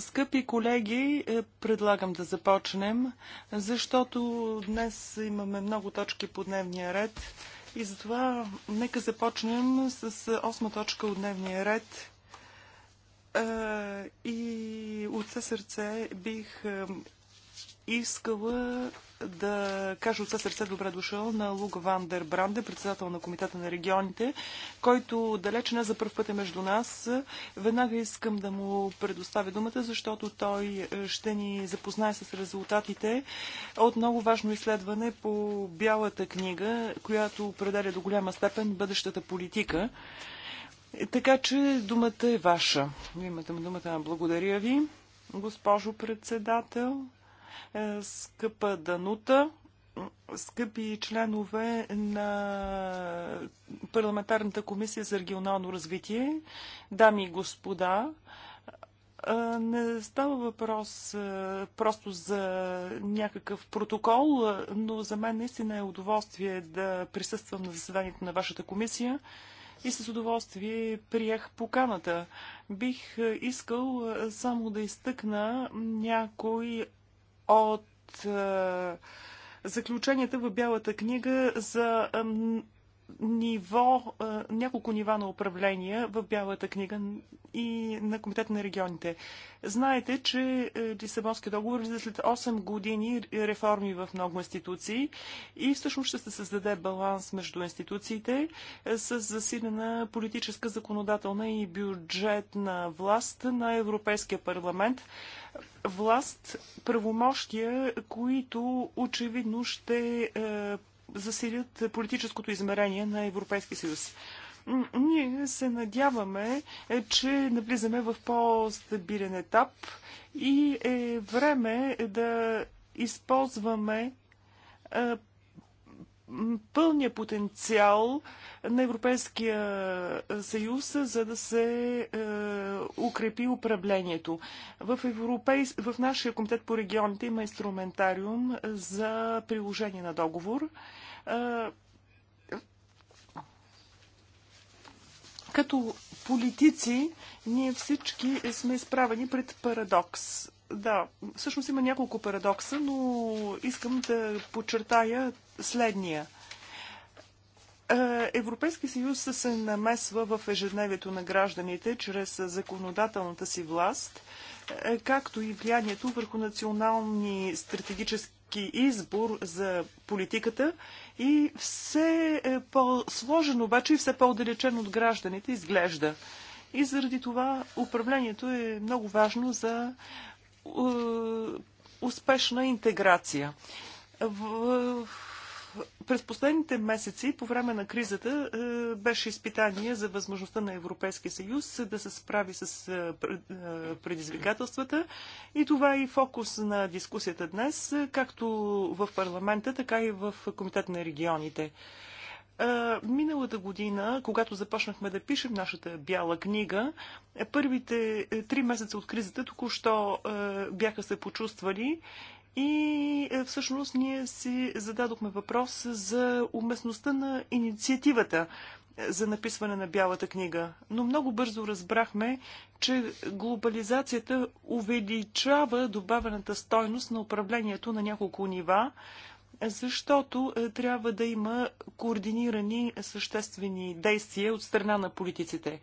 Скъпи колеги, е, предлагам да започнем, защото днес имаме много точки по дневния ред и затова нека започнем с е, осма точка от дневния ред. Е, и от все сърце бих искала да кажа от сърце добре дошъл на Луг Вандер Бранде, председател на Комитета на регионите, който далеч не за първ път е между нас. Веднага искам да му предоставя думата, защото той е, ще ни запознае с резултатите от много важно изследване по Бялата книга, която определя до голяма степен бъдещата политика. Така че думата е ваша. Имате му думата. Благодаря ви, госпожо председател. Е, скъпа Данута, скъпи членове на Парламентарната комисия за регионално развитие, дами и господа, е, не става въпрос е, просто за някакъв протокол, но за мен наистина е удоволствие да присъствам на заседанието на вашата комисия и с удоволствие приех поканата. Бих искал само да изтъкна някои от е, заключенията в Бялата книга за ниво, няколко нива на управление в Бялата книга и на Комитета на регионите. Знаете, че е, Лисабонския договор влиза след 8 години реформи в много институции и всъщност ще се създаде баланс между институциите е, с засилена политическа, законодателна и бюджетна власт на Европейския парламент власт, правомощия, които очевидно ще е, засилят политическото измерение на Европейския съюз ние се надяваме, е, че навлизаме в по-стабилен етап и е време да използваме е, пълния потенциал на Европейския е, съюз, за да се е, укрепи управлението. В, Европейс... в нашия комитет по регионите има инструментариум за приложение на договор. Е, като политици, ние всички сме изправени пред парадокс. Да, всъщност има няколко парадокса, но искам да подчертая следния. Е, Европейски съюз се намесва в ежедневието на гражданите чрез законодателната си власт, е, както и влиянието върху национални стратегически избор за политиката и все е, по-сложен, обаче и все по далечен от гражданите изглежда. И заради това управлението е много важно за успешна интеграция. В през последните месеци, по време на кризата, е, беше изпитание за възможността на Европейския съюз да се справи с е, е, предизвикателствата. И това е и фокус на дискусията днес, както в парламента, така и в Комитет на регионите. Миналата година, когато започнахме да пишем нашата бяла книга, първите три месеца от кризата току-що бяха се почувствали и е, всъщност ние си зададохме въпрос за уместността на инициативата е, за написване на Бялата книга. Но много бързо разбрахме, че глобализацията увеличава добавената стойност на управлението на няколко нива, защото е, трябва да има координирани съществени действия от страна на политиците.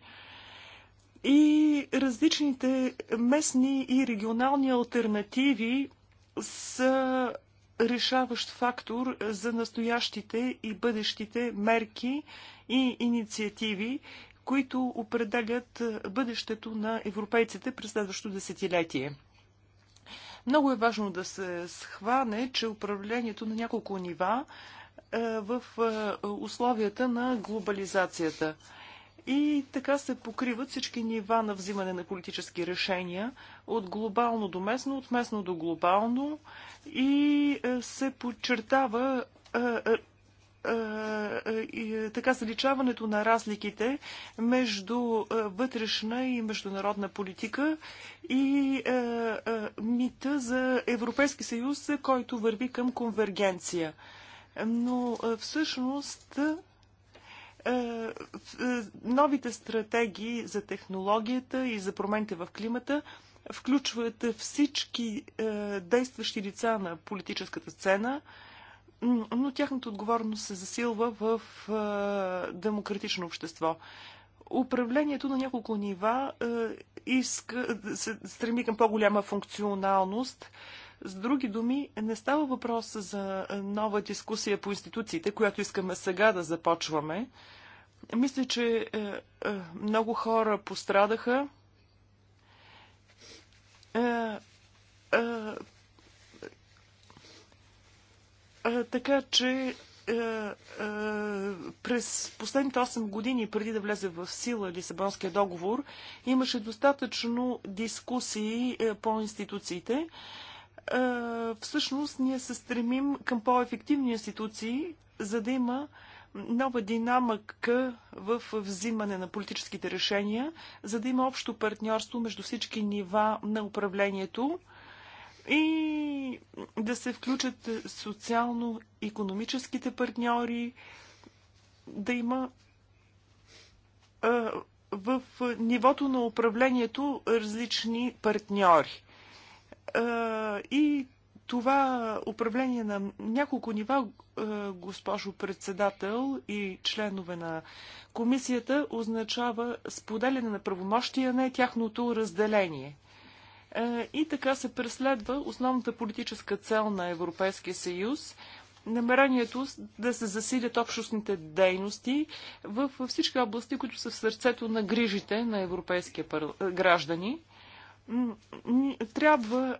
И различните местни и регионални альтернативи са решаващ фактор за настоящите и бъдещите мерки и инициативи, които определят бъдещето на европейците през следващото десетилетие. Много е важно да се схване, че управлението на няколко нива е, в е, условията на глобализацията – и така се покриват всички нива на взимане на политически решения, от глобално до местно, от местно до глобално и е, се подчертава е, е, така заличаването на разликите между вътрешна и международна политика и мита за Европейски съюз, който върви към конвергенция. Но всъщност е, е, новите стратегии за технологията и за промените в климата включват всички е, действащи лица на политическата сцена, но тяхната отговорност се засилва в демократично общество управлението на няколко нива иска, се стреми към по-голяма функционалност, с други думи, не става въпрос за е, нова дискусия по институциите, която искаме сега да започваме. Мисля, че е, е, много хора пострадаха. Така че през последните 8 години, преди да влезе в сила Лисабонския договор, имаше достатъчно дискусии по институциите всъщност ние се стремим към по-ефективни институции, за да има нова динамика в взимане на политическите решения, за да има общо партньорство между всички нива на управлението и да се включат социално-економическите партньори, да има в нивото на управлението различни партньори и това управление на няколко нива, госпожо председател и членове на комисията, означава споделяне на правомощия, не тяхното разделение. И така се преследва основната политическа цел на Европейския съюз намерението да се засилят общностните дейности в всички области, които са в сърцето на грижите на европейския граждани – трябва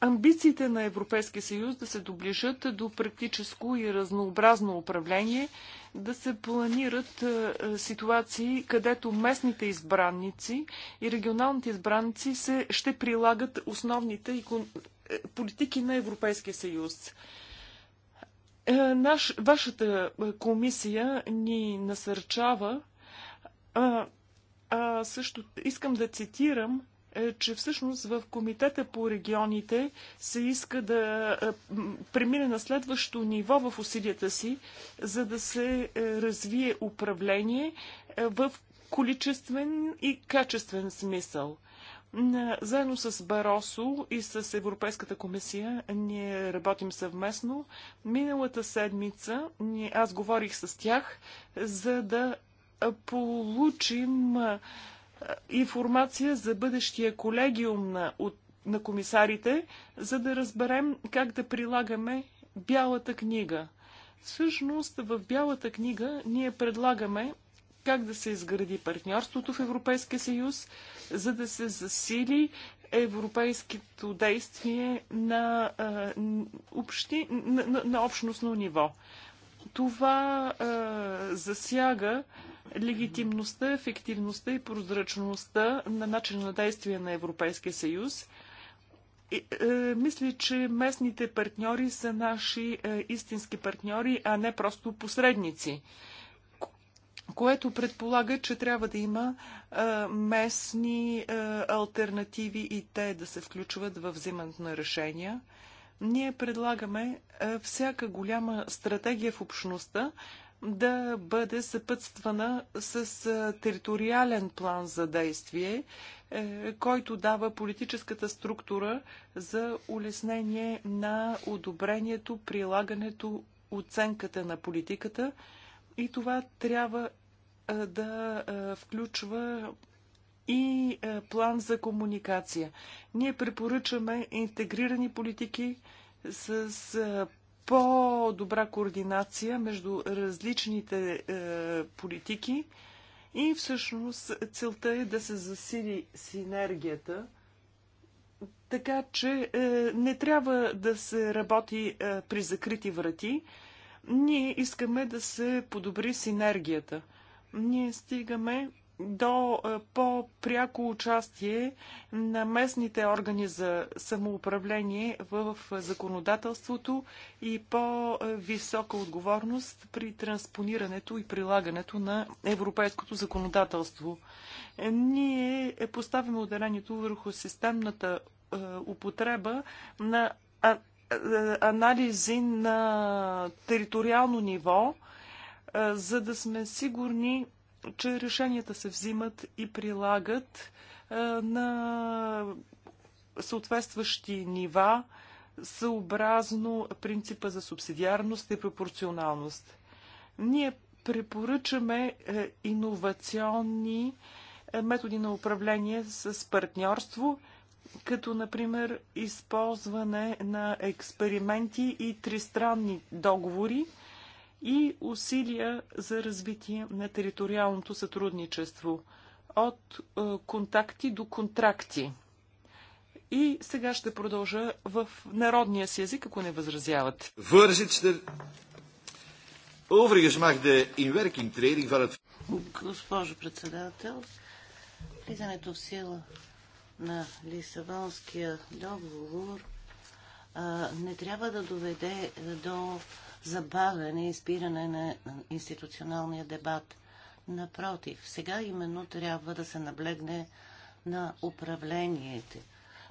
амбициите на Европейския съюз да се доближат до практическо и разнообразно управление, да се планират е, ситуации, където местните избранници и регионалните избранници се, ще прилагат основните е, политики на Европейския съюз. Е, наш, вашата комисия ни насърчава. А, а също искам да цитирам е, че всъщност в Комитета по регионите се иска да е, премине на следващо ниво в усилията си, за да се е, развие управление в количествен и качествен смисъл. Заедно с Баросо и с Европейската комисия ние работим съвместно. Миналата седмица аз говорих с тях, за да получим информация за бъдещия колегиум на, от, на комисарите, за да разберем как да прилагаме Бялата книга. Всъщност в Бялата книга ние предлагаме как да се изгради партньорството в Европейския съюз, за да се засили европейското действие на, а, общи, на, на, на общностно ниво. Това а, засяга легитимността, ефективността и прозрачността на начина на действие на Европейския съюз. И, е, мисля, че местните партньори са наши е, истински партньори, а не просто посредници което предполага, че трябва да има е, местни е, альтернативи и те да се включват в взимането на решения. Ние предлагаме е, всяка голяма стратегия в общността да бъде съпътствана с е, териториален план за действие, е, който дава политическата структура за улеснение на одобрението, прилагането, оценката на политиката. И това трябва да включва и е, план за комуникация. Ние препоръчваме интегрирани политики с е, по-добра координация между различните е, политики и всъщност целта е да се засили синергията така че не трябва да се работи при закрити врати. Ние искаме да се подобри синергията. Ние стигаме до е, по-пряко участие на местните органи за самоуправление в законодателството и по-висока отговорност при транспонирането и прилагането на европейското законодателство. Ние поставяме ударението върху системната е, употреба на е, анализи на териториално ниво, за да сме сигурни че решенията се взимат и прилагат на съответстващи нива съобразно принципа за субсидиарност и пропорционалност. Ние препоръчаме е, иновационни е, методи на управление с партньорство, като например използване на експерименти и тристранни договори – и усилия за развитие на териториалното сътрудничество от е, контакти до контракти. И сега ще продължа в народния си език, ако не възразяват. Госпожо председател, влизането в сила на Лисабонския договор не трябва да доведе до забавяне и спиране на институционалния дебат. Напротив, сега именно трябва да се наблегне на управлението,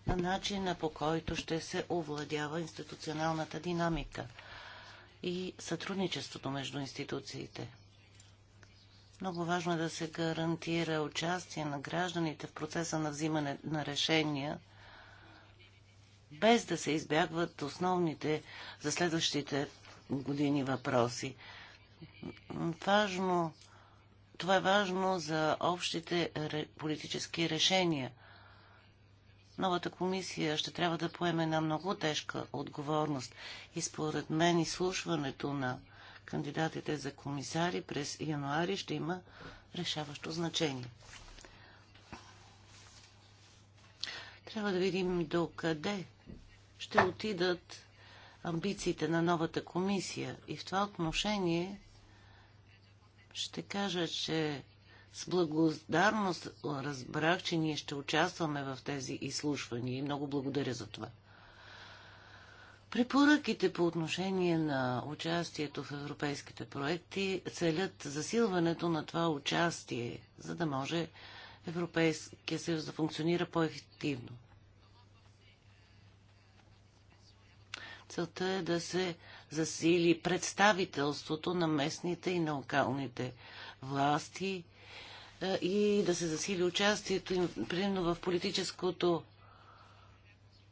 на начина по който ще се овладява институционалната динамика и сътрудничеството между институциите. Много важно е да се гарантира участие на гражданите в процеса на взимане на решения, без да се избягват основните за следващите години въпроси. Важно, това е важно за общите политически решения. Новата комисия ще трябва да поеме една много тежка отговорност и според мен изслушването на кандидатите за комисари през януари ще има решаващо значение. Трябва да видим до къде ще отидат амбициите на новата комисия. И в това отношение ще кажа, че с благодарност разбрах, че ние ще участваме в тези изслушвания и много благодаря за това. Препоръките по отношение на участието в европейските проекти целят засилването на това участие, за да може Европейския съюз да функционира по-ефективно. Целта е да се засили представителството на местните и на локалните власти е, и да се засили участието им, примерно в политическото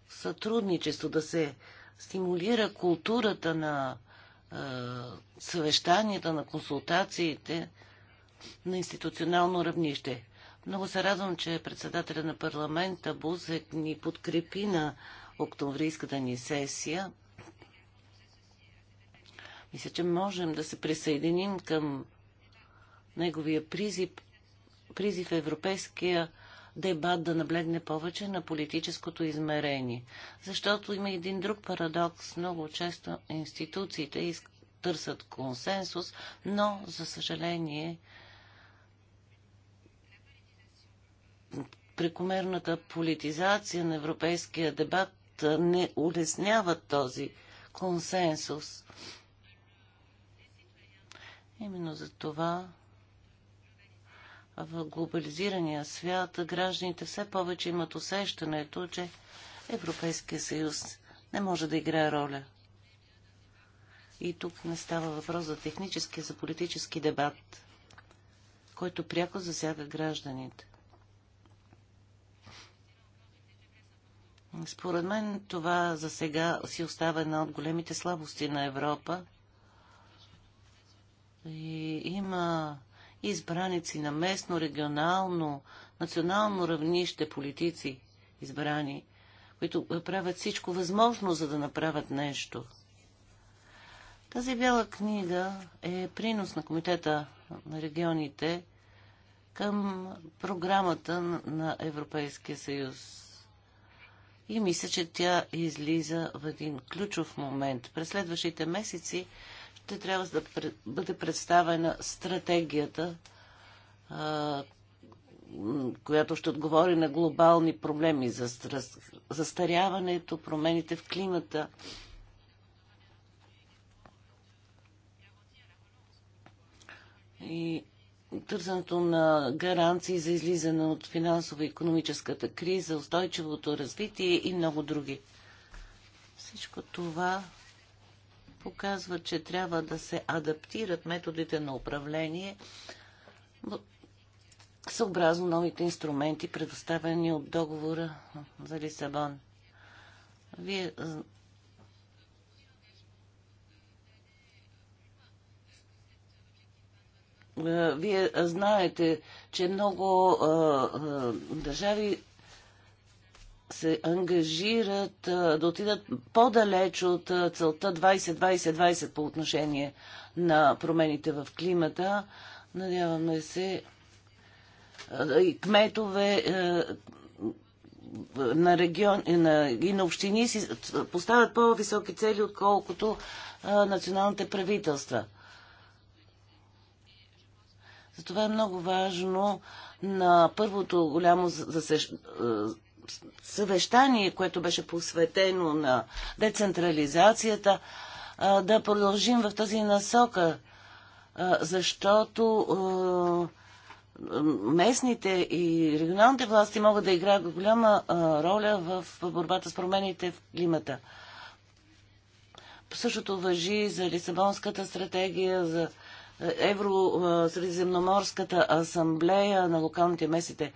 сътрудничество, да се стимулира културата на е, съвещанията, на консултациите на институционално равнище. Много се радвам, че председателя на парламента Бузек ни подкрепи на октомврийската ни сесия – мисля, че можем да се присъединим към неговия призив, призив Европейския дебат да наблегне повече на политическото измерение. Защото има един друг парадокс. Много често институциите търсят консенсус, но, за съжаление, прекомерната политизация на европейския дебат не улеснява този консенсус. Именно за това в глобализирания свят гражданите все повече имат усещането, че Европейския съюз не може да играе роля. И тук не става въпрос за технически, за политически дебат, който пряко засяга гражданите. Според мен това за сега си остава една от големите слабости на Европа и има избраници на местно, регионално, национално равнище политици избрани, които правят всичко възможно, за да направят нещо. Тази бяла книга е принос на Комитета на регионите към програмата на Европейския съюз. И мисля, че тя излиза в един ключов момент. През следващите месеци ще трябва да бъде представена стратегията, която ще отговори на глобални проблеми за застаряването, промените в климата. И търсенето на гаранции за излизане от финансово-економическата криза, устойчивото развитие и много други. Всичко това показва, че трябва да се адаптират методите на управление съобразно новите инструменти, предоставени от договора за Лисабон. Вие е, Вие знаете, че много а, е, а, е, държави се ангажират да отидат по-далеч от целта 20-20-20 по отношение на промените в климата. Надяваме се и кметове на регион на, и на общини си поставят по-високи цели, отколкото националните правителства. Затова е много важно на първото голямо засещ съвещание, което беше посветено на децентрализацията, да продължим в тази насока, защото местните и регионалните власти могат да играят голяма роля в борбата с промените в климата. Същото въжи за Лисабонската стратегия, за Евросредиземноморската асамблея на локалните местните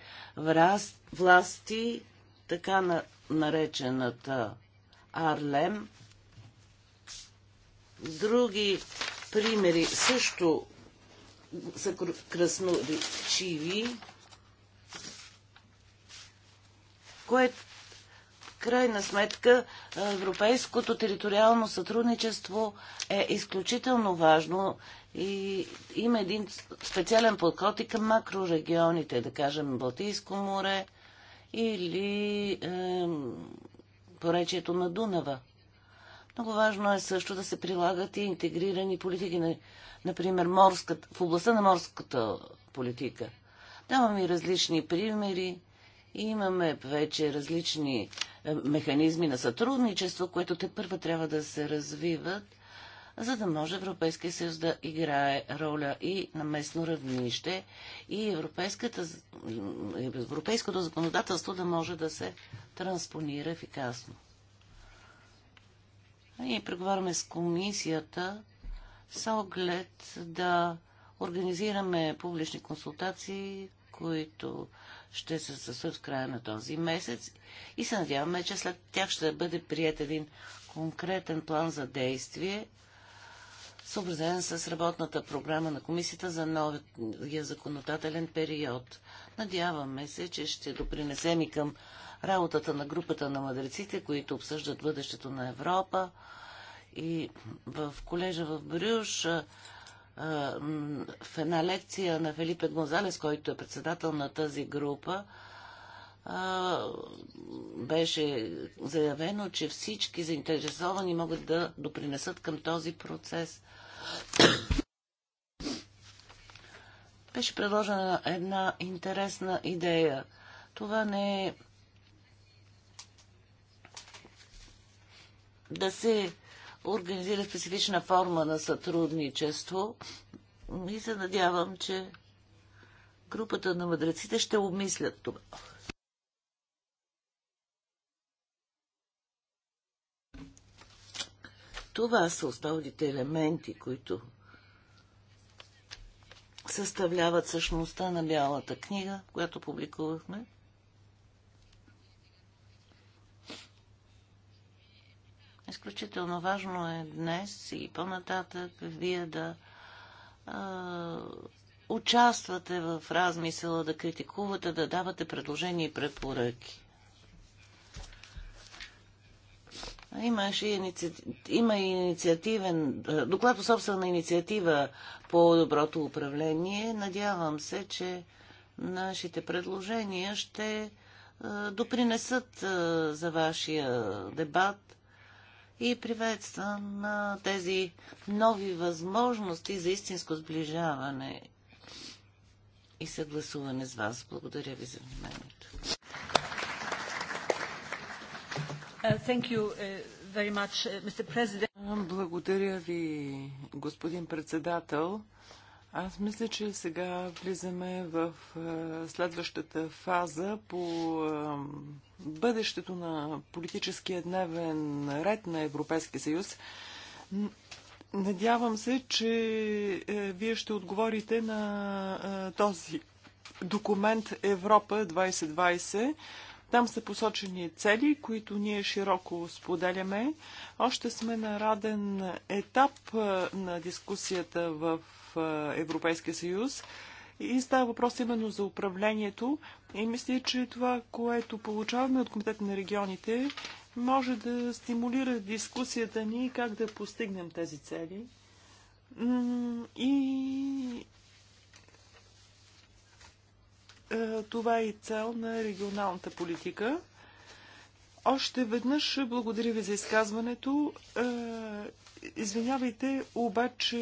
власти така на, наречената Арлем. Други примери също са красноречиви, което крайна сметка европейското териториално сътрудничество е изключително важно и има един специален подход и към макрорегионите, да кажем Балтийско море, или е, поречието на Дунава. Много важно е също да се прилагат и интегрирани политики, например морската, в областта на морската политика. Давам и различни примери. И имаме вече различни е, механизми на сътрудничество, което те първа трябва да се развиват за да може Европейския съюз да играе роля и на местно равнище и европейското законодателство да може да се транспонира ефикасно. Ние преговаряме с комисията с оглед да организираме публични консултации, които ще се състоят в края на този месец и се надяваме, че след тях ще бъде прият един конкретен план за действие – съобразен с работната програма на комисията за новия законодателен период. Надяваме се, че ще допринесем и към работата на групата на мъдреците, които обсъждат бъдещето на Европа. И в колежа в Брюш в една лекция на Филипе Гонзалес, който е председател на тази група, беше заявено, че всички заинтересовани могат да допринесат към този процес – беше предложена една интересна идея. Това не е да се организира специфична форма на сътрудничество и се надявам, че групата на мъдреците ще обмислят това. Това са основните елементи, които съставляват същността на Бялата книга, която публикувахме. Изключително важно е днес и по-нататък вие да а, участвате в размисъла, да критикувате, да давате предложения и препоръки. Имаше иници... има и инициативен, е, доклад по собствена инициатива по доброто управление. Надявам се, че нашите предложения ще е, допринесат е, за вашия дебат и приветствам тези нови възможности за истинско сближаване и съгласуване с вас. Благодаря ви за вниманието. Uh, uh, uh, благодаря ви, господин председател. Аз мисля, че сега влизаме в следващата фаза по бъдещето на политическия дневен ред на Европейския съюз. Надявам се, че е, вие ще отговорите на този документ Европа 2020 там са посочени цели, които ние широко споделяме. Още сме на раден етап на дискусията в Европейския съюз. И става въпрос именно за управлението. И мисля, че това, което получаваме от Комитета на регионите, може да стимулира дискусията ни как да постигнем тези цели. И е, това е и цел на регионалната политика. Още веднъж благодаря ви за изказването. Е, извинявайте, обаче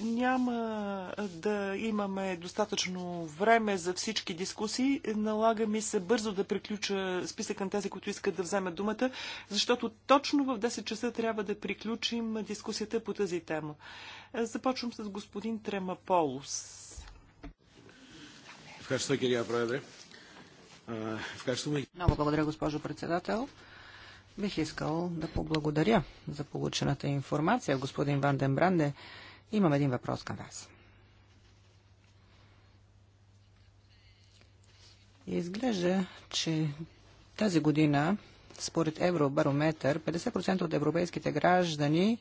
няма да имаме достатъчно време за всички дискусии. Налага ми се бързо да приключа списък на тези, които искат да вземат думата, защото точно в 10 часа трябва да приключим дискусията по тази тема. Е, започвам с господин Тремаполос. Ευχαριστώ, κυρία Πρόεδρε. Ευχαριστούμε. Много благодаря, госпожо председател. Бих искал да поблагодаря за получената информация, господин Ванден Бранде. Имам един въпрос към вас. Изглежда, че тази година, според Евробарометър, 50% от европейските граждани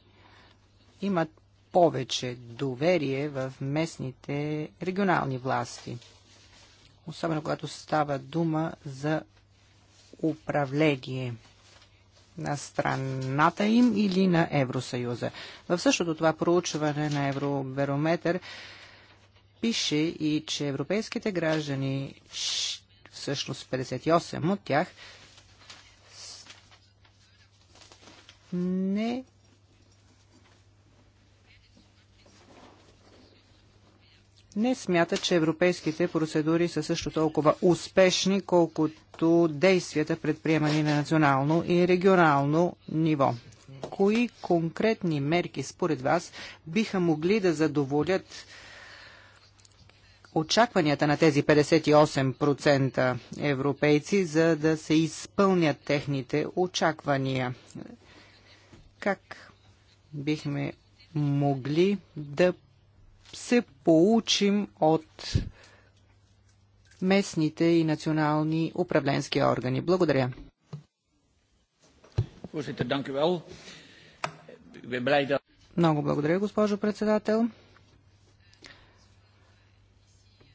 имат повече доверие в местните регионални власти особено когато става дума за управление на страната им или на Евросъюза. В същото това проучване на Евробарометър пише и, че европейските граждани, всъщност 58 от тях, не не смята, че европейските процедури са също толкова успешни, колкото действията предприемани на национално и регионално ниво. Кои конкретни мерки според вас биха могли да задоволят очакванията на тези 58% европейци, за да се изпълнят техните очаквания? Как бихме могли да се получим от местните и национални управленски органи. Благодаря. Много благодаря, госпожо председател.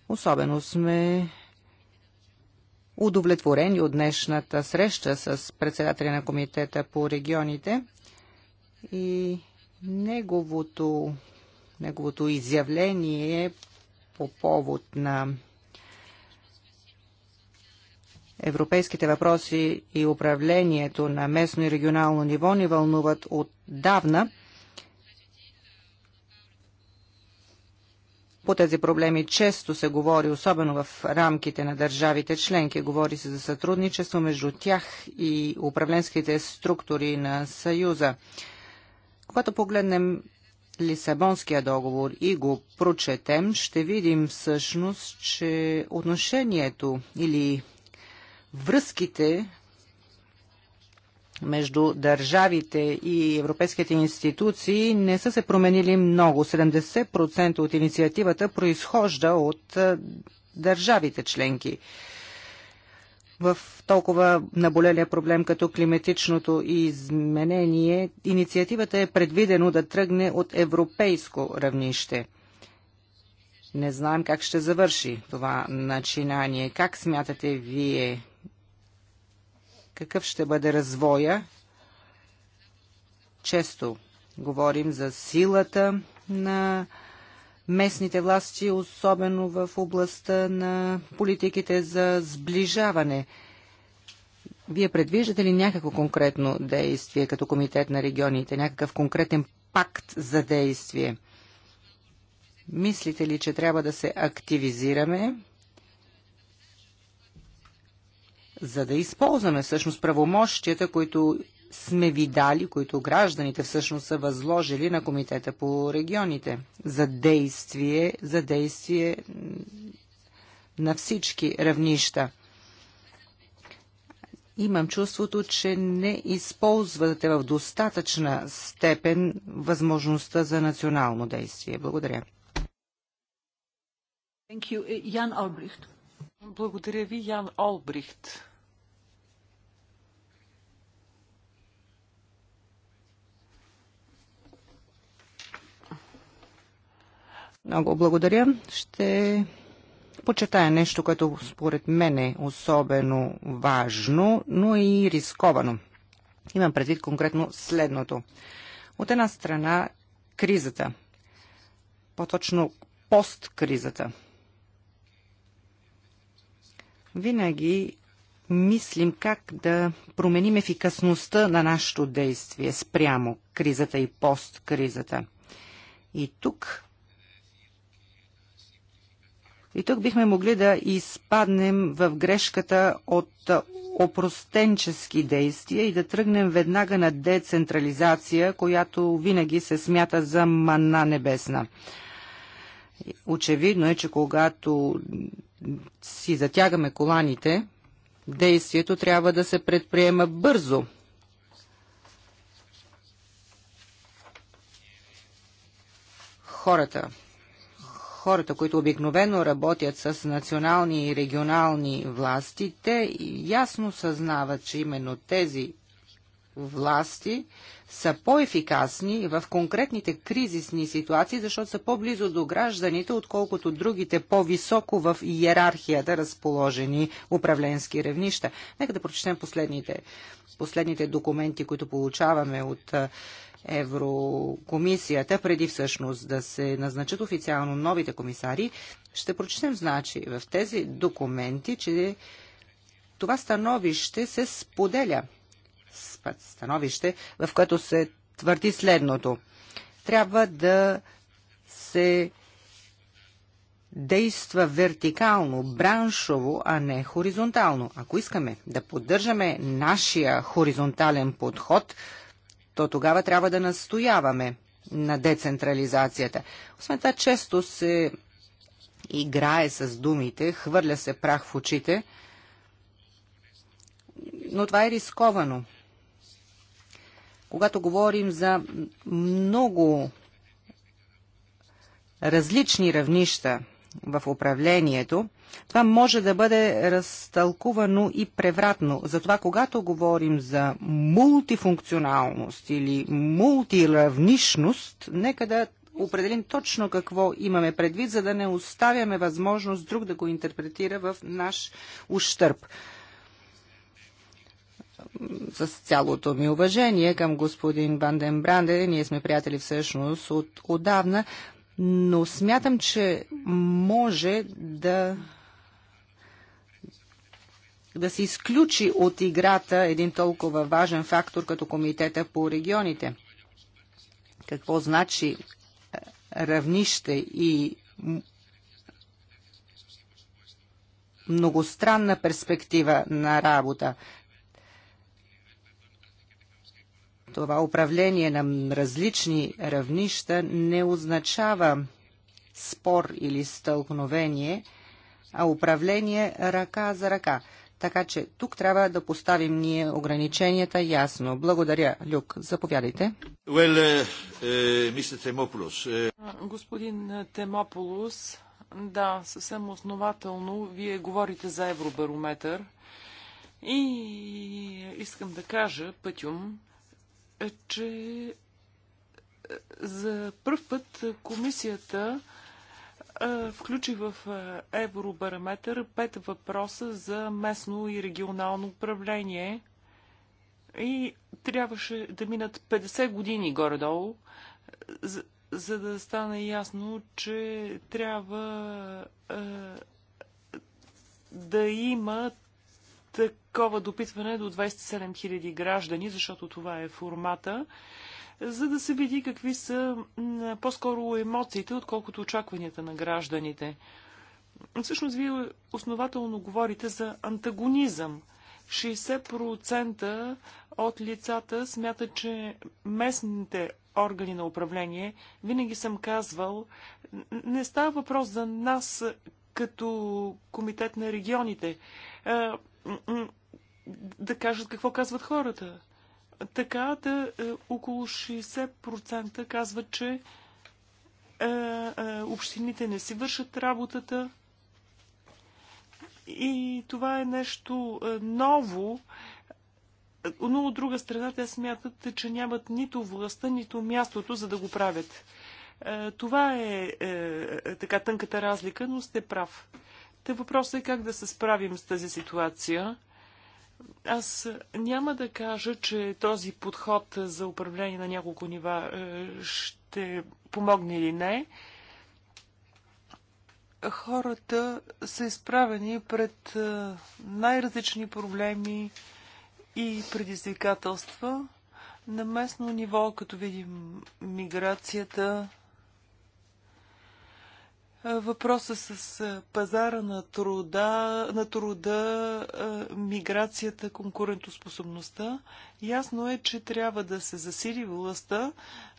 Особено сме удовлетворени от днешната среща с председателя на Комитета по регионите и неговото неговото изявление по повод на Европейските въпроси и управлението на местно и регионално ниво ни вълнуват отдавна. По тези проблеми често се говори, особено в рамките на държавите членки. Говори се за сътрудничество между тях и управленските структури на Съюза. Когато погледнем Лисабонския договор и го прочетем, ще видим всъщност, че отношението или връзките между държавите и европейските институции не са се променили много. 70% от инициативата произхожда от държавите членки в толкова наболелия проблем като климатичното изменение, инициативата е предвидено да тръгне от европейско равнище. Не знаем как ще завърши това начинание. Как смятате вие? Какъв ще бъде развоя? Често говорим за силата на местните власти, особено в областта на политиките за сближаване. Вие предвиждате ли някакво конкретно действие като Комитет на регионите, някакъв конкретен пакт за действие? Мислите ли, че трябва да се активизираме, за да използваме всъщност правомощията, които сме ви дали, които гражданите всъщност са възложили на Комитета по регионите за действие, за действие на всички равнища. Имам чувството, че не използвате в достатъчна степен възможността за национално действие. Благодаря. Е, Благодаря ви, Ян Олбрихт. Много благодаря. Ще почетая нещо, което според мен е особено важно, но и рисковано. Имам предвид конкретно следното. От една страна кризата, по-точно посткризата. Винаги мислим как да променим ефикасността на нашето действие спрямо кризата и посткризата. И тук и тук бихме могли да изпаднем в грешката от опростенчески действия и да тръгнем веднага на децентрализация, която винаги се смята за манна небесна. Очевидно е, че когато си затягаме коланите, действието трябва да се предприема бързо. Хората, хората, които обикновено работят с национални и регионални власти, те ясно съзнават, че именно тези власти са по-ефикасни в конкретните кризисни ситуации, защото са по-близо до гражданите, отколкото другите по-високо в иерархията разположени управленски ревнища. Нека да прочетем последните, последните документи, които получаваме от Еврокомисията, преди всъщност да се назначат официално новите комисари, ще прочетем значи в тези документи, че това становище се споделя. Становище, в което се твърди следното. Трябва да се действа вертикално, браншово, а не хоризонтално. Ако искаме да поддържаме нашия хоризонтален подход, то тогава трябва да настояваме на децентрализацията. Освен това, често се играе с думите, хвърля се прах в очите, но това е рисковано. Когато говорим за много различни равнища в управлението, това може да бъде разтълкувано и превратно. Затова, когато говорим за мултифункционалност или мултиравнишност, нека да определим точно какво имаме предвид, за да не оставяме възможност друг да го интерпретира в наш ущърп с цялото ми уважение към господин Ванден Бранде, ние сме приятели всъщност от отдавна, но смятам, че може да да се изключи от играта един толкова важен фактор като комитета по регионите. Какво значи е, равнище и многостранна перспектива на работа? Това управление на различни равнища не означава спор или стълкновение, а управление ръка за ръка. Така че тук трябва да поставим ние ограниченията ясно. Благодаря, Люк. Заповядайте. Well, uh, Господин Темополос, да, съвсем основателно, вие говорите за евробарометър. И искам да кажа, Пътюм, че за първ път комисията е, включих в е, Евробараметър пет въпроса за местно и регионално управление и трябваше да минат 50 години горе-долу, за, за да стане ясно, че трябва е, да има такова допитване до 27 000 граждани, защото това е формата. Е, за да се види какви са по-скоро емоциите, отколкото очакванията на гражданите. Всъщност, вие основателно говорите за антагонизъм. 60% от лицата смятат, че местните органи на управление, винаги съм казвал, не става въпрос за нас като комитет на регионите. Да кажат какво казват хората така да е, около 60% казват, че е, е, общините не си вършат работата. И това е нещо е, ново. Но от друга страна те смятат, че нямат нито властта, нито мястото, за да го правят. Е, това е, е, е така тънката разлика, но сте прав. Те въпросът е как да се справим с тази ситуация аз няма да кажа, че този подход за управление на няколко нива е, ще помогне или не. Хората са изправени пред е, най-различни проблеми и предизвикателства на местно ниво, като видим миграцията, Въпроса с пазара на труда, на труда, миграцията, конкурентоспособността. Ясно е, че трябва да се засили властта,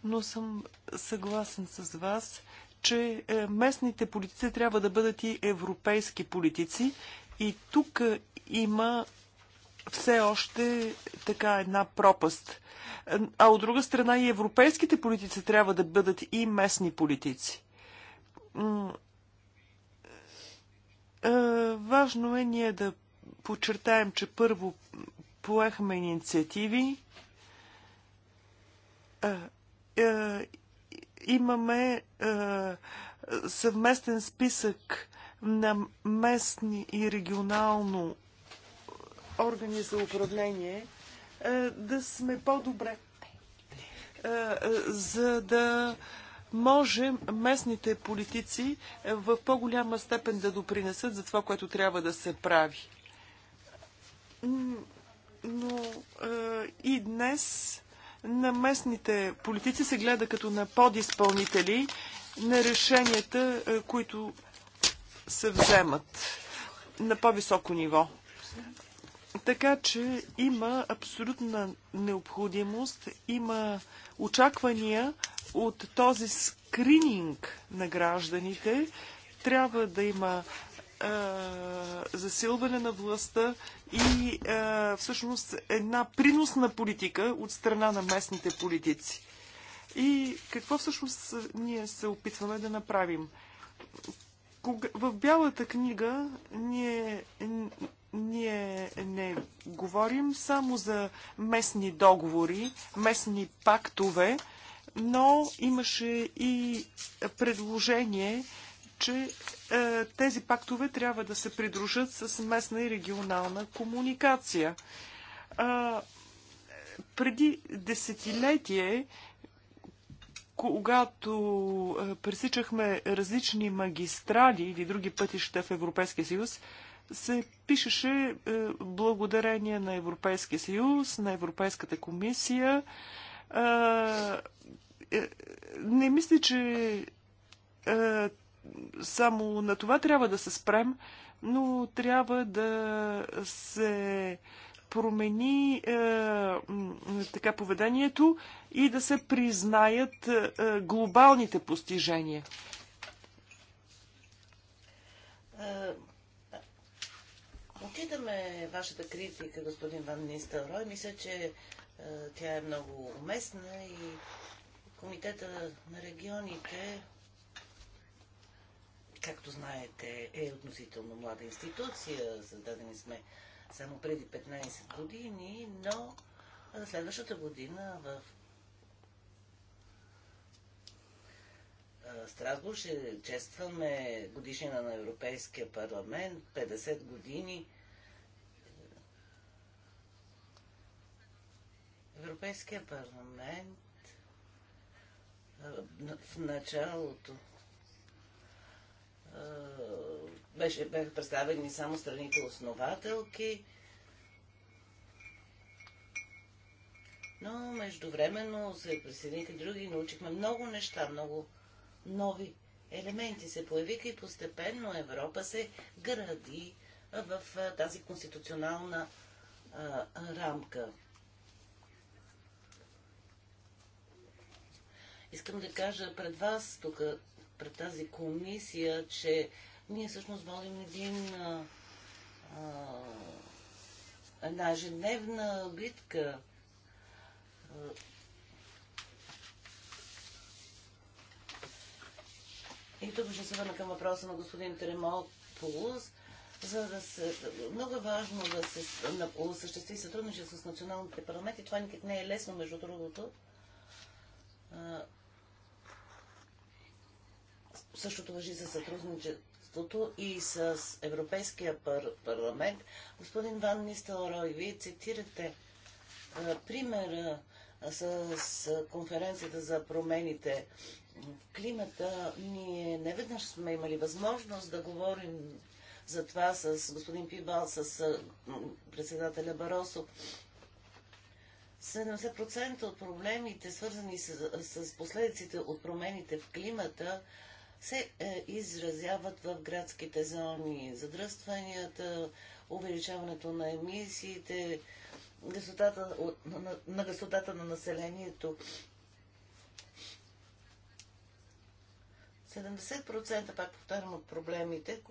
но съм съгласен с вас, че е, местните политици трябва да бъдат и европейски политици. И тук е, има все още така една пропаст. А от друга страна и европейските политици трябва да бъдат и местни политици. Важно е ние да подчертаем, че първо поехме инициативи. Имаме съвместен списък на местни и регионално органи за управление, да сме по-добре, за да може местните политици е, в по-голяма степен да допринесат за това, което трябва да се прави. Но е, и днес на местните политици се гледа като на подизпълнители на решенията, е, които се вземат на по-високо ниво. Така че има абсолютна необходимост, има очаквания от този скрининг на гражданите трябва да има засилване на властта и е, всъщност една приносна политика от страна на местните политици. И какво всъщност ние се опитваме да направим? В Бялата книга ние, ние не говорим само за местни договори, местни пактове, но имаше и предложение, че е, тези пактове трябва да се придружат с местна и регионална комуникация. Е, преди десетилетие, когато е, пресичахме различни магистрали или други пътища в Европейския съюз, се пишеше е, благодарение на Европейския съюз, на Европейската комисия. Е, е, не мисля, че само на това трябва да се спрем, но трябва да се промени е, така поведението и да се признаят е, глобалните постижения. Отчитаме вашата критика, господин Ван Нистелрой. Мисля, че е, тя е много уместна и Комитета на регионите, както знаете, е относително млада институция. Създадени сме само преди 15 години, но е, следващата година в е, Страсбург ще честваме годишнина на Европейския парламент, 50 години – Европейския парламент в началото беше, бяха представени само страните основателки, но междувременно се присъединиха други и научихме много неща, много нови елементи се появиха и постепенно Европа се гради в тази конституционална рамка. Искам да кажа пред вас, тук, пред тази комисия, че ние всъщност водим един, а, една ежедневна битка. И тук ще се върна към въпроса на господин Теремополус, за да се... Много е важно да се осъществи сътрудничество с националните парламенти. Това никак не е лесно, между другото. Същото въжи за сътрудничеството и с Европейския пар- парламент. Господин Ван Нистелрой, вие цитирате е, примера с, с конференцията за промените в климата. Ние неведнъж сме имали възможност да говорим за това с господин Пибал, с председателя Баросо. 70% от проблемите, свързани с, с последиците от промените в климата, се е, изразяват в градските зони. Задръстванията, увеличаването на емисиите, гъстотата, на, на гъстотата на населението. 70% пак повтарям от проблемите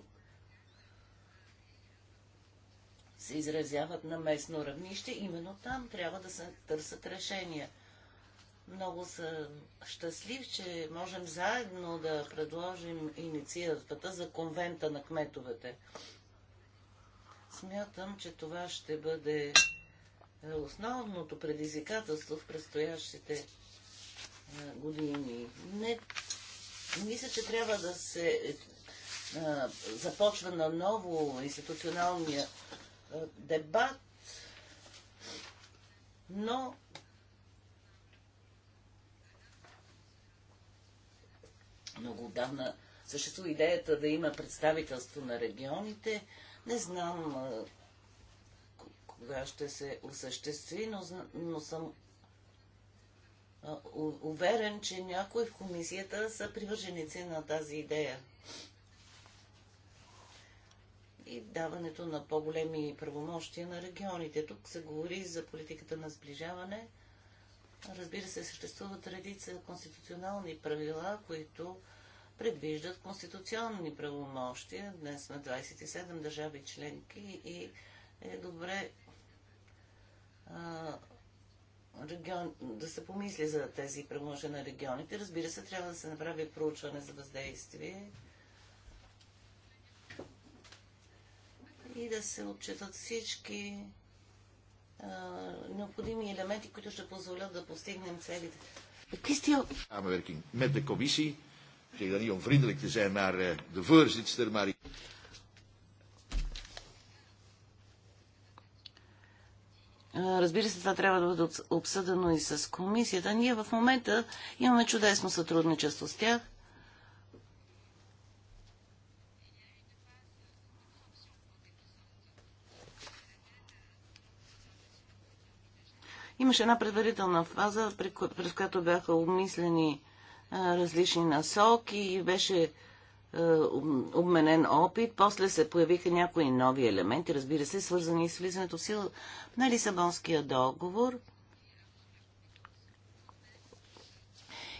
се изразяват на местно равнище. Именно там трябва да се търсят решения. Много съм щастлив, че можем заедно да предложим инициативата за конвента на кметовете. Смятам, че това ще бъде основното предизвикателство в предстоящите е, години. Не, мисля, че трябва да се а, е, е, започва на ново институционалния а, дебат, но много отдавна съществува идеята да има представителство на регионите. Не знам кога ще се осъществи, но, но съм уверен, че някои в комисията са привърженици на тази идея. И даването на по-големи правомощия на регионите. Тук се говори за политиката на сближаване – Разбира се, съществуват редица конституционални правила, които предвиждат конституционни правомощия. Днес сме 27 държави членки и е добре а, регион, да се помисли за тези правомощия на регионите. Разбира се, трябва да се направи проучване за въздействие и да се отчитат всички необходими елементи, които ще позволят да постигнем целите. Кристиан. Samenwerking met de commissie. Ik zeg dan niet om vriendelijk te zijn naar eh, de voorzitter, maar Разбира се, това трябва да бъде обсъдено и с комисията. Ние в момента имаме чудесно сътрудничество с тях. Имаше една предварителна фаза, през която бяха обмислени различни насоки и беше обменен опит. После се появиха някои нови елементи, разбира се, свързани с влизането в сила на Лисабонския договор.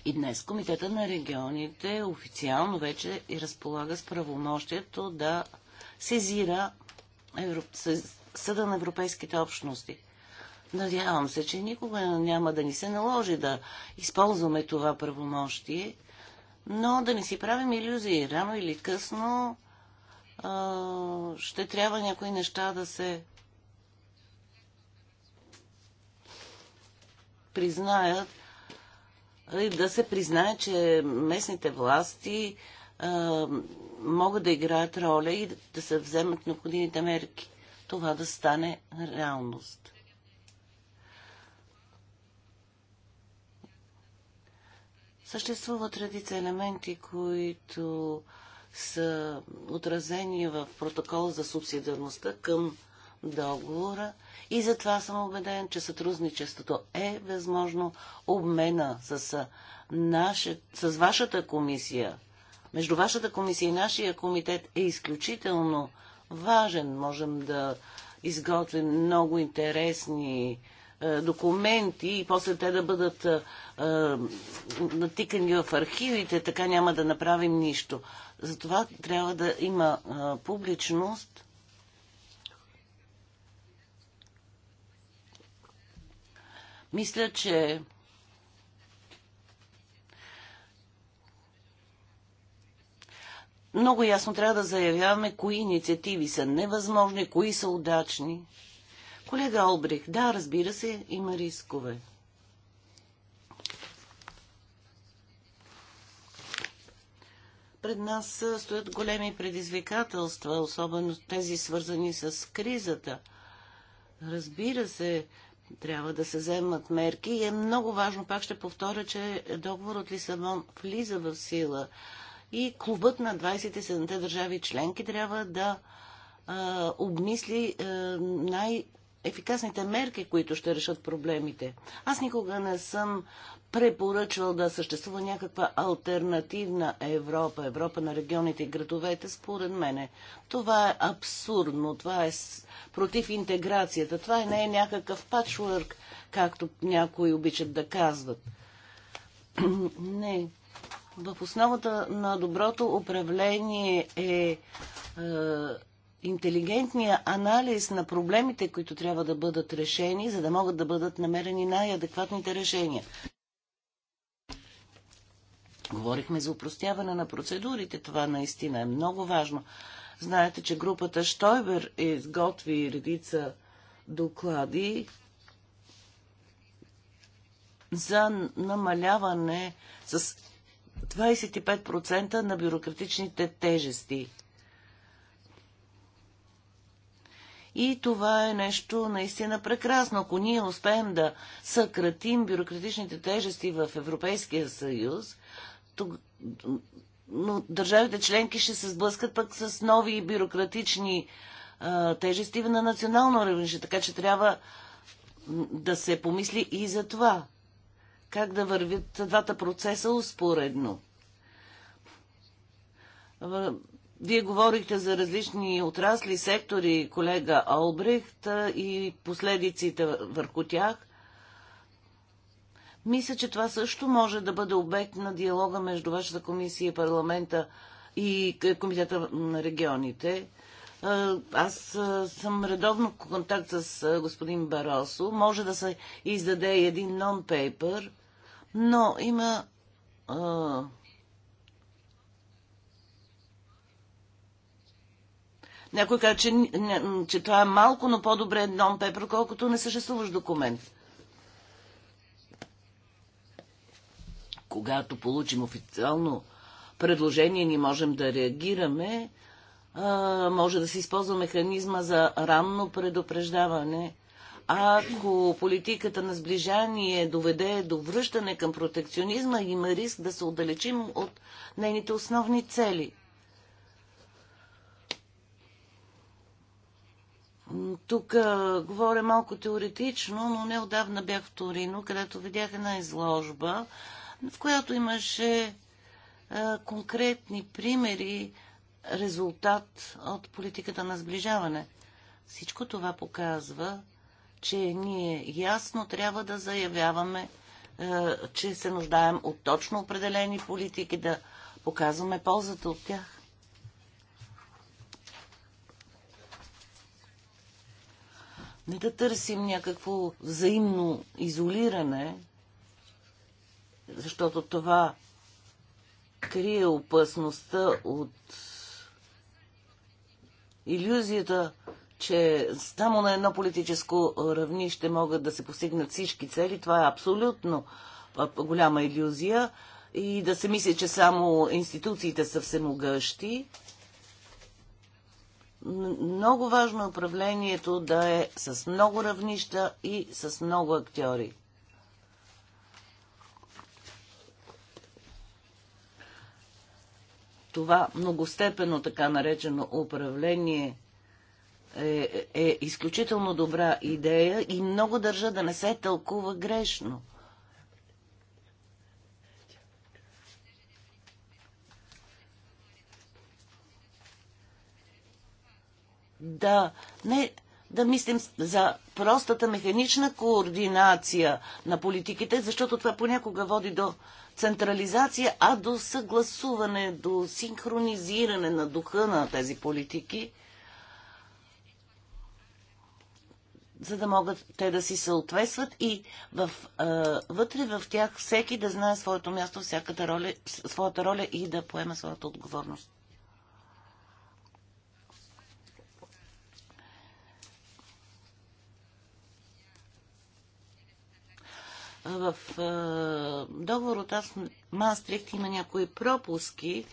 И днес Комитета на регионите официално вече и разполага с правомощието да сезира Съда на Европейските общности. Надявам се, че никога няма да ни се наложи да използваме това правомощие, но да не си правим иллюзии. Рано или късно а, ще трябва някои неща да се признаят да се признае, че местните власти а, могат да играят роля и да се вземат необходимите мерки. Това да стане реалност. Съществуват редица елементи, които са отразени в протокол за субсидиарността към договора и затова съм убеден, че сътрудничеството е възможно обмена с, наше, с вашата комисия. Между вашата комисия и нашия комитет е изключително важен. Можем да изготвим много интересни е, документи и после те да бъдат е, е, натикани в архивите, така няма да направим нищо. Затова трябва да има публичност. Мисля, че много ясно трябва да заявяваме кои инициативи са невъзможни, кои са удачни. Колега Олбрих, да, разбира се, има рискове. Пред нас е, стоят големи предизвикателства, особено тези свързани с кризата. Разбира се, трябва да се вземат мерки и е много важно, пак ще повторя, че договор от Лисабон влиза в сила и клубът на 27-те държави членки трябва да а, обмисли а, най- ефикасните мерки, които ще решат проблемите. Аз никога не съм препоръчвал да съществува някаква альтернативна Европа, Европа на регионите и градовете, според мене. Това е абсурдно, това е против интеграцията, това е, не е някакъв патчворк, както някои обичат да казват. не. В основата на доброто управление е, е интелигентния анализ на проблемите, които трябва да бъдат решени, за да могат да бъдат намерени най-адекватните решения. Говорихме за упростяване на процедурите. Това наистина е много важно. Знаете, че групата Штойбер изготви редица доклади за намаляване с 25% на бюрократичните тежести. И това е нещо наистина прекрасно. Ако ние успеем да съкратим бюрократичните тежести в Европейския съюз, то, но държавите членки ще се сблъскат пък с нови бюрократични а, тежести на национално равнище. Така че трябва да се помисли и за това. Как да вървят двата процеса успоредно вие говорихте за различни отрасли, сектори, колега Олбрехт и последиците върху тях. Мисля, че това също може да бъде обект на диалога между вашата комисия и парламента и комитета на регионите. Аз съм редовно в контакт с господин Баросо. Може да се издаде един нон-пейпер, но има Някой каза, че, че това е малко, но по-добре е non колкото не съществуваш документ. Когато получим официално предложение, ни можем да реагираме, а, може да се използва механизма за ранно предупреждаване. Ако политиката на сближание доведе до връщане към протекционизма, има риск да се отдалечим от нейните основни цели. Тук говоря малко теоретично, но неодавна бях в Торино, където видях една изложба, в която имаше а, конкретни примери, резултат от политиката на сближаване. Всичко това показва, че ние ясно трябва да заявяваме, че се нуждаем от точно определени политики, да показваме ползата от тях. Не да търсим някакво взаимно изолиране, защото това крие опасността от иллюзията, че само на едно политическо равнище могат да се постигнат всички цели. Това е абсолютно голяма иллюзия. И да се мисли, че само институциите са всемогъщи много важно е управлението да е с много равнища и с много актьори. Това многостепенно така наречено управление е, е, е изключително добра идея и много държа да не се тълкува грешно – да не да мислим за простата механична координация на политиките, защото това понякога води до централизация, а до съгласуване, до синхронизиране на духа на тези политики, за да могат те да си съответстват и в, а, вътре в тях всеки да знае своето място, всяката роля, своята роля и да поема своята отговорност. В договор от Мастрихт има някои пропуски.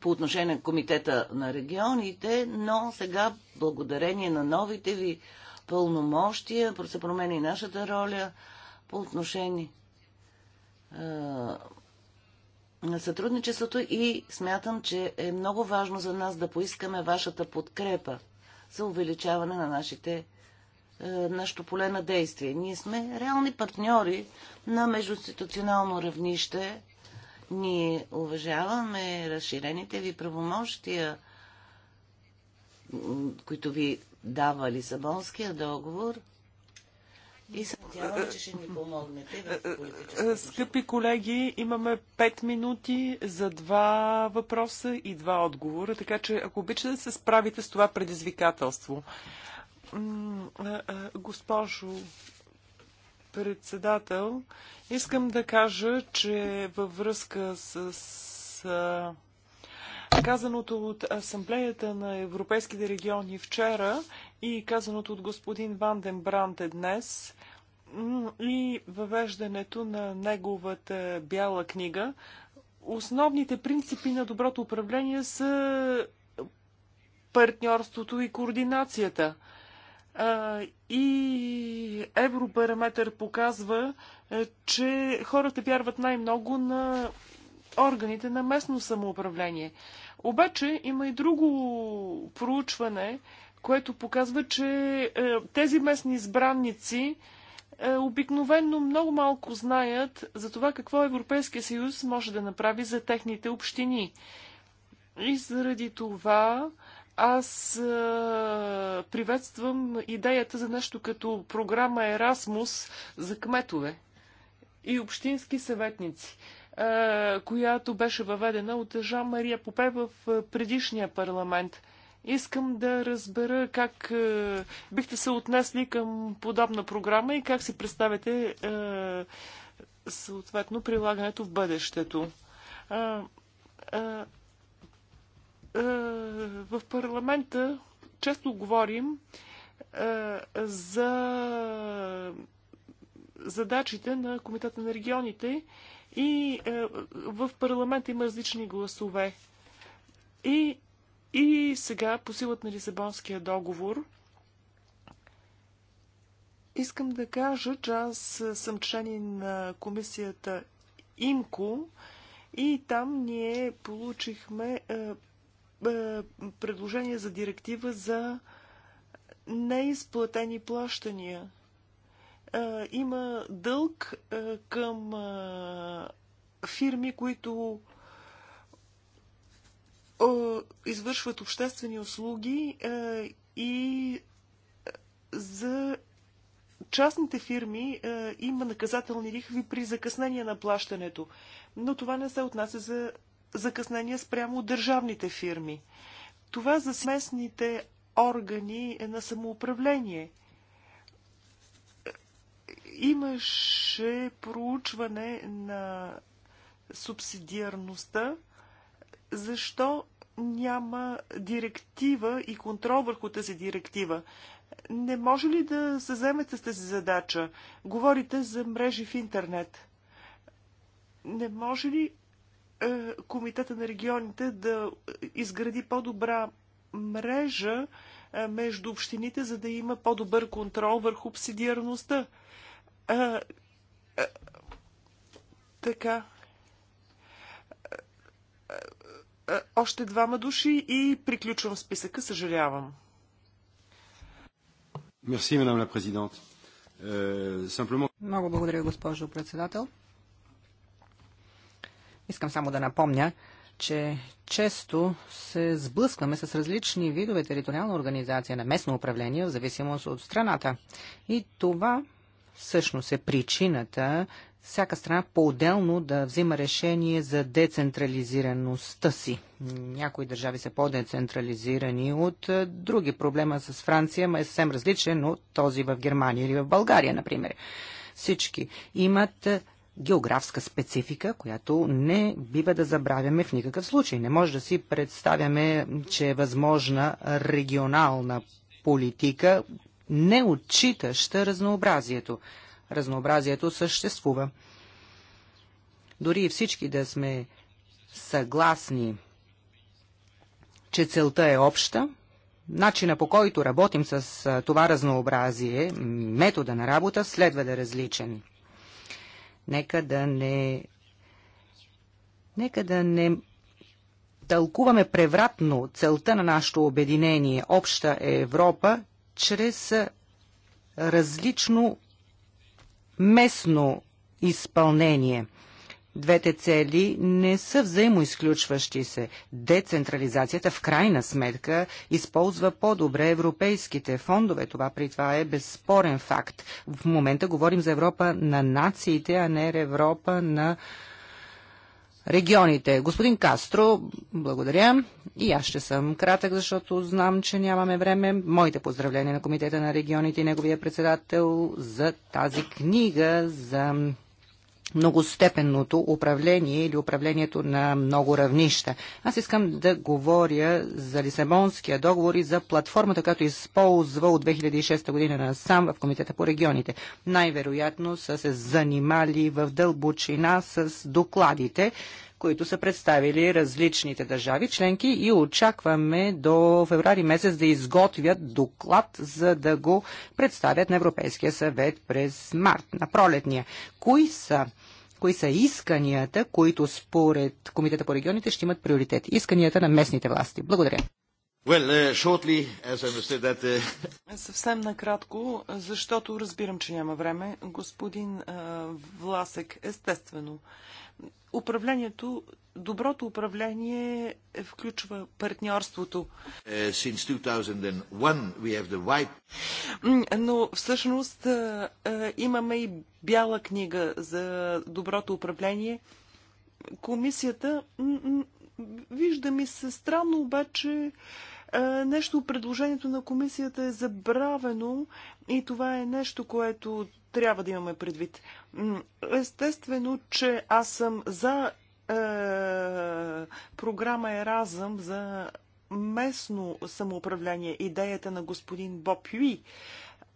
по отношение на Комитета на регионите, но сега, благодарение на новите ви пълномощия, се промени и нашата роля по отношение на сътрудничеството и смятам, че е много важно за нас да поискаме вашата подкрепа за увеличаване на нашите е, нашето поле на действие. Ние сме реални партньори на междуинституционално равнище. Ние уважаваме разширените ви правомощия, които ви дава Лисабонския договор и се надяваме, че ще ни помогнете в е, е, е, политическата Скъпи колеги, имаме 5 минути за два въпроса и два отговора, така че ако обичате да се справите с това предизвикателство. Госпожо председател, искам да кажа, че във връзка с казаното от Асамблеята на Европейските региони вчера и казаното от господин Ванден Бранте днес и въвеждането на неговата бяла книга. Основните принципи на доброто управление са партньорството и координацията. И Европараметър показва, е, че хората вярват най-много на органите на местно самоуправление. Обаче има и друго проучване, което показва, че е, тези местни избранници е, обикновенно много малко знаят за това какво Европейския съюз може да направи за техните общини. И заради това аз е, приветствам идеята за нещо като програма Ерасмус за кметове и общински съветници. Е, която беше въведена от Жан-Мария Попе в е, предишния парламент. Искам да разбера как е, бихте се отнесли към подобна програма и как си представяте съответно прилагането в бъдещето. В парламента често говорим за задачите на Комитета на регионите и е, в парламента има различни гласове. И, и сега, по силата на Лисабонския договор, искам да кажа, че аз съм член на комисията ИМКО и там ние получихме е, е, предложение за директива за неизплатени плащания има дълг към фирми, които извършват обществени услуги и за частните фирми а, има наказателни лихви при закъснение на плащането, но това не се отнася за закъснение спрямо държавните фирми. Това за сместните органи е на самоуправление. Имаше проучване на субсидиарността. Защо няма директива и контрол върху тази директива? Не може ли да се вземете с тази задача? Говорите за мрежи в интернет. Не може ли е, Комитета на регионите да изгради по-добра мрежа е, между общините, за да има по-добър контрол върху обсидиарността? А, а, така. А, а, още двама души и приключвам списъка, съжалявам. Мерси, мадам ла президент. Много благодаря, госпожо председател. Искам само да напомня, че често се сблъскваме с различни видове териториална организация на местно управление в зависимост от страната. И това всъщност е причината всяка страна по-отделно да взима решение за децентрализираността си. Някои държави са по-децентрализирани от е, други. Проблема с Франция е съвсем различен от този в Германия или в България, например. Всички имат е, географска специфика, която не бива да забравяме в никакъв случай. Не може да си представяме, че е възможна регионална политика не отчитаща разнообразието. Разнообразието съществува. Дори и всички да сме съгласни, че целта е обща, начина по който работим с това разнообразие, метода на работа следва да е различен. Нека да не Нека да не тълкуваме превратно целта на нашето обединение, обща Европа, чрез различно местно изпълнение. Двете цели не са взаимоизключващи се. Децентрализацията в крайна сметка използва по-добре европейските фондове. Това при това е безспорен факт. В момента говорим за Европа на нациите, а не Европа на регионите. Господин Кастро, благодаря. И аз ще съм кратък, защото знам, че нямаме време. Моите поздравления на Комитета на регионите и неговия председател за тази книга за многостепенното управление или управлението на много равнища. Аз искам да говоря за Лисабонския договор и за платформата, която използва от 2006 година на сам в Комитета по регионите. Най-вероятно са се занимали в дълбочина с докладите, които са представили различните държави членки и очакваме до феврари месец да изготвят доклад, за да го представят на Европейския съвет през март, на пролетния. Кои са кои са исканията, които според Комитета по регионите ще имат приоритет? Исканията на местните власти. Благодаря. Well, uh, shortly, as that, uh... Съвсем накратко, защото разбирам, че няма време. Господин uh, Власек, естествено. Uh, управлението, доброто управление е включва партньорството. Е, но всъщност е, имаме и бяла книга за доброто управление. Комисията вижда ми се странно, обаче е, нещо предложението на комисията е забравено и това е нещо, което трябва да имаме предвид. Естествено, че аз съм за е, програма Еразъм за местно самоуправление, идеята на господин Боб Юи.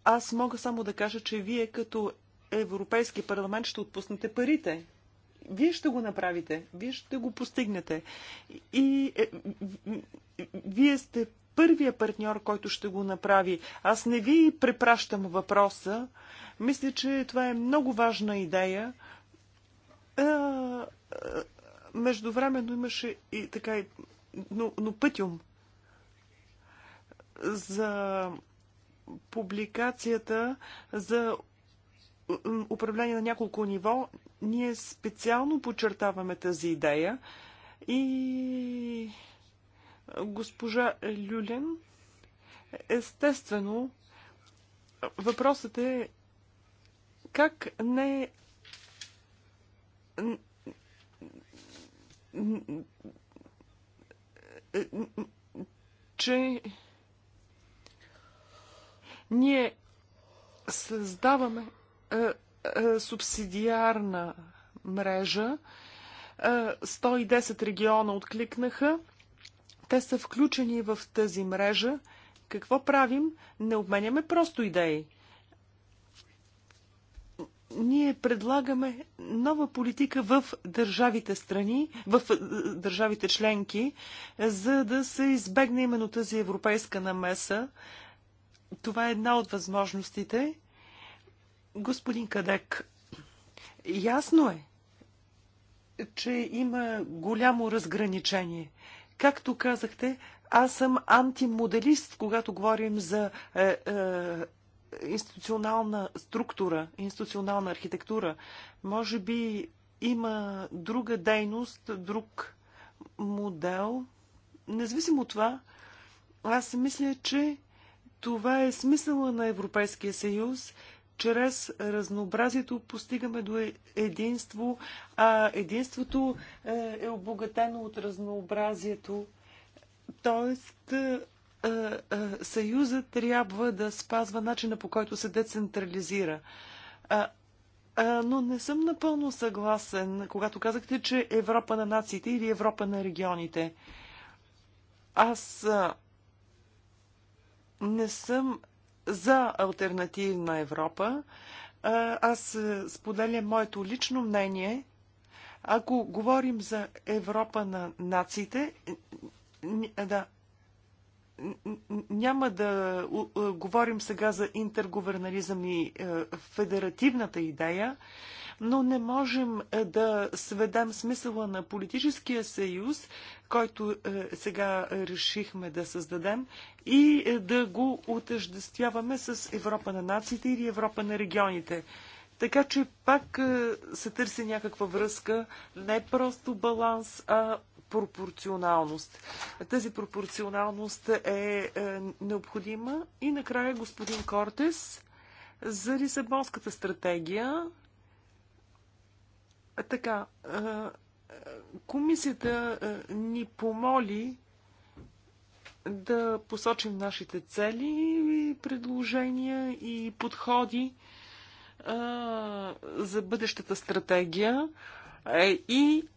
Аз мога само да кажа, че вие като Европейски парламент ще отпуснете парите. Вие ще го направите, вие ще го постигнете. И е, вие сте първия партньор, който ще го направи. Аз не ви препращам въпроса. Мисля, че това е много важна идея. А, междувременно имаше и така, но, но пътюм за публикацията за управление на няколко ниво, ние специално подчертаваме тази идея и госпожа Люлен, естествено, въпросът е как не че ние създаваме е, е, субсидиарна мрежа. 110 е, региона откликнаха. Те са включени в тази мрежа. Какво правим? Не обменяме просто идеи. Ние предлагаме нова политика в държавите страни, в държавите членки, за да се избегне именно тази европейска намеса. Това е една от възможностите Господин Кадек, ясно е, че има голямо разграничение. Както казахте, аз съм антимоделист, когато говорим за е, е, институционална структура, институционална архитектура. Може би има друга дейност, друг модел. Независимо от това, аз мисля, че това е смисъла на Европейския съюз – чрез разнообразието постигаме до е- единство, а единството е, е обогатено от разнообразието. Тоест, е, съюза трябва да спазва начина по който се децентрализира. Но не съм напълно съгласен, когато казахте, че Европа на нациите или Европа на регионите. Аз не съм за альтернативна Европа, аз е, споделям моето лично мнение. Ако говорим за Европа на нациите, да, няма да говорим сега за интергувернализъм и е, федеративната идея, но не можем е, да сведем смисъла на политическия съюз, който е, сега решихме да създадем и е, да го отъждествяваме с Европа на нациите или Европа на регионите. Така че пак се търси някаква връзка, не просто баланс, а пропорционалност. Тази пропорционалност е, необходима. И накрая господин Кортес за Лисабонската стратегия. Така, комисията ни помоли да посочим нашите цели и предложения и подходи за бъдещата стратегия и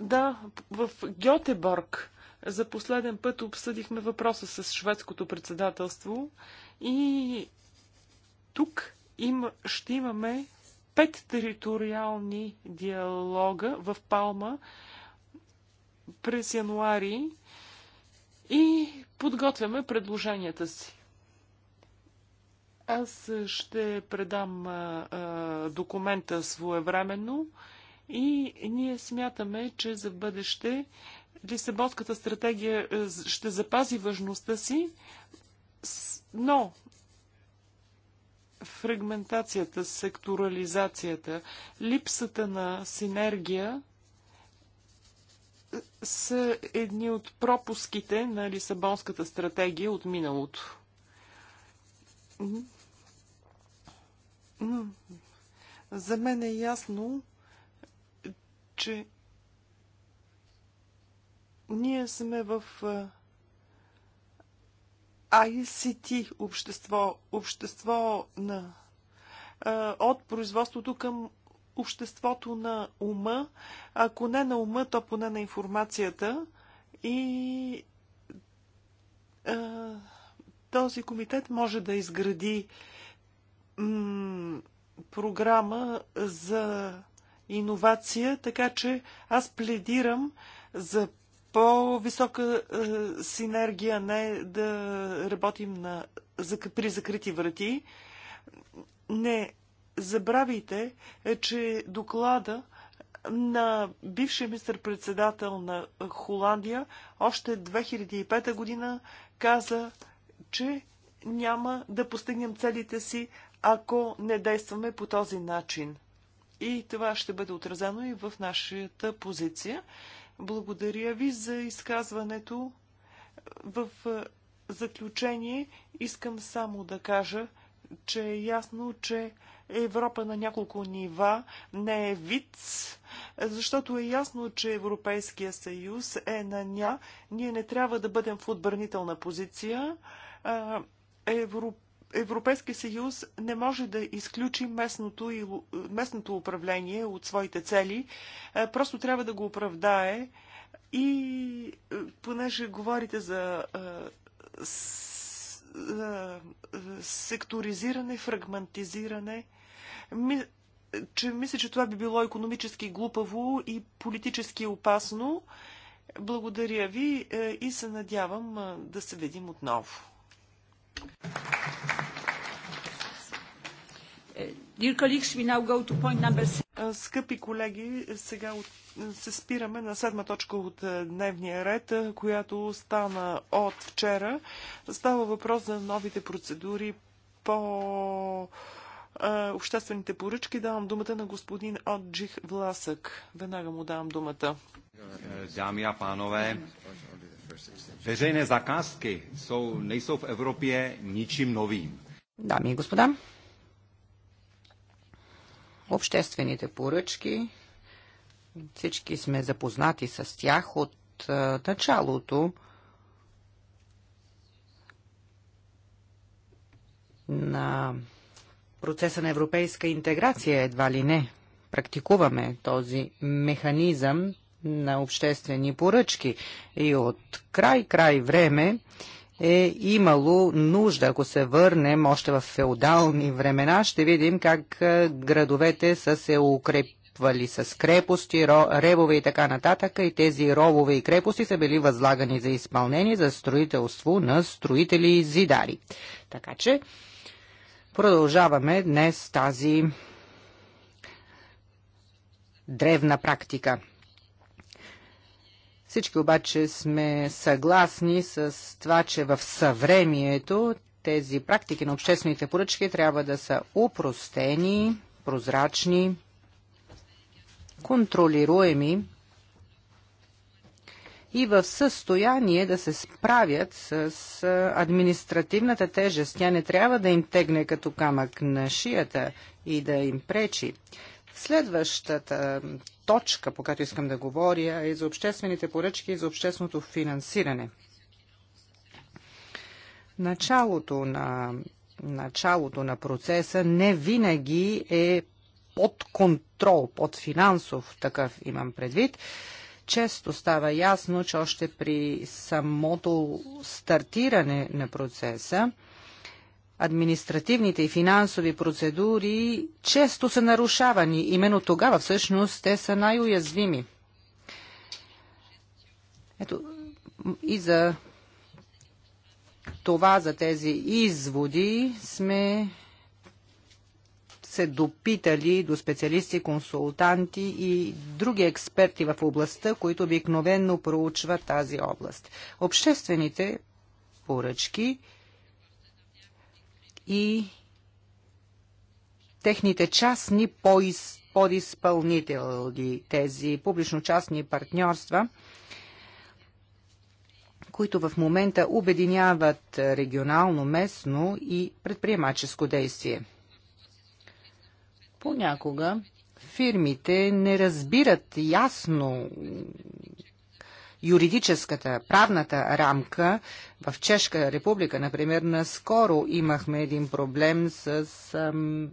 да, в Гьотеборг за последен път обсъдихме въпроса с шведското председателство и тук има, ще имаме пет териториални диалога в Палма през януари и подготвяме предложенията си. Аз ще предам а, а, документа своевременно и ние смятаме, че за бъдеще Лисабонската стратегия ще запази важността си, но фрагментацията, секторализацията, липсата на синергия са едни от пропуските на Лисабонската стратегия от миналото. За мен е ясно, че ние сме в ICT общество, общество на, от производството към обществото на ума, ако не на ума, то поне на информацията и а, този комитет може да изгради програма за иновация, така че аз пледирам за по-висока е, синергия, не да работим на, за, при закрити врати. Не забравяйте, е, че доклада на бившия министр-председател на Холандия още 2005 година каза, че няма да постигнем целите си, ако не действаме по този начин. И това ще бъде отразено и в нашата позиция. Благодаря ви за изказването. В заключение искам само да кажа, че е ясно, че Европа на няколко нива не е виц, защото е ясно, че Европейския съюз е на ня. Ние не трябва да бъдем в отбранителна позиция. Европа Европейския съюз не може да изключи местното, и, местното управление от своите цели, е, просто трябва да го оправдае и е, понеже говорите за е, секторизиране, фрагментизиране, че мисля, че това би било економически глупаво и политически опасно. Благодаря ви и се надявам да се видим отново. Uh, скъпи колеги, сега се спираме на седма точка от дневния ред, която стана от вчера. Става въпрос за новите процедури по обществените поръчки. Давам думата на господин Отджих Власък. Веднага му давам думата. Дами и панове, veřejné заказки не са в Evropě ничим новим. Дами и господа, Обществените поръчки, всички сме запознати с тях от началото на процеса на европейска интеграция, едва ли не. Практикуваме този механизъм на обществени поръчки и от край-край време е имало нужда. Ако се върнем още в феодални времена, ще видим как градовете са се укрепвали с крепости, ревове и така нататък, и тези ровове и крепости са били възлагани за изпълнение за строителство на строители и зидари. Така че продължаваме днес тази древна практика. Всички обаче сме съгласни с това, че в съвремието тези практики на обществените поръчки трябва да са упростени, прозрачни, контролируеми и в състояние да се справят с административната тежест. Тя не трябва да им тегне като камък на шията и да им пречи. Следващата точка, по която искам да говоря, е за обществените поръчки и за общественото финансиране. Началото на, началото на процеса не винаги е под контрол, под финансов такъв имам предвид често става ясно, че още при самото стартиране на процеса административните и финансови процедури често са нарушавани. Именно тогава всъщност те са най-уязвими. Ето и за това, за тези изводи сме се допитали до специалисти, консултанти и други експерти в областта, които обикновенно проучват тази област. Обществените поръчки – и техните частни подизпълнители, тези публично-частни партньорства, които в момента обединяват регионално, местно и предприемаческо действие. Понякога фирмите не разбират ясно юридическата, правната рамка. В Чешка република, например, наскоро имахме един проблем с ам,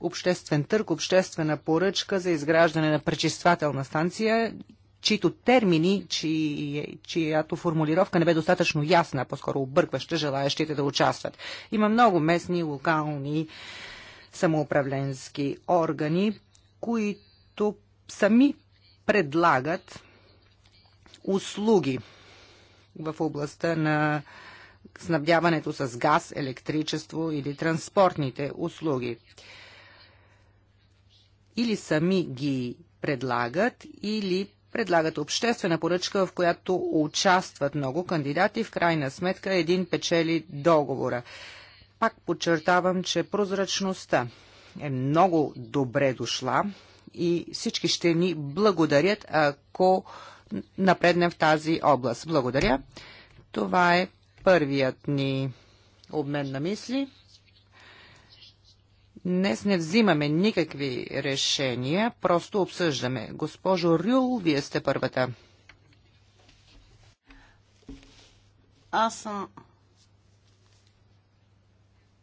обществен търг, обществена поръчка за изграждане на пречиствателна станция, чието термини, чи, чиято формулировка не бе достатъчно ясна, по-скоро объркваща желаящите да участват. Има много местни, локални самоуправленски органи, които сами предлагат услуги в областта на снабдяването с газ, електричество или транспортните услуги. Или сами ги предлагат, или предлагат обществена поръчка, в която участват много кандидати. В крайна сметка един печели договора. Пак подчертавам, че прозрачността е много добре дошла и всички ще ни благодарят, ако напреднем в тази област. Благодаря. Това е първият ни обмен на мисли. Днес не взимаме никакви решения, просто обсъждаме. Госпожо Рюл, вие сте първата. Аз съм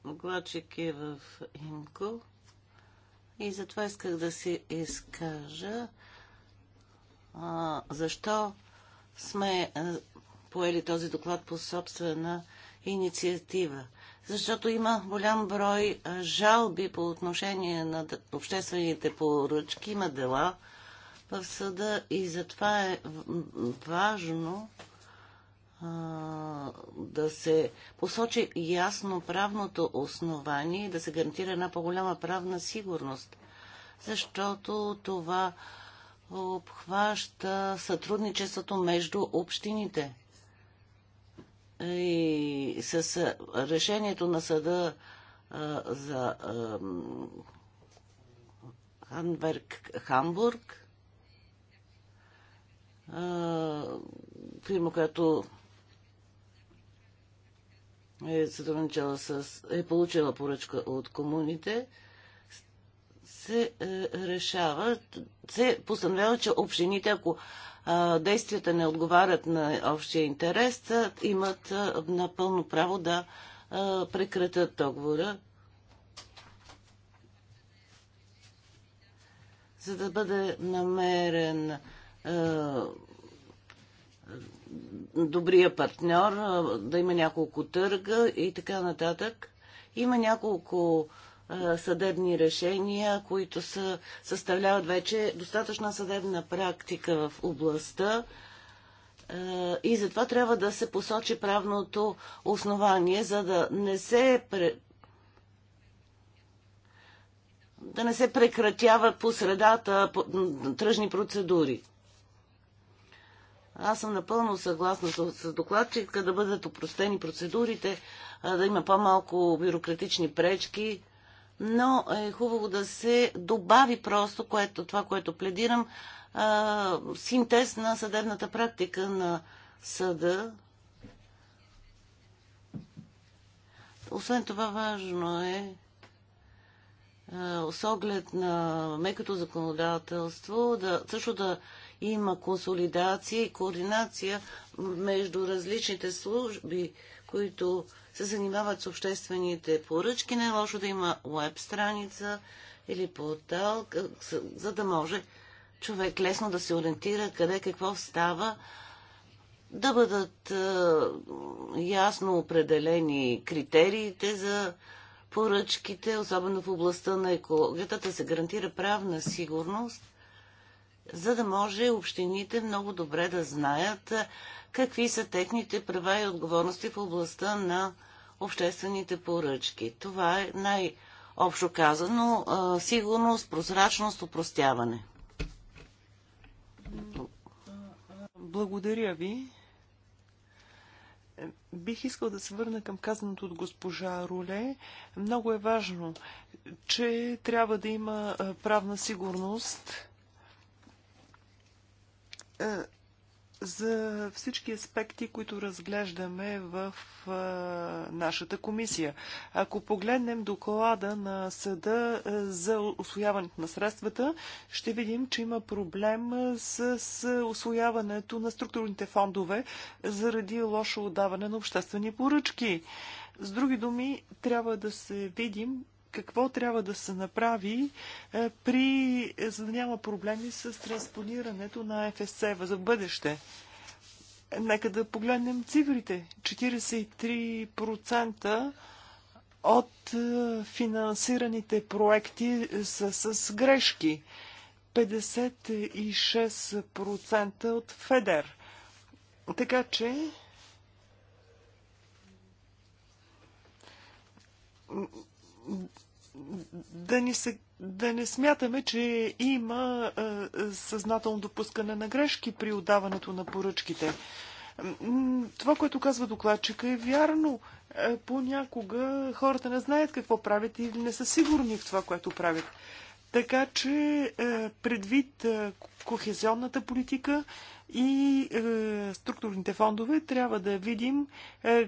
докладчик е в Инко и затова исках да се изкажа защо сме поели този доклад по собствена инициатива. Защото има голям брой жалби по отношение на обществените поръчки, има дела в съда и затова е важно да се посочи ясно правното основание и да се гарантира една по-голяма правна сигурност. Защото това обхваща сътрудничеството между общините. И с решението на съда а, за а, Ханберг, Хамбург, а, фирма, която е с, е получила поръчка от комуните, се е, решава, се постановява, че общините, ако действията не отговарят на общия интерес, имат напълно право да прекратят договора. За да бъде намерен добрия партньор, да има няколко търга и така нататък. Има няколко съдебни решения, които са, съставляват вече достатъчна съдебна практика в областта и затова трябва да се посочи правното основание, за да не се да не се прекратяват по средата тръжни процедури. Аз съм напълно съгласна с, с докладчика да бъдат опростени процедурите, да има по-малко бюрократични пречки но е хубаво да се добави просто което, това, което пледирам, а, синтез на съдебната практика на съда. Освен това важно е а, с оглед на мекото законодателство, да, също да има консолидация и координация между различните служби, които се занимават с обществените поръчки, не е лошо да има веб страница или портал, за да може човек лесно да се ориентира къде какво става, да бъдат е, ясно определени критериите за поръчките, особено в областта на екологията, да се гарантира правна сигурност за да може общините много добре да знаят какви са техните права и отговорности в областта на обществените поръчки. Това е най-общо казано сигурност, прозрачност, упростяване. Благодаря ви. Бих искал да се върна към казаното от госпожа Руле. Много е важно, че трябва да има правна сигурност е, за всички аспекти, които разглеждаме в а, е, нашата комисия. Ако погледнем доклада на съда е, за освояването на средствата, ще видим, че има проблем с, с освояването на структурните фондове заради лошо отдаване на обществени поръчки. С други думи, трябва да се видим какво трябва да се направи е, при, е, за да няма проблеми с транспонирането на ФСЦ за бъдеще. Нека да погледнем цифрите. 43% от е, финансираните проекти са с грешки. 56% от ФЕДЕР. Така че да ни се да не смятаме, че има а, съзнателно допускане на грешки при отдаването на поръчките. Това, което казва докладчика е вярно. Е, понякога хората не знаят какво правят и не са сигурни в това, което правят. Така че е, предвид е, кохезионната политика и е, структурните фондове трябва да видим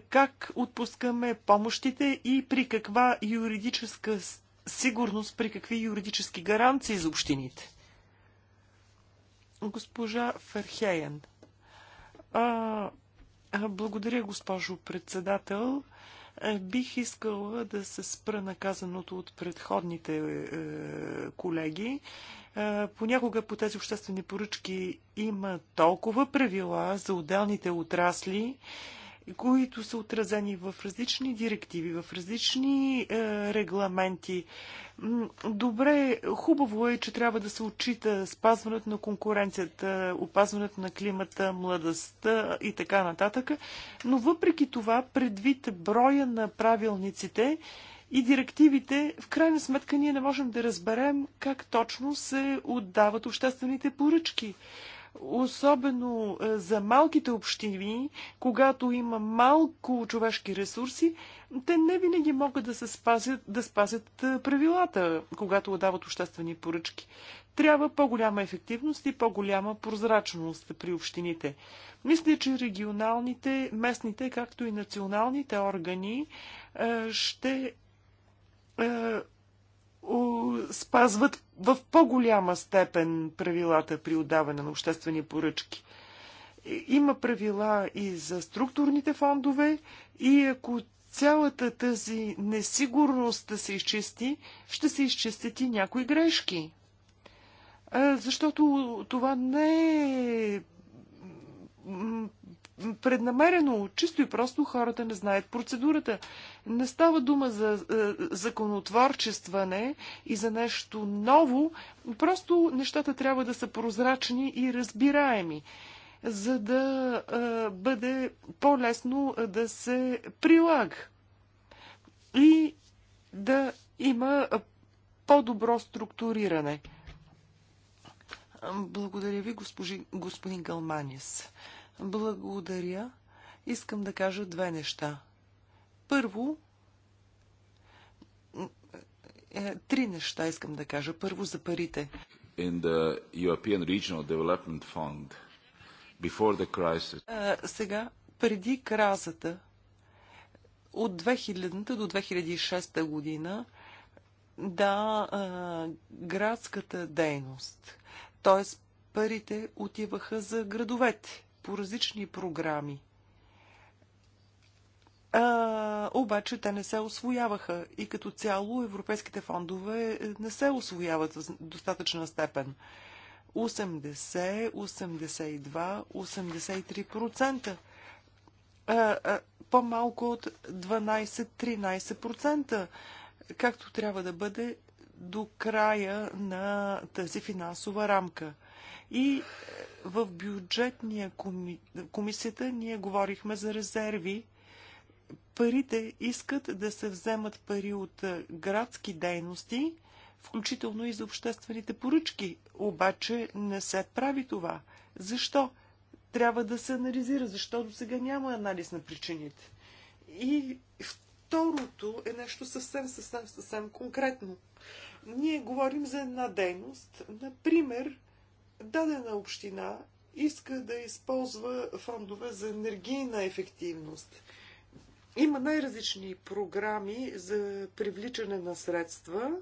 как отпускаме помощите и при каква юридическа сигурност, при какви юридически гаранции за общините. Госпожа Ферхеен. Благодаря, госпожо председател. Е, бих искала да се спра наказаното от предходните е, колеги. Е, понякога по тези обществени поръчки има толкова правила за отделните отрасли, които са отразени в различни директиви, в различни е, регламенти. Добре, хубаво е, че трябва да се отчита спазването на конкуренцията, опазването на климата, младостта и така нататък, но въпреки това, предвид броя на правилниците, и директивите, в крайна сметка ние не можем да разберем как точно се отдават обществените поръчки особено е, за малките общини, когато има малко човешки ресурси, те не винаги могат да, се спазят, да спазят е, правилата, когато дават обществени поръчки. Трябва по-голяма ефективност и по-голяма прозрачност при общините. Мисля, че регионалните, местните, както и националните органи е, ще спазват в по-голяма степен правилата при отдаване на обществени поръчки. Има правила и за структурните фондове и ако цялата тази несигурност да се изчисти, ще се изчистят и някои грешки. Защото това не е преднамерено, чисто и просто хората не знаят процедурата. Не става дума за е, законотворчестване и за нещо ново, просто нещата трябва да са прозрачни и разбираеми, за да е, бъде по-лесно е, да се прилага и да има по-добро структуриране. Благодаря ви, госпожи, господин Галманис. Благодаря. Искам да кажа две неща. Първо, е, три неща искам да кажа. Първо за парите. In the European Regional Development Fund, before the crisis. Uh, сега, преди кразата, от 2000 до 2006 година, да, uh, градската дейност, т.е. парите отиваха за градовете по различни програми. А, обаче те не се освояваха и като цяло европейските фондове е, не се освояват в достатъчна степен. 80, 82, 83%. по-малко от 12-13%, както трябва да бъде до края на тази финансова рамка – и е, в бюджетния коми... комисията ние говорихме за резерви. Парите искат да се вземат пари от е, градски дейности, включително и за обществените поръчки. Обаче не се прави това. Защо? Трябва да се анализира, до сега няма анализ на причините. И второто е нещо съвсем, съвсем, съвсем конкретно. Ние говорим за една дейност, например, дадена община иска да използва фондове за енергийна ефективност. Има най-различни програми за привличане на средства,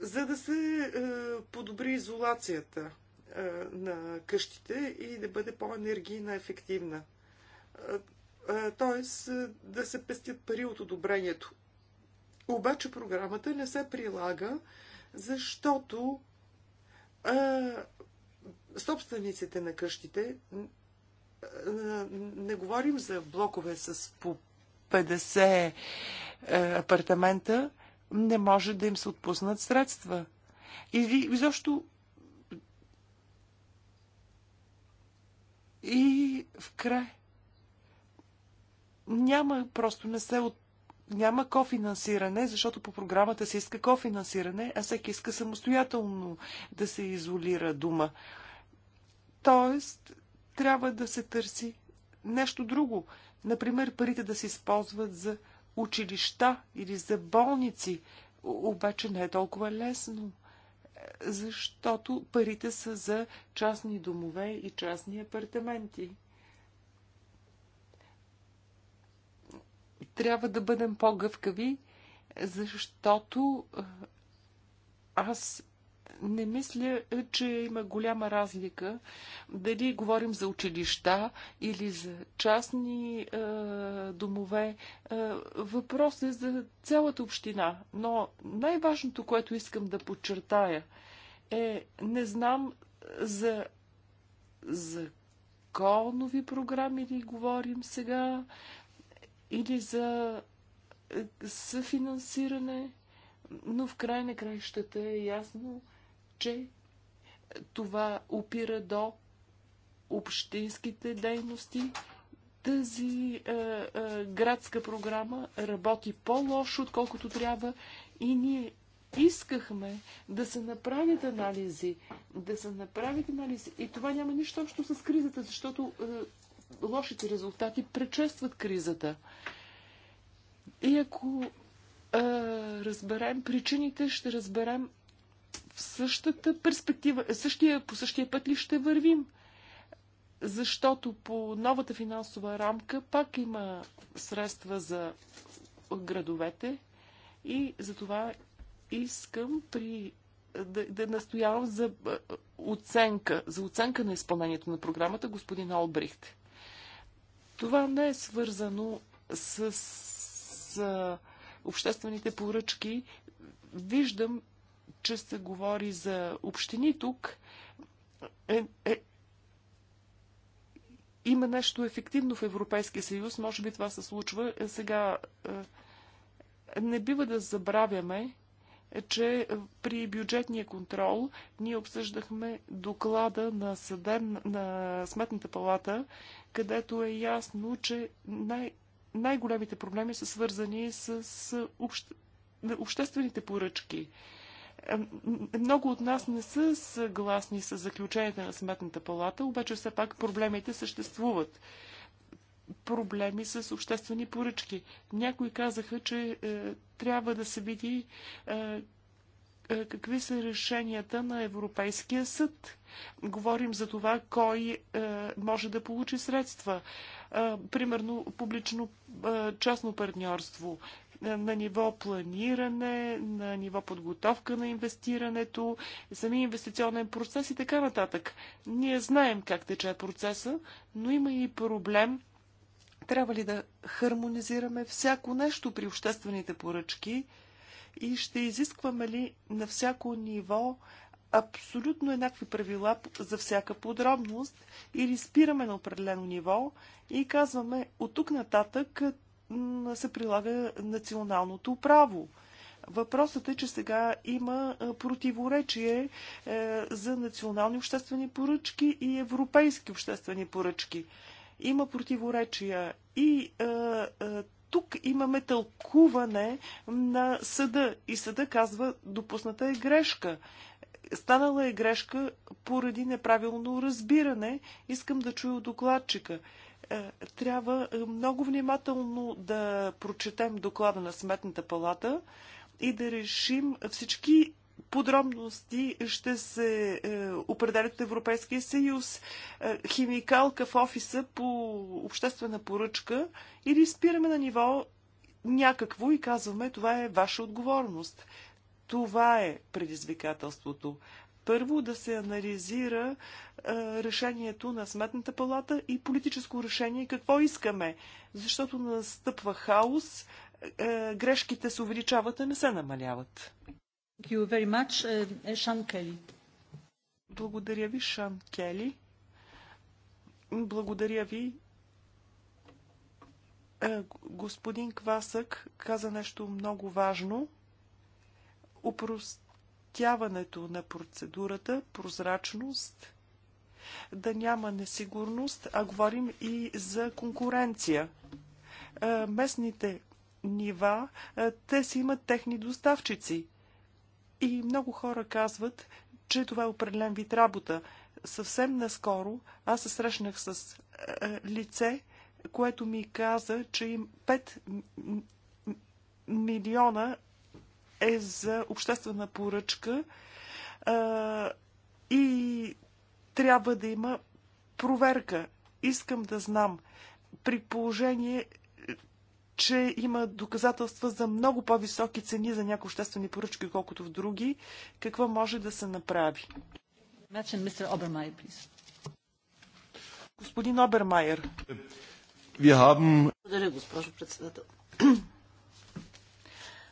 за да се е, подобри изолацията е, на къщите и да бъде по-енергийна ефективна. Е, тоест да се пестят пари от одобрението. Обаче програмата не се прилага, защото а, собствениците на къщите, не говорим за блокове с по 50 е, апартамента, не може да им се отпуснат средства. Или изобщо. И в край. Няма, просто не се от няма кофинансиране, защото по програмата се иска кофинансиране, а всеки иска самостоятелно да се изолира дума. Тоест, трябва да се търси нещо друго. Например, парите да се използват за училища или за болници. Обаче не е толкова лесно, защото парите са за частни домове и частни апартаменти. трябва да бъдем по-гъвкави, защото аз не мисля, че има голяма разлика дали говорим за училища или за частни е, домове. Е, въпрос е за цялата община. Но най-важното, което искам да подчертая е, не знам за законови програми ли говорим сега, или за е, съфинансиране, но в край на краищата е ясно, че е, това опира до общинските дейности. Тази е, е, градска програма работи по-лошо, отколкото трябва и ние искахме да се направят анализи, да се направят анализи. И това няма нищо общо с кризата, защото е, лошите резултати предшестват кризата. И ако а, разберем причините, ще разберем в същата перспектива, същия, по същия път ли ще вървим. Защото по новата финансова рамка пак има средства за градовете и за това искам при да, да настоявам за оценка, за оценка на изпълнението на програмата господин Олбрихт. Това не е свързано с, с обществените поръчки. Виждам, че се говори за общини тук. Е, е, има нещо ефективно в Европейския съюз. Може би това се случва. Е, сега е, не бива да забравяме, че при бюджетния контрол ние обсъждахме доклада на, съдеб... на Сметната палата, където е ясно, че най... най-големите проблеми са свързани с обще... обществените поръчки. Много от нас не са съгласни с заключенията на Сметната палата, обаче все пак проблемите съществуват проблеми с обществени поръчки. Някои казаха, че е, трябва да се види е, е, какви са решенията на Европейския съд. Говорим за това кой е, може да получи средства. Е, примерно публично-частно е, партньорство е, на ниво планиране, на ниво подготовка на инвестирането, сами инвестиционен процес и така нататък. Ние знаем как тече процеса, но има и проблем трябва ли да хармонизираме всяко нещо при обществените поръчки и ще изискваме ли на всяко ниво абсолютно еднакви правила за всяка подробност или спираме на определено ниво и казваме от тук нататък се прилага националното право. Въпросът е, че сега има противоречие е, за национални обществени поръчки и европейски обществени поръчки. Има противоречия и а, е, а, е, тук имаме тълкуване на съда и съда казва допусната е грешка. Станала е грешка поради неправилно разбиране. Искам да чуя докладчика е, трябва много внимателно да прочетем доклада на Сметната палата и да решим всички подробности ще се е, определят Европейския съюз. Е, химикалка в офиса по обществена поръчка или спираме на ниво някакво и казваме това е ваша отговорност. Това е предизвикателството. Първо да се анализира е, решението на Сметната палата и политическо решение какво искаме, защото настъпва хаос, е, грешките се увеличават, а не се намаляват. Uh, uh, Благодаря ви, Шан Кели. Благодаря ви. Е, господин Квасък каза нещо много важно. Упростяването на процедурата, прозрачност, да няма несигурност, а говорим и за конкуренция. Е, местните нива, е, те си имат техни доставчици и много хора казват, че това е определен вид работа. Съвсем наскоро аз се срещнах с е, лице, което ми каза, че им 5 милиона е за обществена поръчка е, и трябва да има проверка. Искам да знам при положение, че има доказателства за много по-високи цени за някои обществени поръчки, колкото в други. Какво може да се направи? Господин Обермайер. Благодаря, госпожо председател.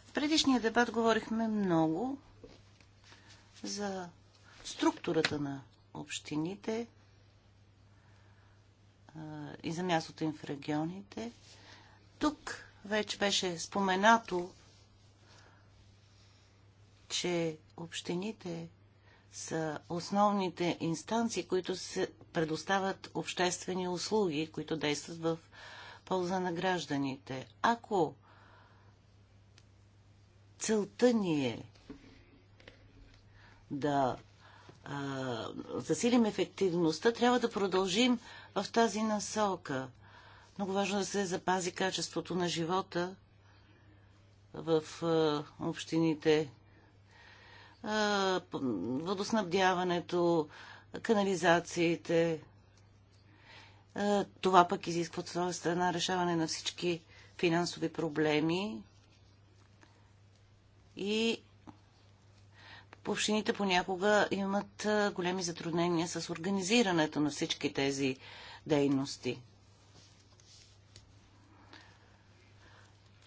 В предишния дебат говорихме много за структурата на общините и за мястото им в регионите. Тук вече беше споменато, че общините са основните инстанции, които се предоставят обществени услуги, които действат в полза на гражданите. Ако целта ни е да а, засилим ефективността, трябва да продължим в тази насока. Много важно да се запази качеството на живота в общините. Водоснабдяването, канализациите. Това пък изисква от своя страна решаване на всички финансови проблеми и общините понякога имат големи затруднения с организирането на всички тези дейности.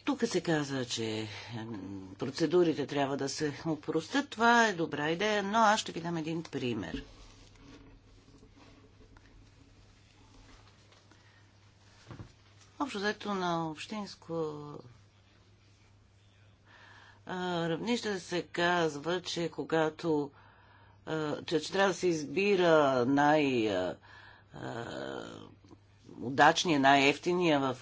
Тук се каза, че процедурите трябва да се упростят. Това е добра идея, но аз ще ви дам един пример. Общо взето на общинско равнище се казва, че когато че, че трябва да се избира най- най-удачния, най-ефтиния в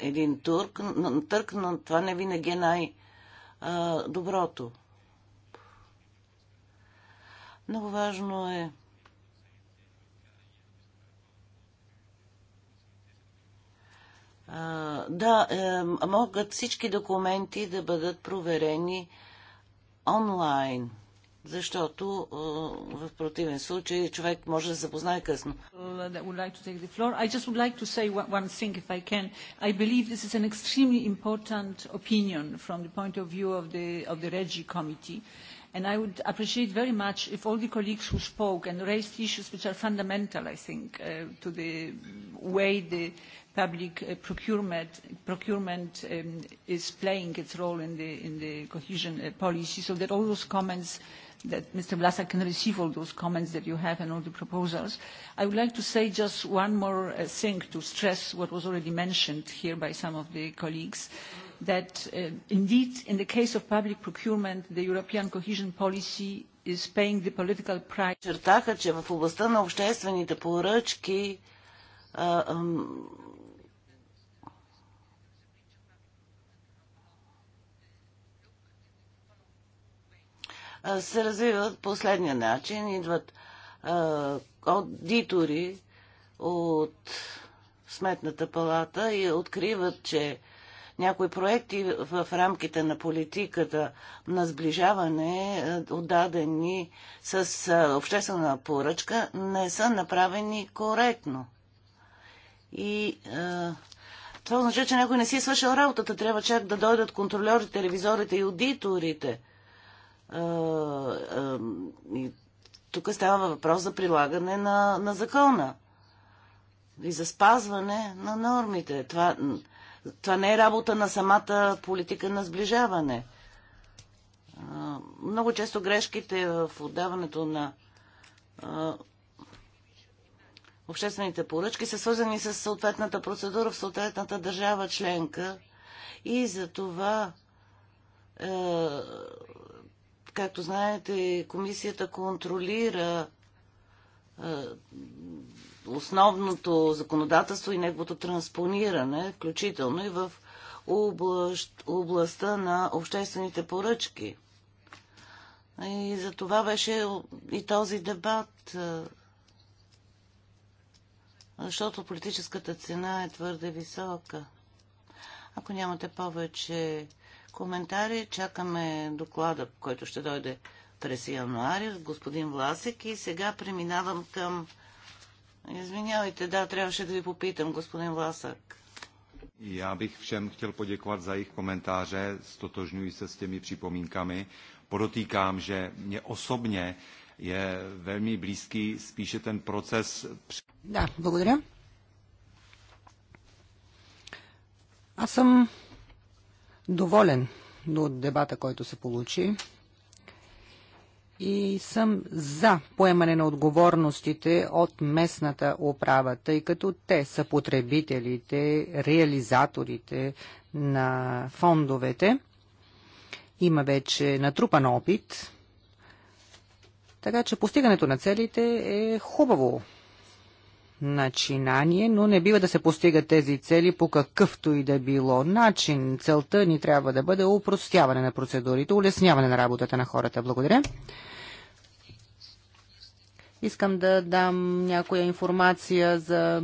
един турк, търк, но това не винаги е най-доброто. Много важно е да, е, могат всички документи да бъдат проверени онлайн – защото в противен случай човек може да се запознае късно. And I would appreciate very much if all the colleagues who spoke and raised issues which are fundamental, I think, uh, to the way the public uh, procurement, procurement um, is playing its role in the, in the cohesion uh, policy, so that all those comments that Mr. Vlasak can receive all those comments that you have and all the proposals. I would like to say just one more thing to stress what was already mentioned here by some of the colleagues, that uh, indeed in the case of public procurement, the European cohesion policy is paying the political price. Чертаха, че в областта на обществените поръчки се развиват последния начин. Идват аудитори от Сметната палата и откриват, че някои проекти в рамките на политиката на сближаване, отдадени с обществена поръчка, не са направени коректно. И това означава, че някой не си е свършил работата. Трябва чак да дойдат контролерите, ревизорите и аудиторите и тук става въпрос за прилагане на, на закона и за спазване на нормите. Това, това не е работа на самата политика на сближаване. Много често грешките в отдаването на обществените поръчки са свързани с съответната процедура в съответната държава членка и за това е, Както знаете, комисията контролира основното законодателство и неговото транспониране, включително и в област, областта на обществените поръчки. И за това беше и този дебат, защото политическата цена е твърде висока. Ако нямате повече коментари. Чакаме доклада, който ще дойде през януари от господин Власек. И сега преминавам към... Извинявайте, да, трябваше да ви попитам, господин Власък. Já bych všem chtěl poděkovat za jejich komentáře, stotožňuji se s těmi připomínkami. Podotýkám, že mě osobně je velmi blízký spíše ten proces... Да, благодаря. Аз съм доволен от дебата, който се получи и съм за поемане на отговорностите от местната управа, тъй като те са потребителите, реализаторите на фондовете. Има вече натрупан опит, така че постигането на целите е хубаво начинание, но не бива да се постигат тези цели по какъвто и да било начин. Целта ни трябва да бъде упростяване на процедурите, улесняване на работата на хората. Благодаря. Искам да дам някоя информация за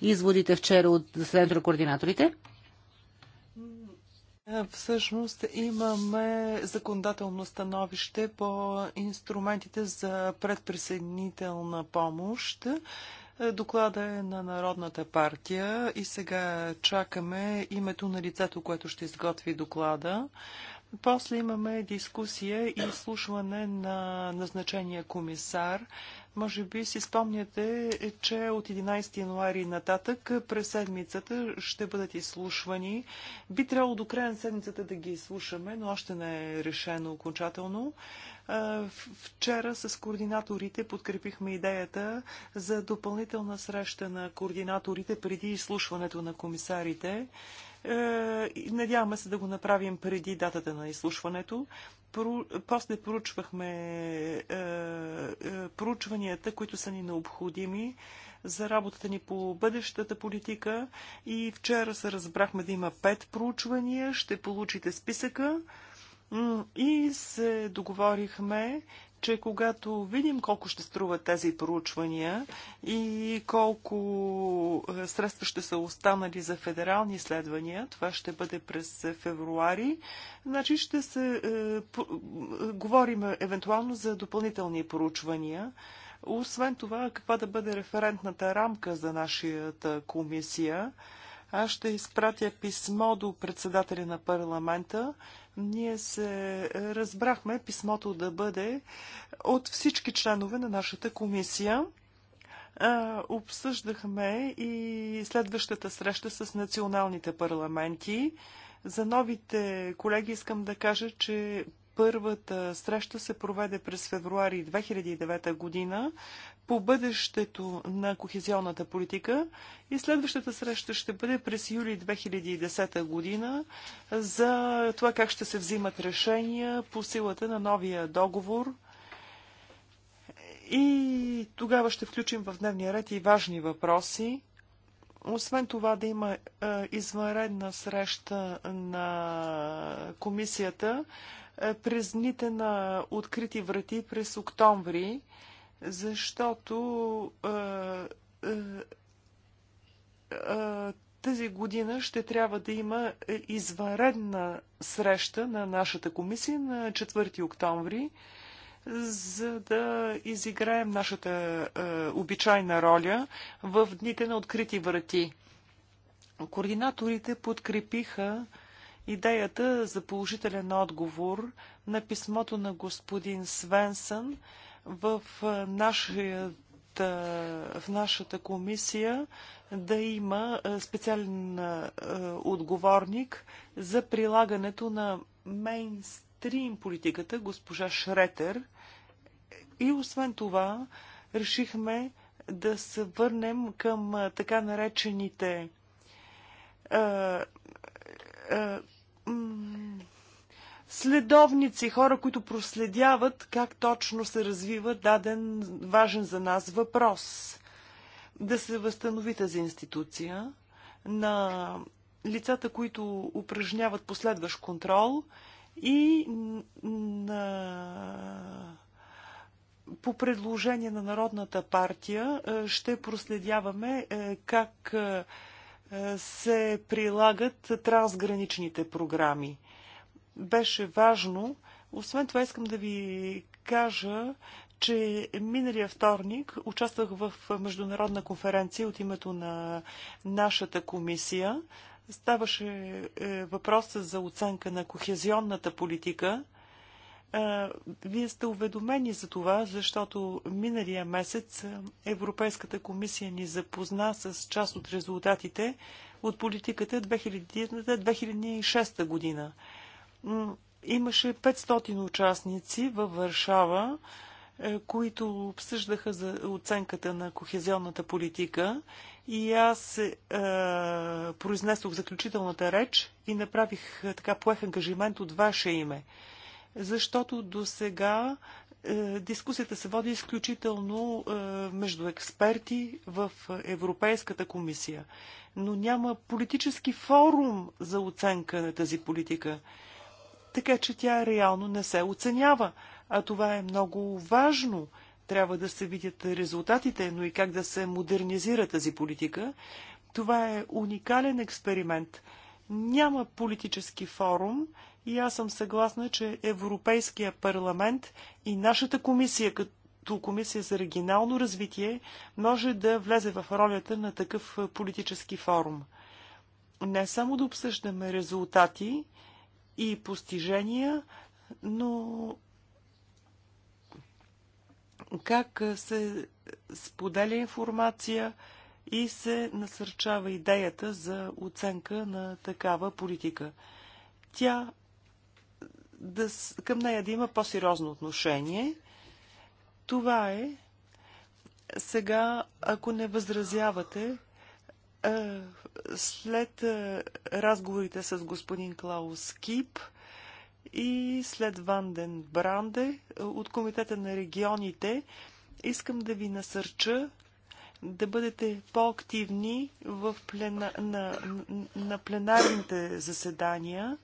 изводите вчера от заседанието на координаторите. Е, всъщност имаме законодателно становище по инструментите за предприсъединителна помощ. Е, доклада е на Народната партия и сега чакаме името на лицето, което ще изготви доклада. После имаме дискусия и изслушване на назначения комисар. Може би си спомняте, че от 11 януари нататък през седмицата ще бъдат изслушвани. Би трябвало до края на седмицата да ги изслушаме, но още не е решено окончателно. Вчера с координаторите подкрепихме идеята за допълнителна среща на координаторите преди изслушването на комисарите. Е, надяваме се да го направим преди датата на изслушването. После проучвахме е, е, проучванията, които са ни необходими за работата ни по бъдещата политика и вчера се разбрахме да има пет проучвания. Ще получите списъка и се договорихме, че когато видим колко ще струват тези проучвания и колко е, средства ще са останали за федерални изследвания, това ще бъде през февруари, значи ще се е, по, е, говорим евентуално за допълнителни проучвания. Освен това, каква да бъде референтната рамка за нашата комисия, аз ще изпратя писмо до председателя на парламента. Ние се разбрахме писмото да бъде от всички членове на нашата комисия обсъждахме и следващата среща с националните парламенти. За новите колеги искам да кажа, че Първата среща се проведе през февруари 2009 година по бъдещето на кохезионната политика и следващата среща ще бъде през юли 2010 година за това как ще се взимат решения по силата на новия договор. И тогава ще включим в дневния ред и важни въпроси. Освен това да има е, извънредна среща на комисията, е, през дните на открити врати през октомври, защото е, е, тази година ще трябва да има извънредна среща на нашата комисия на 4 октомври, за да изиграем нашата е, обичайна роля в дните на открити врати. Координаторите подкрепиха е, идеята за положителен отговор на писмото на господин Свенсън в нашия в нашата комисия да има специален отговорник за прилагането на мейнстрим политиката, госпожа Шретер. И освен това, решихме да се върнем към така наречените следовници, хора, които проследяват как точно се развива даден важен за нас въпрос. Да се възстанови тази институция на лицата, които упражняват последващ контрол и на... по предложение на Народната партия е, ще проследяваме е, как е, се прилагат трансграничните програми. Беше важно. Освен това искам да ви кажа, че миналия вторник участвах в международна конференция от името на нашата комисия. Ставаше е, въпроса за оценка на кохезионната политика – вие сте уведомени за това, защото миналия месец Европейската комисия ни запозна с част от резултатите от политиката 2000-2006 година. Имаше 500 участници във Варшава, е, които обсъждаха за оценката на кохезионната политика и аз е, произнесох заключителната реч и направих е, така поех ангажимент от ваше име – защото до сега е, дискусията се води изключително е, между експерти в Европейската комисия, но няма политически форум за оценка на тази политика. Така че тя реално не се оценява, а това е много важно. Трябва да се видят резултатите, но и как да се модернизира тази политика. Това е уникален експеримент. Няма политически форум, и аз съм съгласна, че Европейския парламент и нашата комисия като комисия за регионално развитие може да влезе в ролята на такъв политически форум. Не само да обсъждаме резултати и постижения, но как се споделя информация и се насърчава идеята за оценка на такава политика. Тя да, към нея да има по-сериозно отношение. Това е. Сега, ако не възразявате, след разговорите с господин Клаус Кип и след Ванден Бранде от Комитета на регионите, искам да ви насърча да бъдете по-активни в плена... на... на пленарните заседания.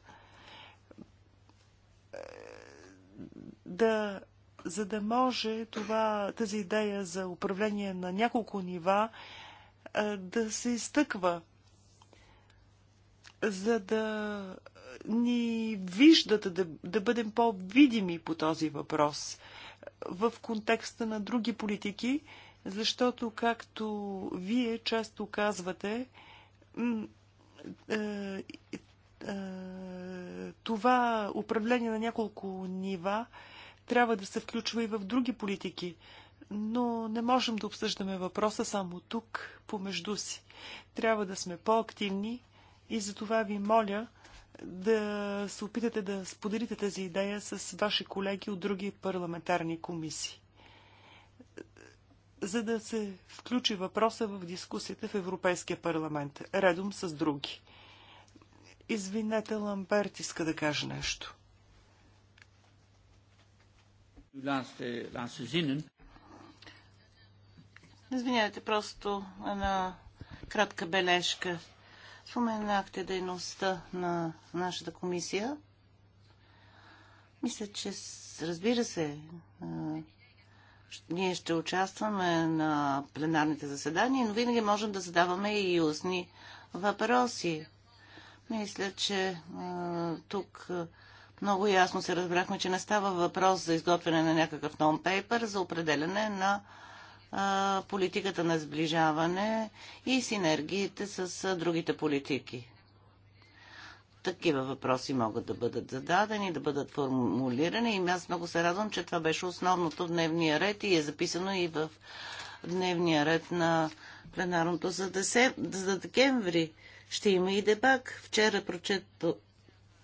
да, за да може това, тази идея за управление на няколко нива да се изтъква, за да ни виждат, да, да бъдем по-видими по този въпрос в контекста на други политики, защото, както вие често казвате, е, е, е, това управление на няколко нива трябва да се включва и в други политики, но не можем да обсъждаме въпроса само тук, помежду си. Трябва да сме по-активни и за това ви моля да се опитате да споделите тази идея с ваши колеги от други парламентарни комисии, за да се включи въпроса в дискусията в Европейския парламент, редом с други. Извинете, Ламберт иска да каже нещо. Извинявайте, просто една кратка бележка. Споменахте дейността на нашата комисия. Мисля, че разбира се, ние ще участваме на пленарните заседания, но винаги можем да задаваме и устни въпроси. Мисля, че тук много ясно се разбрахме, че не става въпрос за изготвяне на някакъв нон-пейпер, за определене на а, политиката на сближаване и синергиите с а, другите политики. Такива въпроси могат да бъдат зададени, да бъдат формулирани и аз много се радвам, че това беше основното в дневния ред и е записано и в дневния ред на пленарното за, десем... за декември. Ще има и дебак. Вчера прочето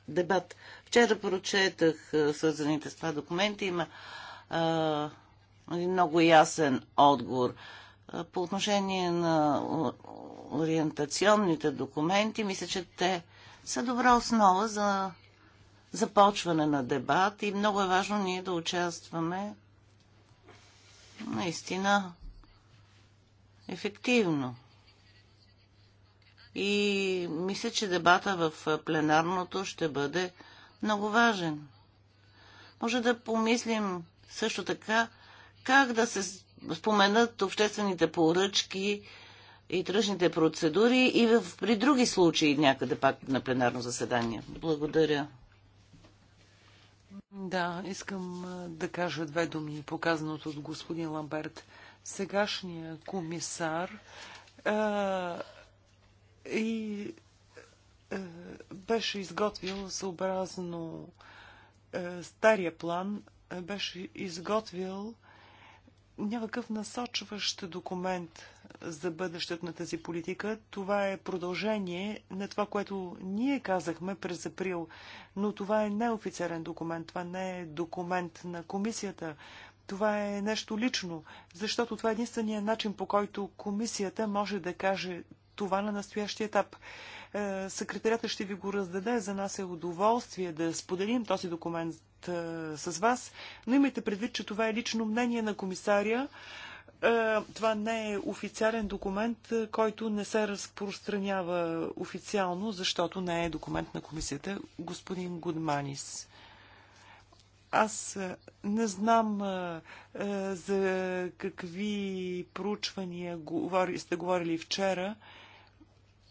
дебат. Вчера прочетах свързаните с това документи. Има а, много ясен отговор. По отношение на ориентационните документи, мисля, че те са добра основа за започване на дебат и много е важно ние да участваме наистина ефективно. И мисля, че дебата в пленарното ще бъде много важен. Може да помислим също така как да се споменат обществените поръчки и тръжните процедури и в, при други случаи някъде пак на пленарно заседание. Благодаря. Да, искам да кажа две думи, показаното от господин Ламберт. Сегашният комисар е, и е, беше изготвил съобразно е, стария план, е, беше изготвил някакъв насочващ документ за бъдещето на тази политика. Това е продължение на това, което ние казахме през април, но това е неофициален документ, това не е документ на комисията. Това е нещо лично, защото това е единствения начин, по който комисията може да каже това на настоящия етап. Е, секретарята ще ви го раздаде. За нас е удоволствие да споделим този документ е, с вас, но имайте предвид, че това е лично мнение на комисаря. Е, това не е официален документ, който не се разпространява официално, защото не е документ на комисията. Господин Гудманис. Аз не знам за какви проучвания сте говорили вчера.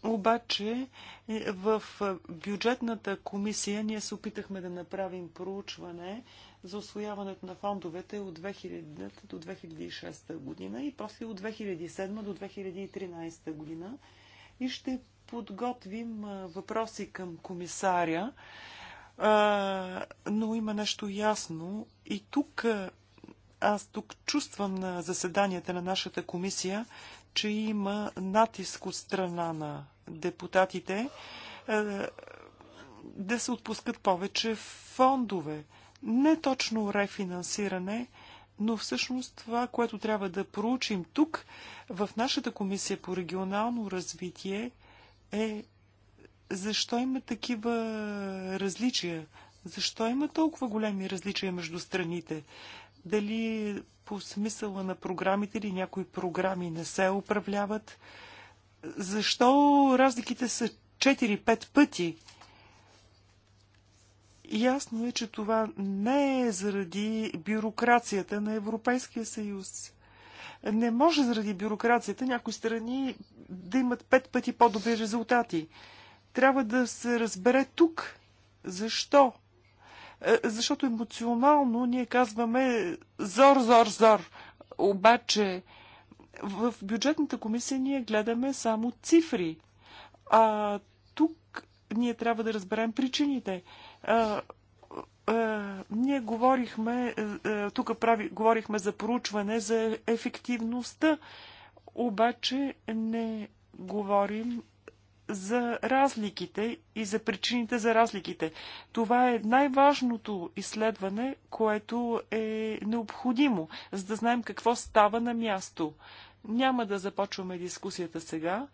Обаче е, в е, бюджетната комисия ние се опитахме да направим проучване за освояването на фондовете от 2000 до 2006 година и после от 2007 до 2013 година и ще подготвим е, въпроси към комисаря, но има нещо ясно и тук аз тук чувствам на заседанията на нашата комисия, че има натиск от страна на депутатите е, да се отпускат повече фондове. Не точно рефинансиране, но всъщност това, което трябва да проучим тук, в нашата комисия по регионално развитие, е защо има такива различия? Защо има толкова големи различия между страните? Дали по смисъла на програмите или някои програми не се управляват? Защо разликите са 4-5 пъти? Ясно е, че това не е заради бюрокрацията на Европейския съюз. Не може заради бюрокрацията някои страни да имат пет пъти по-добри резултати. Трябва да се разбере тук защо. Е, защото емоционално ние казваме зор, зор, зор. Обаче в бюджетната комисия ние гледаме само цифри, а тук ние трябва да разберем причините. А, а, ние говорихме, а, е, е, тук прави, говорихме за проучване, за ефективността, обаче не говорим за разликите и за причините за разликите. Това е най-важното изследване, което е необходимо, за да знаем какво става на място. Няма да започваме дискусията сега.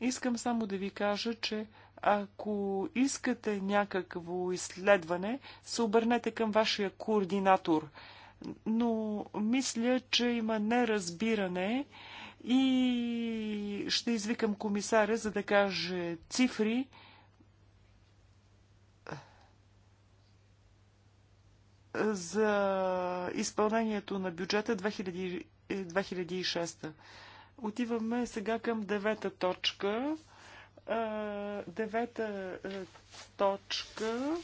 Искам само да ви кажа, че ако искате някакво изследване, се обърнете към вашия координатор. Но мисля, че има неразбиране и ще извикам комисаря, за да каже цифри. за изпълнението на бюджета 2000, 2006. Отиваме сега към девета точка. Девета точка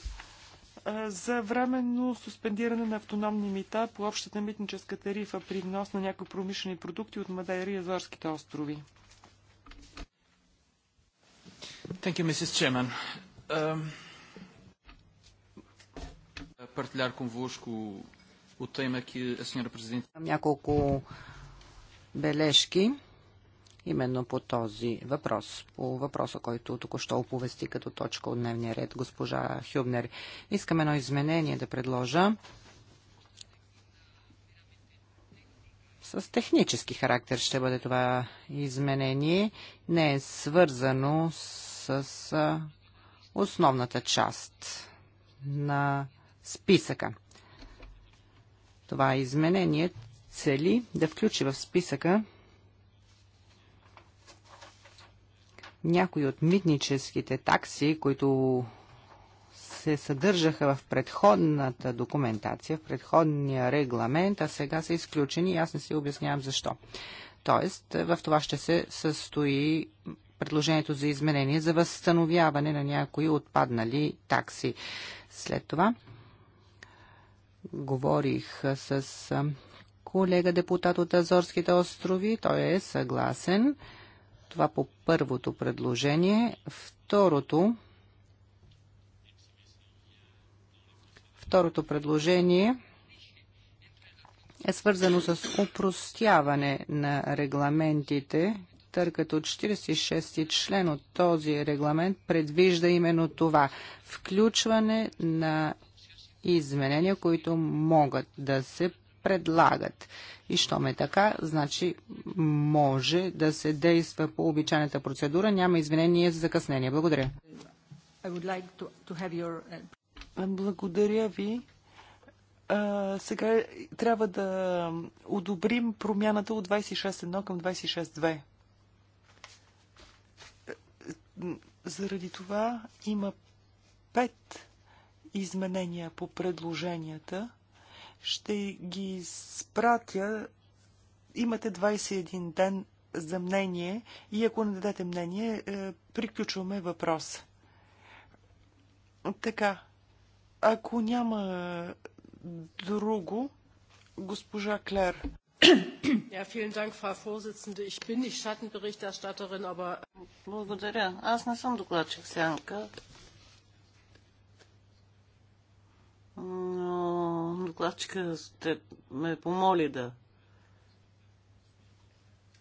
за временно суспендиране на автономни мита по общата митническа тарифа при внос на някои промишлени продукти от Мадейра и Азорските острови. Thank you, Mrs. Chairman. Um, Няколко бележки именно по този въпрос, по въпроса, който току-що оповести като точка от дневния ред госпожа Хюбнер. Искам едно изменение да предложа с технически характер ще бъде това изменение. Не е свързано с основната част на списъка. Това изменение цели да включи в списъка някои от митническите такси, които се съдържаха в предходната документация, в предходния регламент, а сега са изключени и аз не си обяснявам защо. Тоест, в това ще се състои предложението за изменение за възстановяване на някои отпаднали такси. След това говорих с колега депутат от Азорските острови. Той е съгласен това по първото предложение. Второто, второто предложение е свързано с упростяване на регламентите, тъй като 46 ти член от този регламент предвижда именно това – включване на изменения, които могат да се предлагат. И що ме е така, значи може да се действа по обичайната процедура. Няма извинение за закъснение. Благодаря. Uh, Благодаря ви. А, сега трябва да одобрим промяната от 26.1 към 26.2. Заради това има пет изменения по предложенията. Ще ги спратя. Имате 21 ден за мнение и ако не дадете мнение, е, приключваме въпроса. Така, ако няма друго, госпожа Клер. Благодаря. Аз не съм докладчик сянка. Но докладчика ще ме помоли да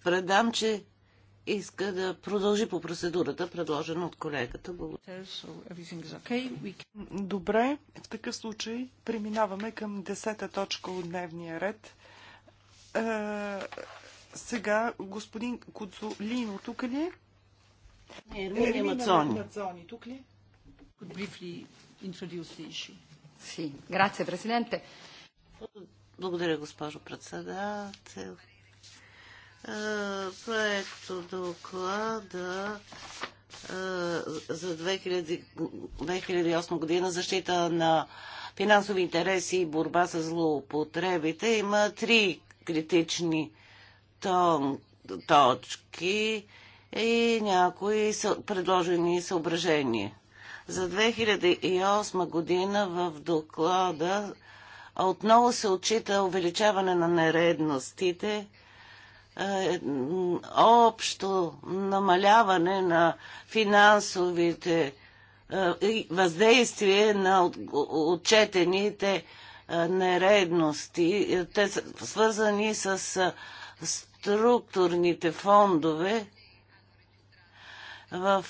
предам, че иска да продължи по процедурата, предложена от колегата. Благодаря. Добре, в такъв случай преминаваме към десета точка от дневния ред. Е, сега господин Куцолино тук ли е? Не, Ермина Мацони. Мацони тук ли? Е? Could briefly introduce the issue. Благодаря, госпожо председател. Проекто доклада за 2008 година защита на финансови интереси и борба с злоупотребите има три критични точки и някои предложени съображения. За 2008 година в доклада отново се отчита увеличаване на нередностите, е, общо намаляване на финансовите е, въздействие на отчетените е, нередности. Те са свързани с структурните фондове в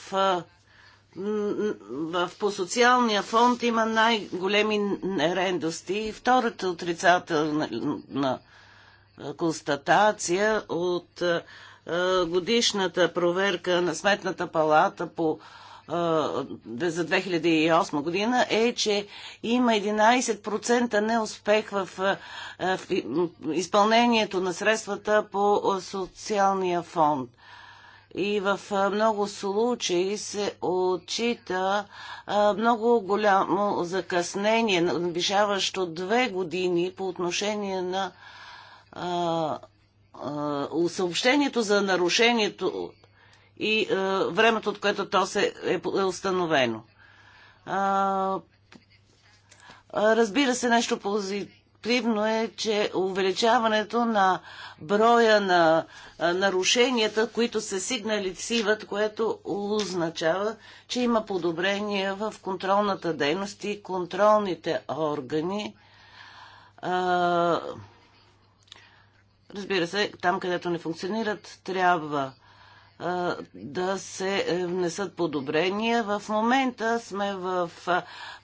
в, по социалния фонд има най-големи нерендости. И втората отрицателна констатация от годишната проверка на Сметната палата по за 2008 година е, че има 11% неуспех в, в изпълнението на средствата по социалния фонд и в много случаи се отчита много голямо закъснение, надвижаващо две години по отношение на съобщението за нарушението и времето, от което то се е, е установено. Разбира се, нещо позитивно Очевидно е, че увеличаването на броя на нарушенията, които се сигналициват, което означава, че има подобрение в контролната дейност и контролните органи. Разбира се, там където не функционират, трябва да се е, внесат подобрения. В момента сме в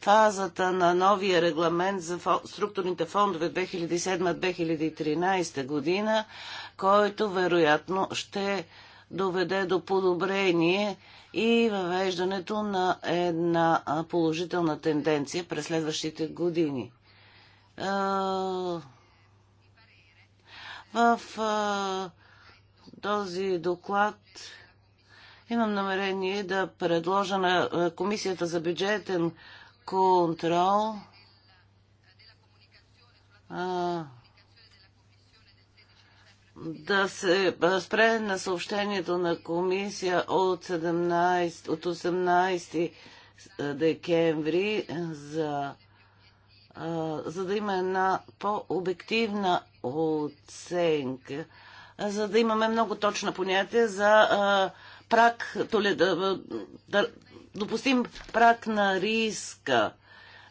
фазата на новия регламент за структурните фондове 2007-2013 година, който вероятно ще доведе до подобрение и въвеждането на една положителна тенденция през следващите години. В този доклад имам намерение да предложа на е, Комисията за бюджетен контрол да се спре на съобщението на комисия от 17, от 18 е, декември за, за да има една по-обективна оценка за да имаме много точно понятие за прак, толе, да, да, допустим прак на риска.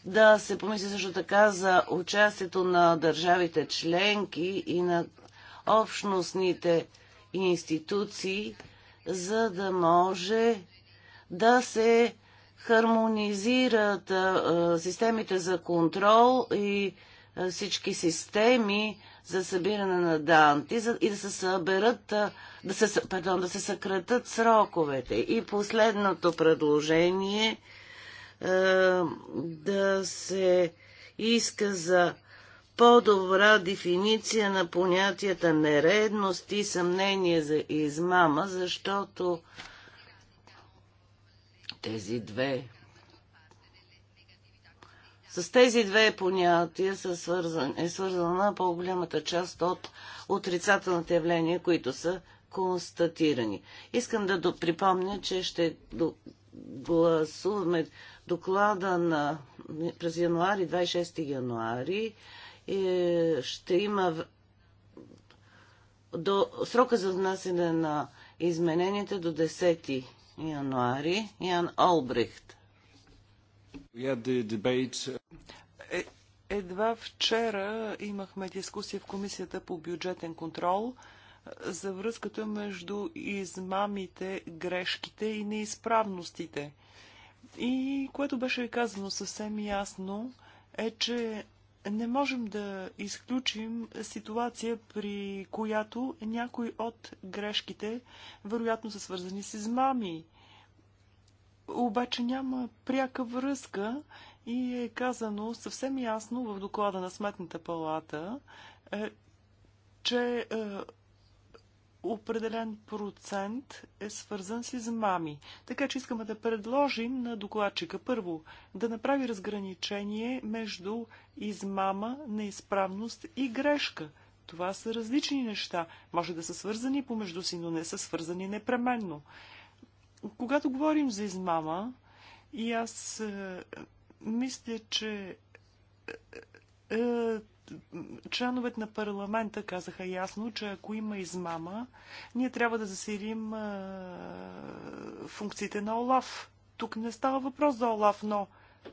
Да се помисли също така за участието на държавите членки и на общностните институции, за да може да се хармонизират а, системите за контрол и всички системи за събиране на данти и да се съберат, да се, пардон, да се съкратат сроковете. И последното предложение да се иска за по-добра дефиниция на понятията нередност и съмнение за измама, защото тези две с тези две понятия са свързан, е свързана по-голямата част от отрицателните явления, които са констатирани. Искам да припомня, че ще гласуваме доклада на през януари, 26 януари, И ще има до срока за внасяне на измененията до 10 януари. Ян Олбрехт. Uh, е, едва вчера имахме дискусия в Комисията по бюджетен контрол е, за връзката между измамите, грешките и неизправностите. И което беше казано съвсем ясно е, че не можем да изключим ситуация, при която някои от грешките вероятно са свързани с измами обаче няма пряка връзка и е казано съвсем ясно в доклада на Сметната палата, е, че е, определен процент е свързан с измами. Така че искаме да предложим на докладчика първо да направи разграничение между измама, неизправност и грешка. Това са различни неща. Може да са свързани помежду си, но не са свързани непременно. Когато говорим за измама, и аз е, мисля, че е, е, членовете на парламента казаха ясно, че ако има измама, ние трябва да засилим функциите на ОЛАФ. Тук не става въпрос за ОЛАФ, но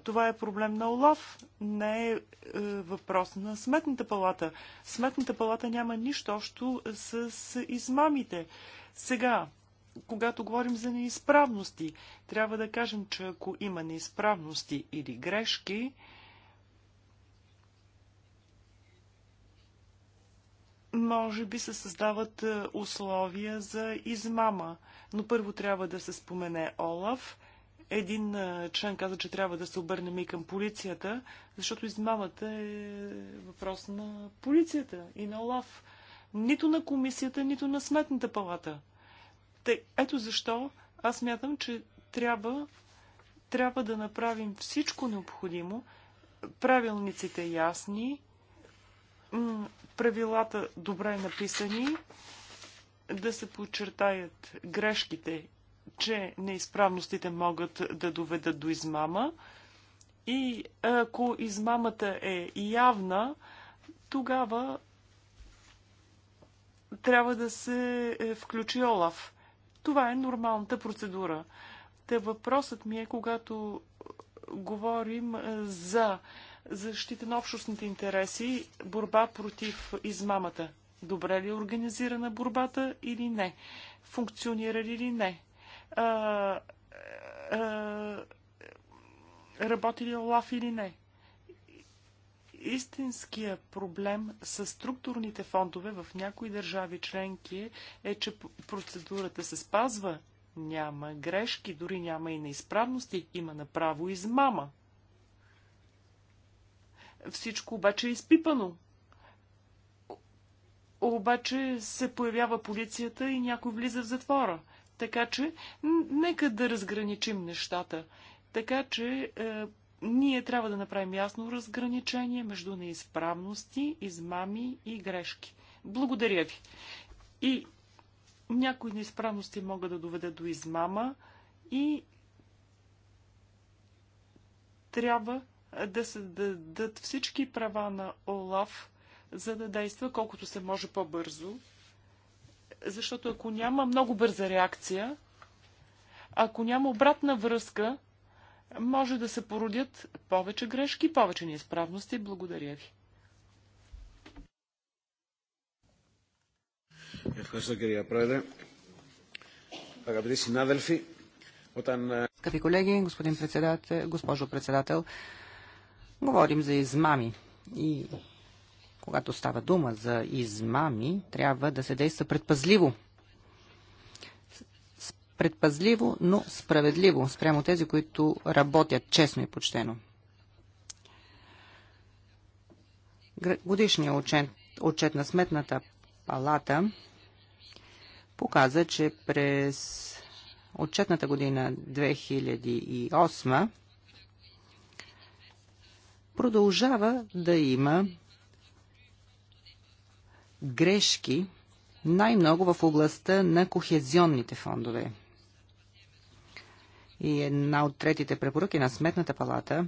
това е проблем на ОЛАФ, не е, е въпрос на Сметната палата. Сметната палата няма нищо общо с, с измамите. Сега, когато говорим за неизправности. Трябва да кажем, че ако има неизправности или грешки, може би се създават е, условия за измама. Но първо трябва да се спомене Олаф. Един е, член каза, че трябва да се обърнем и към полицията, защото измамата е въпрос на полицията и на Олаф. Нито на комисията, нито на сметната палата. Те, ето защо аз мятам, че трябва, трябва да направим всичко необходимо, правилниците ясни, правилата добре написани, да се подчертаят грешките, че неизправностите могат да доведат до измама. И ако измамата е явна, тогава трябва да се е, включи Олаф. Това е нормалната процедура. Та въпросът ми е, когато говорим е, за защита на общностните интереси, борба против измамата. Добре ли е организирана борбата или не? Функционира ли или не? А, а, работи ли ОЛАФ или не? Истинския проблем с структурните фондове в някои държави членки е, че процедурата се спазва. Няма грешки, дори няма и неизправности, има направо измама. Всичко обаче е изпипано. Обаче се появява полицията и някой влиза в затвора. Така че, нека да разграничим нещата. Така че, е, ние трябва да направим ясно разграничение между неизправности, измами и грешки. Благодаря ви. И някои неизправности могат да доведат до измама и трябва да се дадат всички права на ОЛАФ, за да действа колкото се може по-бързо. Защото ако няма много бърза реакция, ако няма обратна връзка, може да се породят повече грешки, повече неизправности. Благодаря ви. Скъпи колеги, господин председател, госпожо председател, говорим за измами. И когато става дума за измами, трябва да се действа предпазливо предпазливо, но справедливо спрямо тези, които работят честно и почтено. Годишният отчет, отчет на Сметната палата показа, че през отчетната година 2008 продължава да има грешки най-много в областта на кохезионните фондове. И една от третите препоръки на Сметната палата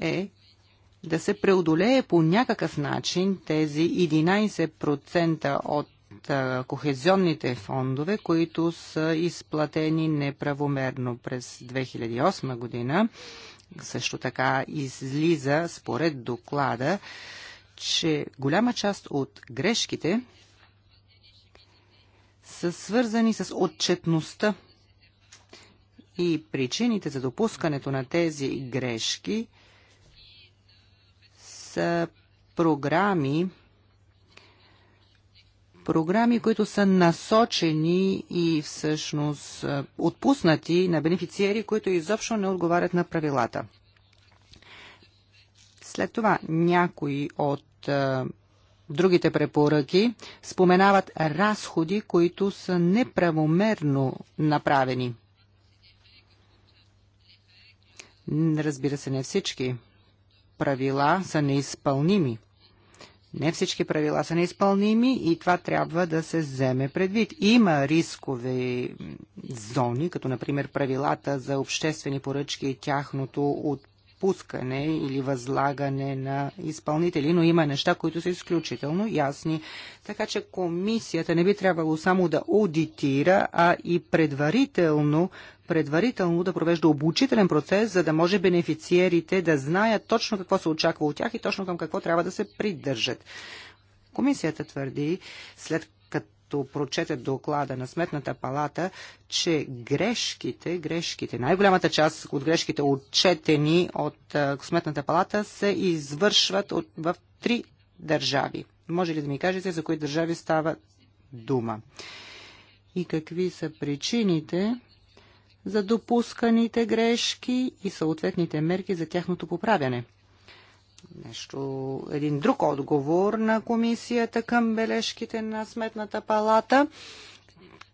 е да се преодолее по някакъв начин тези 11% от кохезионните фондове, които са изплатени неправомерно през 2008 година. Също така излиза според доклада, че голяма част от грешките са свързани с отчетността и причините за допускането на тези грешки са програми, програми, които са насочени и всъщност отпуснати на бенефициери, които изобщо не отговарят на правилата. След това някои от а, другите препоръки споменават разходи, които са неправомерно направени. Разбира се, не всички правила са неизпълними. Не всички правила са неизпълними и това трябва да се вземе предвид. Има рискови зони, като например правилата за обществени поръчки и тяхното отпускане или възлагане на изпълнители, но има неща, които са изключително ясни. Така че комисията не би трябвало само да аудитира, а и предварително предварително да провежда обучителен процес, за да може бенефициерите да знаят точно какво се очаква от тях и точно към какво трябва да се придържат. Комисията твърди, след като прочете доклада на Сметната палата, че грешките, грешките, най-голямата част от грешките, отчетени от Сметната палата, се извършват от, в три държави. Може ли да ми кажете за кои държави става дума? И какви са причините за допусканите грешки и съответните мерки за тяхното поправяне? нещо, един друг отговор на комисията към бележките на Сметната палата.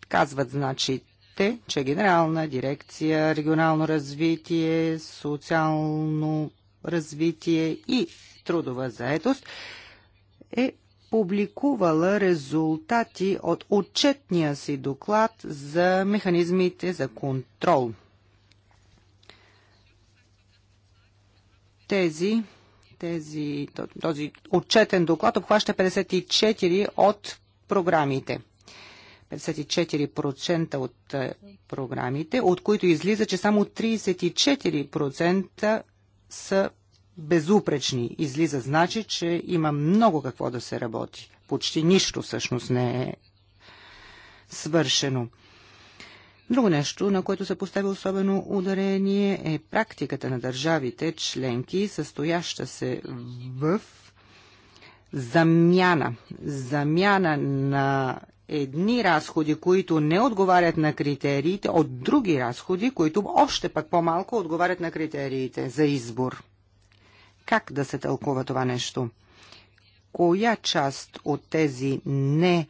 Казват, значи, те, че Генерална дирекция регионално развитие, социално развитие и трудова заетост е публикувала резултати от отчетния си доклад за механизмите за контрол. Тези тези, този отчетен доклад обхваща 54 от програмите. 54% от е, програмите, от които излиза, че само 34% са безупречни. Излиза значи, че има много какво да се работи. Почти нищо всъщност не е свършено. Друго нещо, на което се поставя особено ударение е практиката на държавите членки, състояща се в замяна. Замяна на едни разходи, които не отговарят на критериите, от други разходи, които още пък по-малко отговарят на критериите за избор. Как да се тълкува това нещо? Коя част от тези не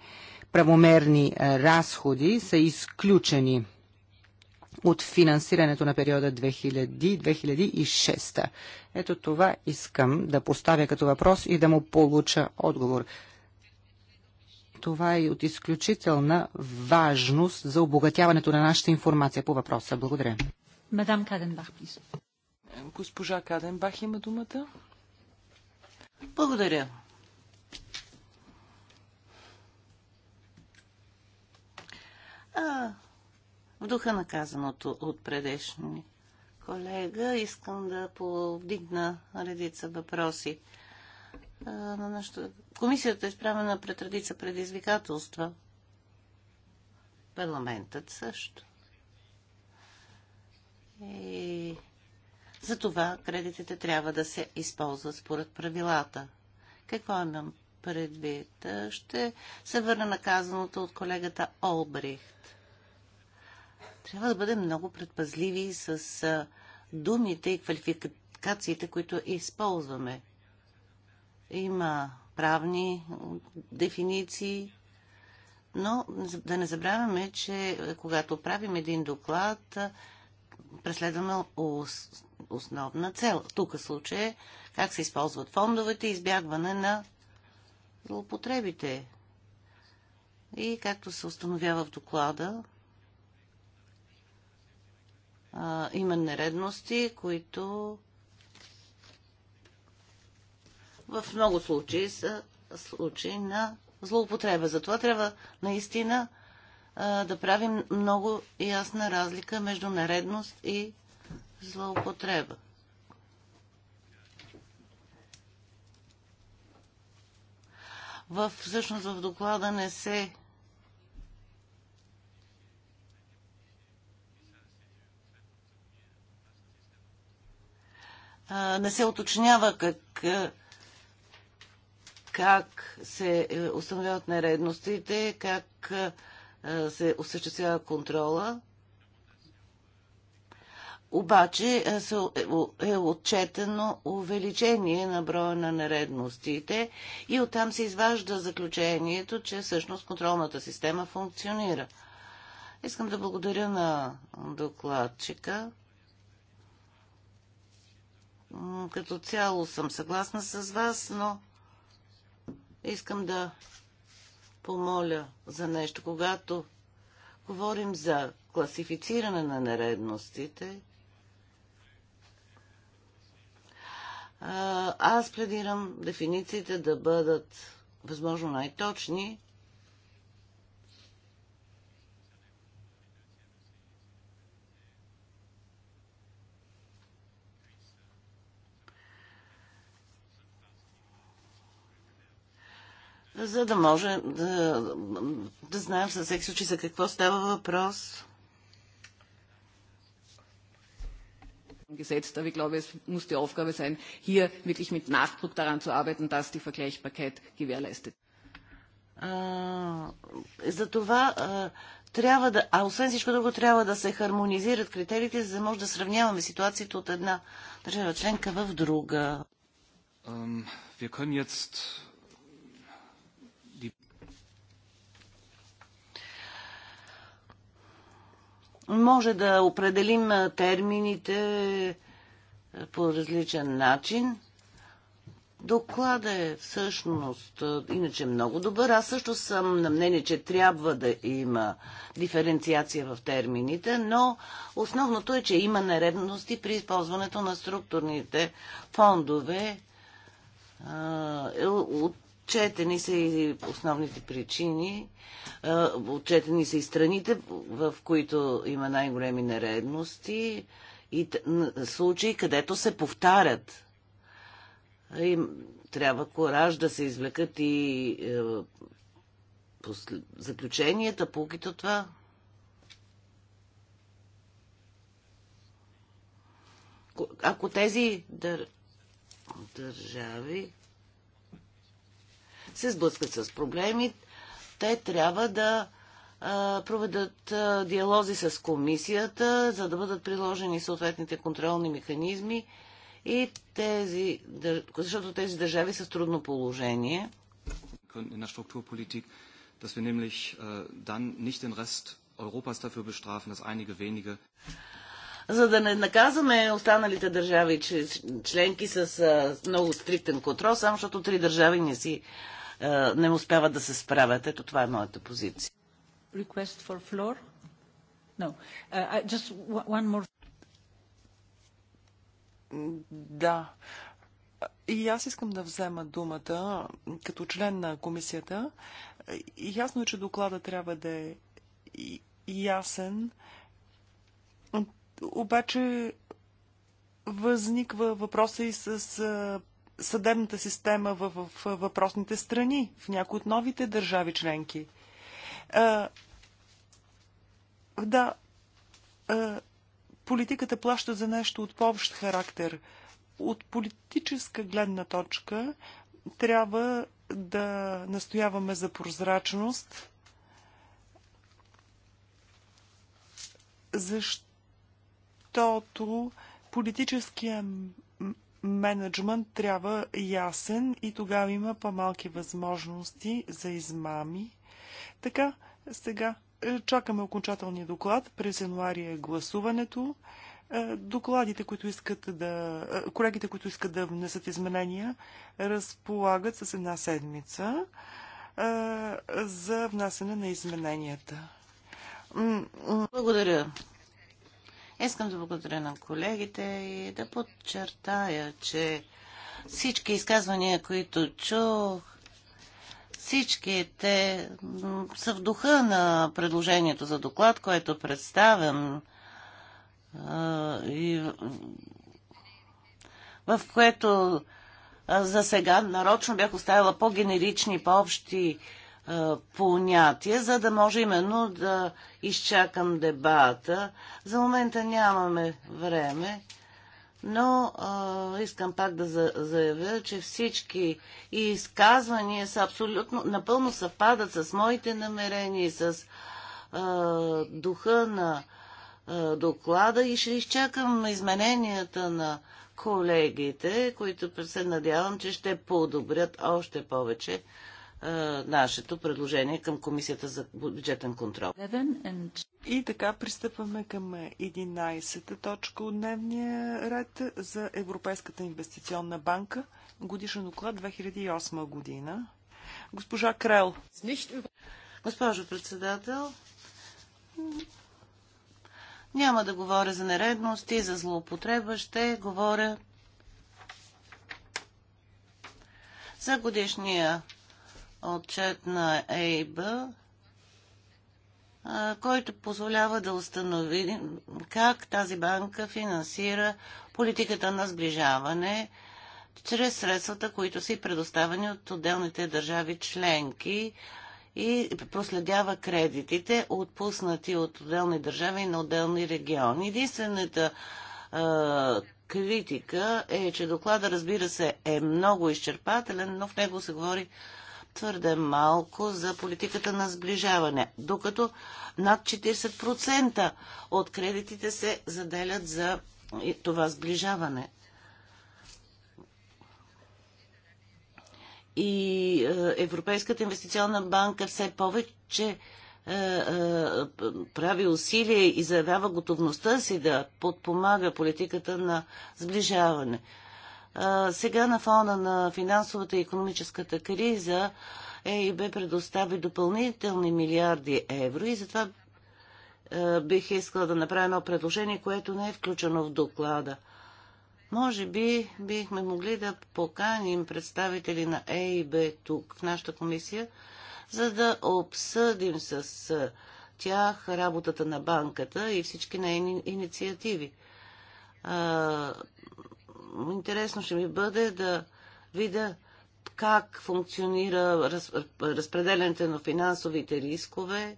правомерни е, разходи са изключени от финансирането на периода 2000-2006. Ето това искам да поставя като въпрос и да му получа отговор. Това е от изключителна важност за обогатяването на нашата информация по въпроса. Благодаря. Мадам Каденбах, плиз. Госпожа Каденбах има думата. Благодаря. А, в духа на казаното от предешни колега, искам да повдигна редица въпроси. А, на нашата... Комисията е изправена пред редица предизвикателства. Парламентът също. И за това кредитите трябва да се използват според правилата. Какво имам предвид? Ще се върна на казаното от колегата Олбрих. Трябва да бъдем много предпазливи с думите и квалификациите, които използваме. Има правни дефиниции, но да не забравяме, че когато правим един доклад, преследваме основна цел. Тук е случай е как се използват фондовете и избягване на злоупотребите. И както се установява в доклада, има нередности, които в много случаи са случаи на злоупотреба. Затова трябва наистина да правим много ясна разлика между наредност и злоупотреба. В, всъщност в доклада не се не се уточнява как, как се е, установяват нередностите, как се осъществява контрола. Обаче е, е отчетено увеличение на броя на нередностите и оттам се изважда заключението, че всъщност контролната система функционира. Искам да благодаря на докладчика като цяло съм съгласна с вас, но искам да помоля за нещо. Когато говорим за класифициране на нередностите, аз пледирам дефинициите да бъдат възможно най-точни за да може да, да знаем със всеки случай за какво става въпрос. gesetzt. Aber ich glaube, es muss die Aufgabe sein, hier wirklich mit Nachdruck daran zu arbeiten, dass die Vergleichbarkeit gewährleistet. За това трябва да, а освен всичко друго, трябва да се хармонизират критериите, за да може да сравняваме ситуацията от една държава членка в друга. Wir können jetzt Може да определим термините по различен начин. Доклада е всъщност иначе е много добър. Аз също съм на мнение, че трябва да има диференциация в термините, но основното е, че има нередности при използването на структурните фондове от Отчетени са и основните причини, отчетени са и страните, в които има най-големи нередности и случаи, където се повтарят. И трябва кораж да се извлекат и е, заключенията, полките от това. Ако тези държави се сблъскат с проблеми, те трябва да проведат диалози с комисията, за да бъдат приложени съответните контролни механизми и тези, защото тези държави са в трудно положение. dass wir nämlich äh, dann nicht den Rest Europas dafür bestrafen, dass einige wenige. За да не наказваме останалите държави членки с много стриктен контрол, само защото три държави не си е, не успяват да се справят. Ето това е моята позиция. Request for floor? No. Uh, just one more. Да. И аз искам да взема думата като член на комисията. Ясно е, че доклада трябва да е ясен. Обаче възниква въпроса и с съдебната система в, в, в въпросните страни, в някои от новите държави членки. А, да, а, политиката плаща за нещо от по-общ характер. От политическа гледна точка трябва да настояваме за прозрачност, защото политическия менеджмент трябва ясен и тогава има по-малки възможности за измами. Така, сега е, чакаме окончателния доклад. През януари е гласуването. Е, докладите, които искат да... Е, колегите, които искат да внесат изменения, разполагат с една седмица за внасяне на измененията. Благодаря. Искам да благодаря на колегите и да подчертая, че всички изказвания, които чух, всички те са в духа на предложението за доклад, което представям и в което за сега нарочно бях оставила по-генерични, по-общи понятие, за да може именно да изчакам дебата. За момента нямаме време, но а, искам пак да за, заявя, че всички изказвания са абсолютно, напълно съвпадат с моите намерения, с а, духа на а, доклада и ще изчакам измененията на колегите, които се надявам, че ще подобрят още повече е, нашето предложение към Комисията за бюджетен контрол. И така пристъпваме към 11-та точка от дневния ред за Европейската инвестиционна банка. Годишен доклад 2008 година. Госпожа Крел. Госпожо председател, няма да говоря за нередности, за злоупотреба, ще говоря за годишния отчет на Ейба, който позволява да установи как тази банка финансира политиката на сближаване чрез средствата, които са и предоставени от отделните държави членки и проследява кредитите, отпуснати от отделни държави на отделни региони. Единствената критика е, че доклада, разбира се, е много изчерпателен, но в него се говори твърде малко за политиката на сближаване, докато над 40% от кредитите се заделят за това сближаване. И е, Европейската инвестиционна банка все повече е, е, прави усилия и заявява готовността си да подпомага политиката на сближаване. Сега на фона на финансовата и економическата криза ЕИБ предостави допълнителни милиарди евро и затова бих искала да направя едно предложение, което не е включено в доклада. Може би бихме могли да поканим представители на ЕИБ тук, в нашата комисия, за да обсъдим с тях работата на банката и всички нейни инициативи интересно ще ми бъде да видя как функционира раз, разпределянето на финансовите рискове.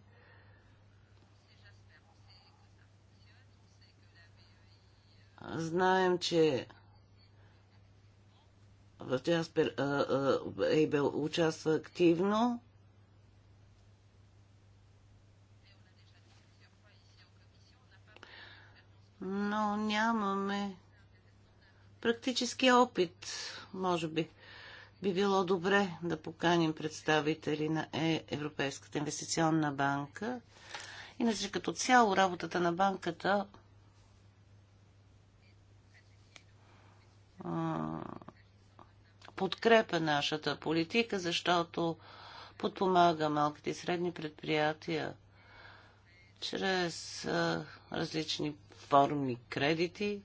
Знаем, че в Джаспер Ейбел участва активно. Но нямаме практически опит, може би. Би било добре да поканим представители на е, Европейската инвестиционна банка. Иначе като цяло работата на банката подкрепа нашата политика, защото подпомага малките и средни предприятия чрез различни форми кредити,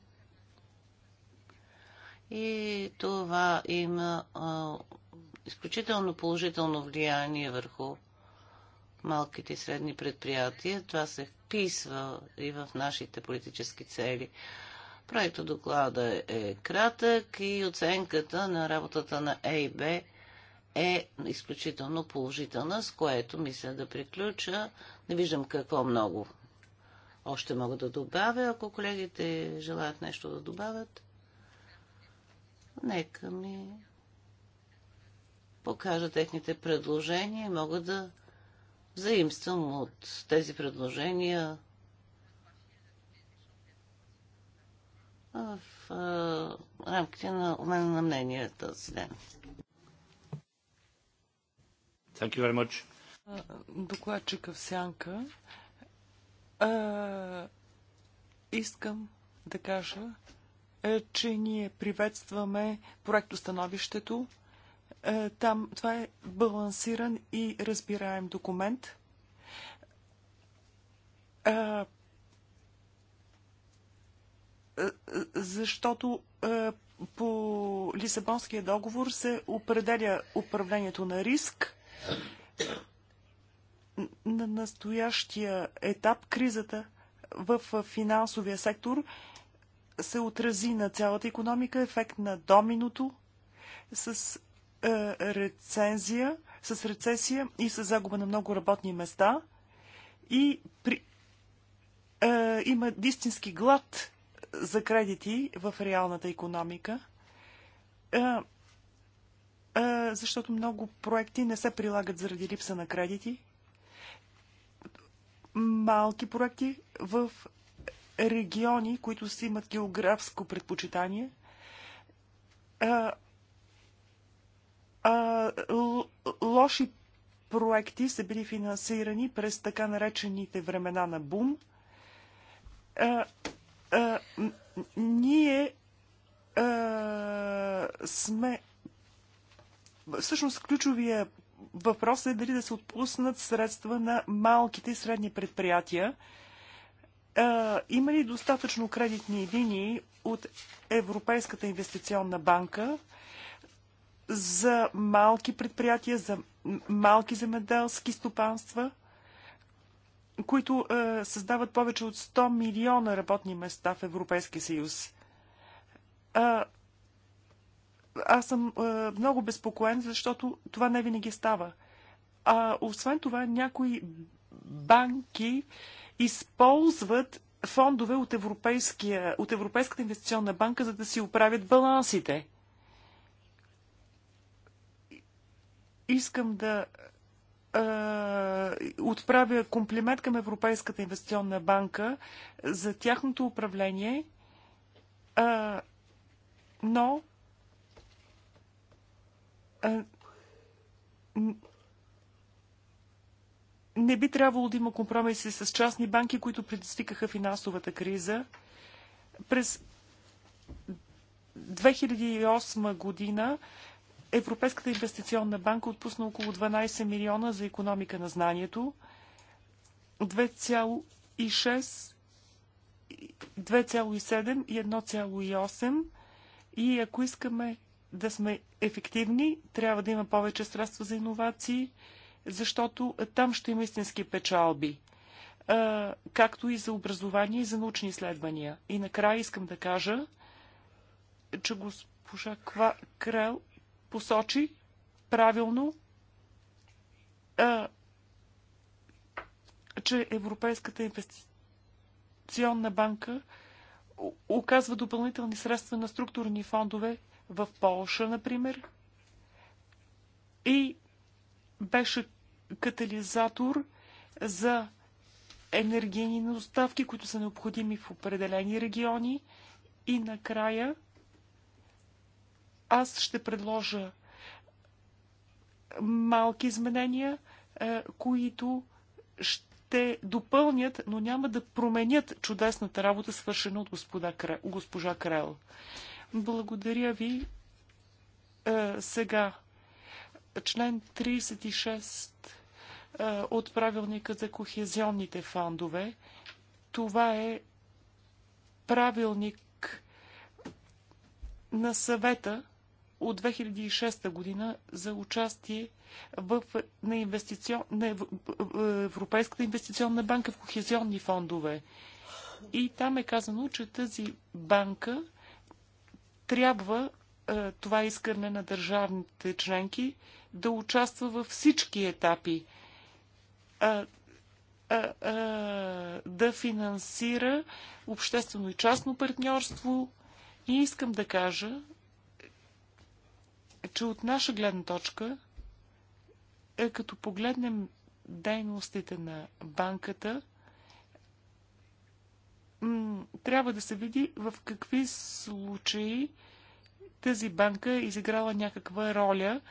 и това има а, изключително положително влияние върху малките и средни предприятия. Това се вписва и в нашите политически цели. Проекто доклада е кратък и оценката на работата на ЕИБ е изключително положителна, с което мисля да приключа. Не виждам какво много още мога да добавя. Ако колегите желаят нещо да добавят. Нека ми покажа техните предложения и мога да заимствам от тези предложения в рамките на обмена на мненията си ден. Thank you very much. Докладчика в сянка. А, искам да кажа, е, че ние приветстваме проектостановището. Е, там това е балансиран и разбираем документ. Е, защото по Лисабонския договор се определя управлението на риск. На настоящия етап кризата в финансовия сектор се отрази на цялата економика, ефект на доминото с е, рецензия, с рецесия и с загуба на много работни места. И при, е, има истински глад за кредити в реалната економика, е, е, защото много проекти не се прилагат заради липса на кредити. Малки проекти в региони, които си имат географско предпочитание. А, а, лоши проекти са били финансирани през така наречените времена на бум. А, а, ние а, сме. Всъщност, ключовия въпрос е дали да се отпуснат средства на малките и средни предприятия има ли достатъчно кредитни линии от Европейската инвестиционна банка за малки предприятия, за малки земеделски стопанства, които е, създават повече от 100 милиона работни места в Европейския съюз? А, аз съм е, много безпокоен, защото това не винаги става. А освен това, някои банки е, използват фондове от, от Европейската инвестиционна банка, за да си оправят балансите. Искам да отправя комплимент към Европейската инвестиционна банка за тяхното управление, е, но не би трябвало да има компромиси с частни банки, които предизвикаха финансовата криза. През 2008 година Европейската инвестиционна банка отпусна около 12 милиона за економика на знанието, 2,6, 2,7 и 1,8. И ако искаме да сме ефективни, трябва да има повече средства за иновации, защото там ще има истински печалби както и за образование и за научни изследвания. И накрая искам да кажа, че госпожа Ква Крел посочи правилно, че Европейската инвестиционна банка оказва допълнителни средства на структурни фондове в Полша, например, и беше катализатор за енергийни доставки, които са необходими в определени региони. И накрая аз ще предложа малки изменения, е, които ще допълнят, но няма да променят чудесната работа, свършена от господа, госпожа Крел. Благодаря ви. Е, сега, член 36 е, от правилника за кохезионните фондове. Това е правилник на съвета от 2006 година за участие в, на, инвестицион, на е, Европейската инвестиционна банка в кохезионни фондове. И там е казано, че тази банка трябва е, това искане на държавните членки да участва във всички етапи а, а, а, да финансира обществено и частно партньорство. И искам да кажа, че от наша гледна точка, е, като погледнем дейностите на банката, трябва да се види в какви случаи тази банка е изиграла някаква роля,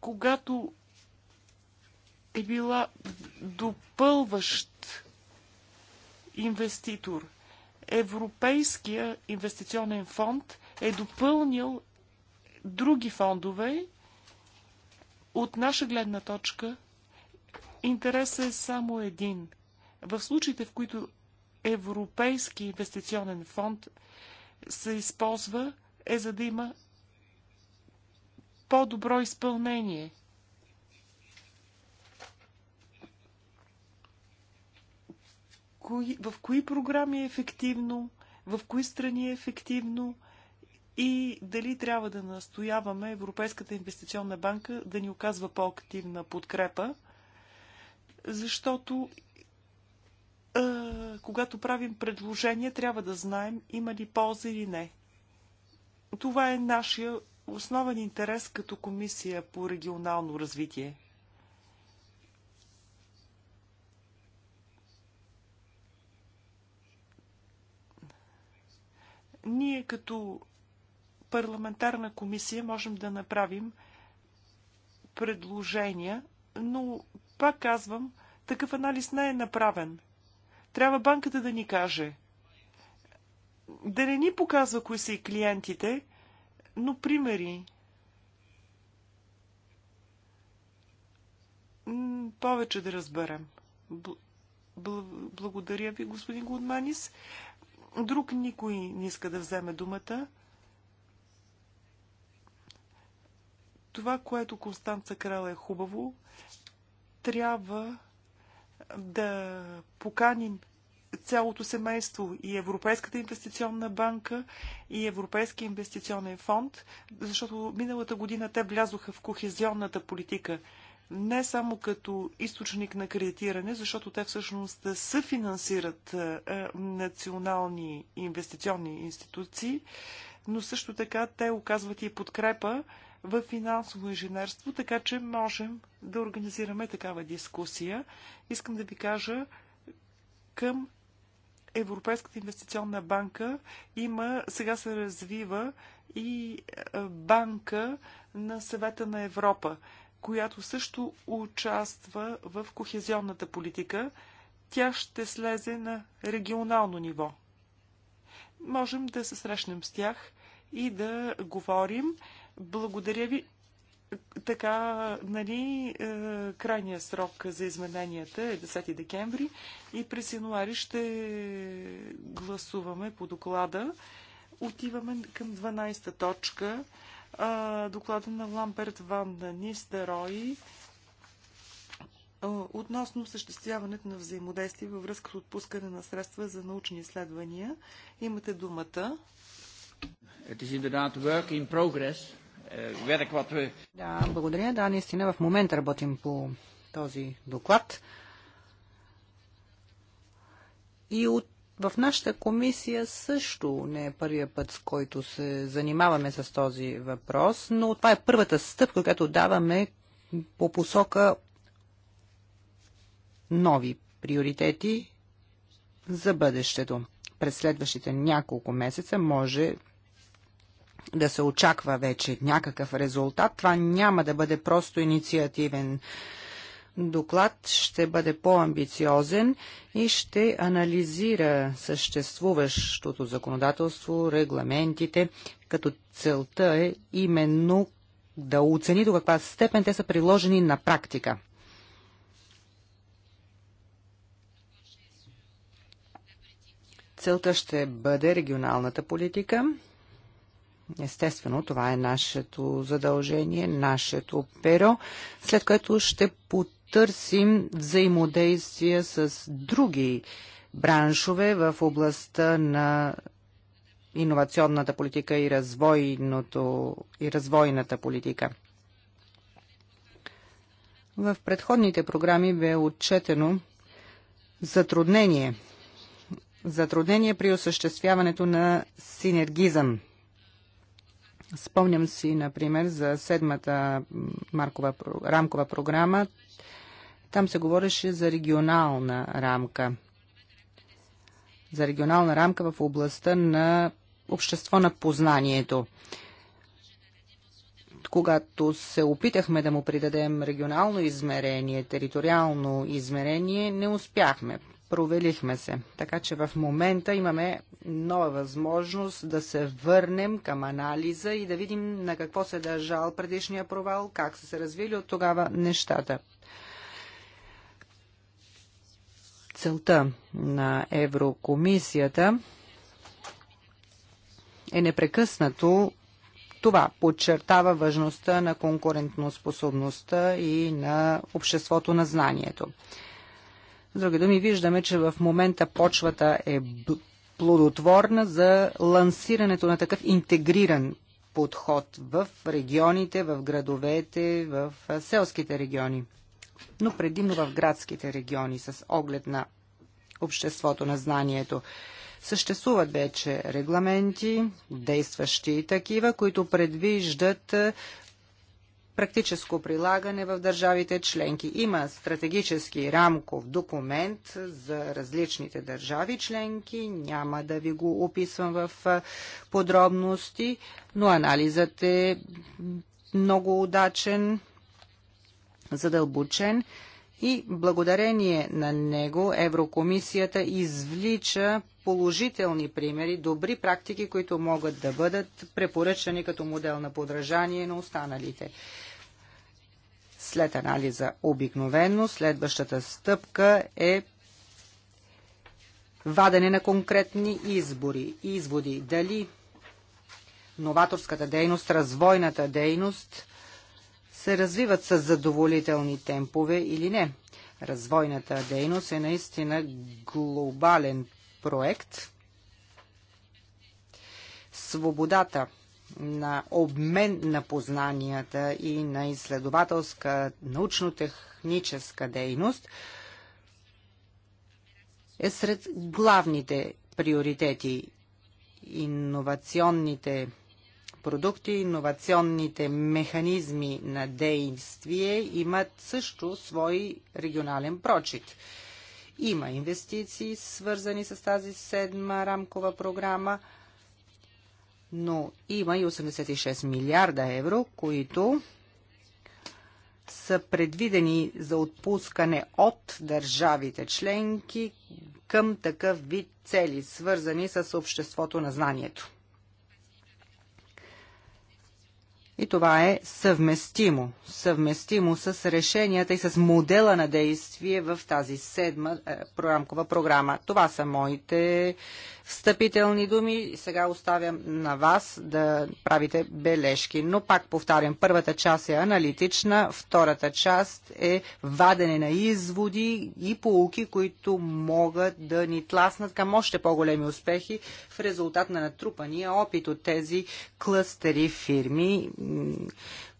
когато е била допълващ инвеститор. Европейския инвестиционен фонд е допълнил други фондове. От наша гледна точка интересът е само един. В случаите, в които Европейски инвестиционен фонд се използва, е за да има по-добро изпълнение – кои, в кои програми е ефективно, в кои страни е ефективно и дали трябва да настояваме Европейската инвестиционна банка да ни оказва по-активна подкрепа, защото е, когато правим предложение, трябва да знаем има ли полза или не. Това е нашия основен интерес като комисия по регионално развитие. Ние като парламентарна комисия можем да направим предложения, но пак казвам, такъв анализ не е направен. Трябва банката да ни каже. Да не ни показва кои са и клиентите, но примери. Повече да разберем. Благодаря ви, господин Гудманис. Друг никой не иска да вземе думата. Това, което Констанца Крал е хубаво, трябва да поканим цялото семейство и Европейската инвестиционна банка и Европейския инвестиционен фонд, защото миналата година те влязоха в кохезионната политика – не само като източник на кредитиране, защото те всъщност съфинансират е, национални инвестиционни институции, но също така те оказват и подкрепа в финансово инженерство, така че можем да организираме такава дискусия. Искам да ви кажа, към Европейската инвестиционна банка има, сега се развива и е, банка на съвета на Европа която също участва в кохезионната политика. Тя ще слезе на регионално ниво. Можем да се срещнем с тях и да говорим. Благодаря ви. Така, нали, е, крайният срок за измененията е 10 декември и през януари ще гласуваме по доклада. Отиваме към 12 точка доклада на Ламберт Ван Нистерой относно осъществяването на взаимодействие във връзка с отпускане на средства за научни изследвания. Имате думата. Het is inderdaad work in progress. Eh, werk wat we... Да, благодаря. Да, наистина в момента работим по този доклад. И от в нашата комисия също не е първия път, с който се занимаваме с този въпрос, но това е първата стъпка, която даваме по посока нови приоритети за бъдещето. През следващите няколко месеца може да се очаква вече някакъв резултат. Това няма да бъде просто инициативен доклад ще бъде по-амбициозен и ще анализира съществуващото законодателство, регламентите, като целта е именно да оцени до каква степен те са приложени на практика. Целта ще бъде регионалната политика. Естествено, това е нашето задължение, нашето перо, след което ще потърсим търсим взаимодействие с други браншове в областта на иновационната политика и, развойното, и развойната политика. В предходните програми бе отчетено затруднение. Затруднение при осъществяването на синергизъм – Спомням си, например, за седмата маркова, рамкова програма. Там се говореше за регионална рамка. За регионална рамка в областта на общество на познанието. Когато се опитахме да му придадем регионално измерение, териториално измерение, не успяхме провелихме се. Така че в момента имаме нова възможност да се върнем към анализа и да видим на какво се е държал предишния провал, как са се развили от тогава нещата. Целта на Еврокомисията е непрекъснато това подчертава важността на конкурентноспособността и на обществото на знанието. С други думи, виждаме, че в момента почвата е плодотворна за лансирането на такъв интегриран подход в регионите, в градовете, в селските региони, но предимно в градските региони с оглед на обществото на знанието. Съществуват вече регламенти, действащи такива, които предвиждат практическо прилагане в държавите членки. Има стратегически рамков документ за различните държави членки. Няма да ви го описвам в подробности, но анализът е много удачен, задълбочен и благодарение на него Еврокомисията извлича положителни примери, добри практики, които могат да бъдат препоръчани като модел на подражание на останалите. След анализа обикновено, следващата стъпка е вадене на конкретни избори, изводи. Дали новаторската дейност, развойната дейност се развиват с задоволителни темпове или не. Развойната дейност е наистина глобален проект свободата на обмен на познанията и на изследователска научно-техническа дейност е сред главните приоритети. Инновационните продукти, иновационните механизми на действие имат също свой регионален прочит. Има инвестиции, свързани с тази седма рамкова програма, но има и 86 милиарда евро, които са предвидени за отпускане от държавите членки към такъв вид цели, свързани с обществото на знанието. И това е съвместимо. Съвместимо с решенията и с модела на действие в тази седма е, рамкова програма. Това са моите встъпителни думи. Сега оставям на вас да правите бележки. Но пак повтарям, първата част е аналитична, втората част е вадене на изводи и полуки, които могат да ни тласнат към още по-големи успехи в резултат на натрупания опит от тези клъстери фирми,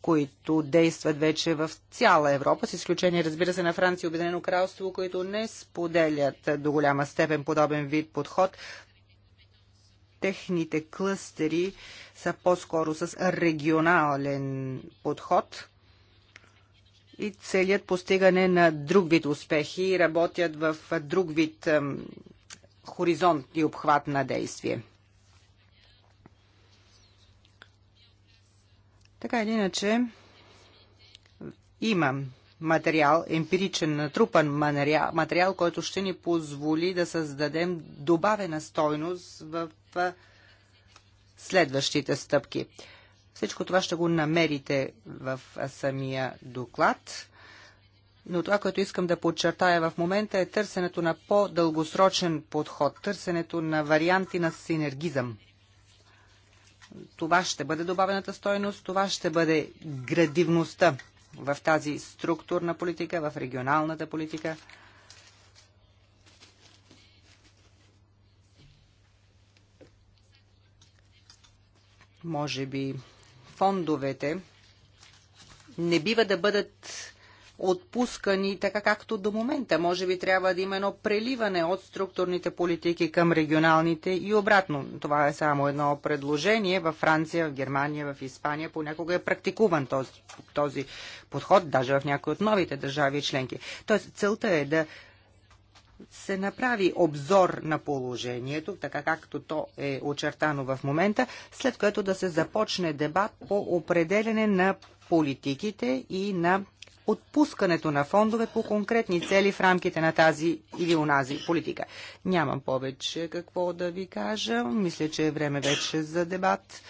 които действат вече в цяла Европа, с изключение, разбира се, на Франция и Обединено кралство, които не споделят до голяма степен подобен вид подход, техните клъстери са по-скоро с регионален подход и целият постигане на друг вид успехи и работят в друг вид хоризонт и обхват на действие. Така или иначе, имам материал, емпиричен натрупан материал, който ще ни позволи да създадем добавена стойност в следващите стъпки. Всичко това ще го намерите в самия доклад. Но това, което искам да подчертая в момента е търсенето на по-дългосрочен подход, търсенето на варианти на синергизъм. Това ще бъде добавената стойност, това ще бъде градивността в тази структурна политика, в регионалната политика. Може би фондовете не бива да бъдат отпускани така както до момента. Може би трябва да има едно преливане от структурните политики към регионалните и обратно. Това е само едно предложение. Във Франция, в Германия, в Испания понякога е практикуван този, този подход, даже в някои от новите държави и членки. Тоест целта е да се направи обзор на положението, така както то е очертано в момента, след което да се започне дебат по определене на политиките и на отпускането на фондове по конкретни цели в рамките на тази или онази политика. Нямам повече какво да ви кажа. Мисля, че е време вече за дебат.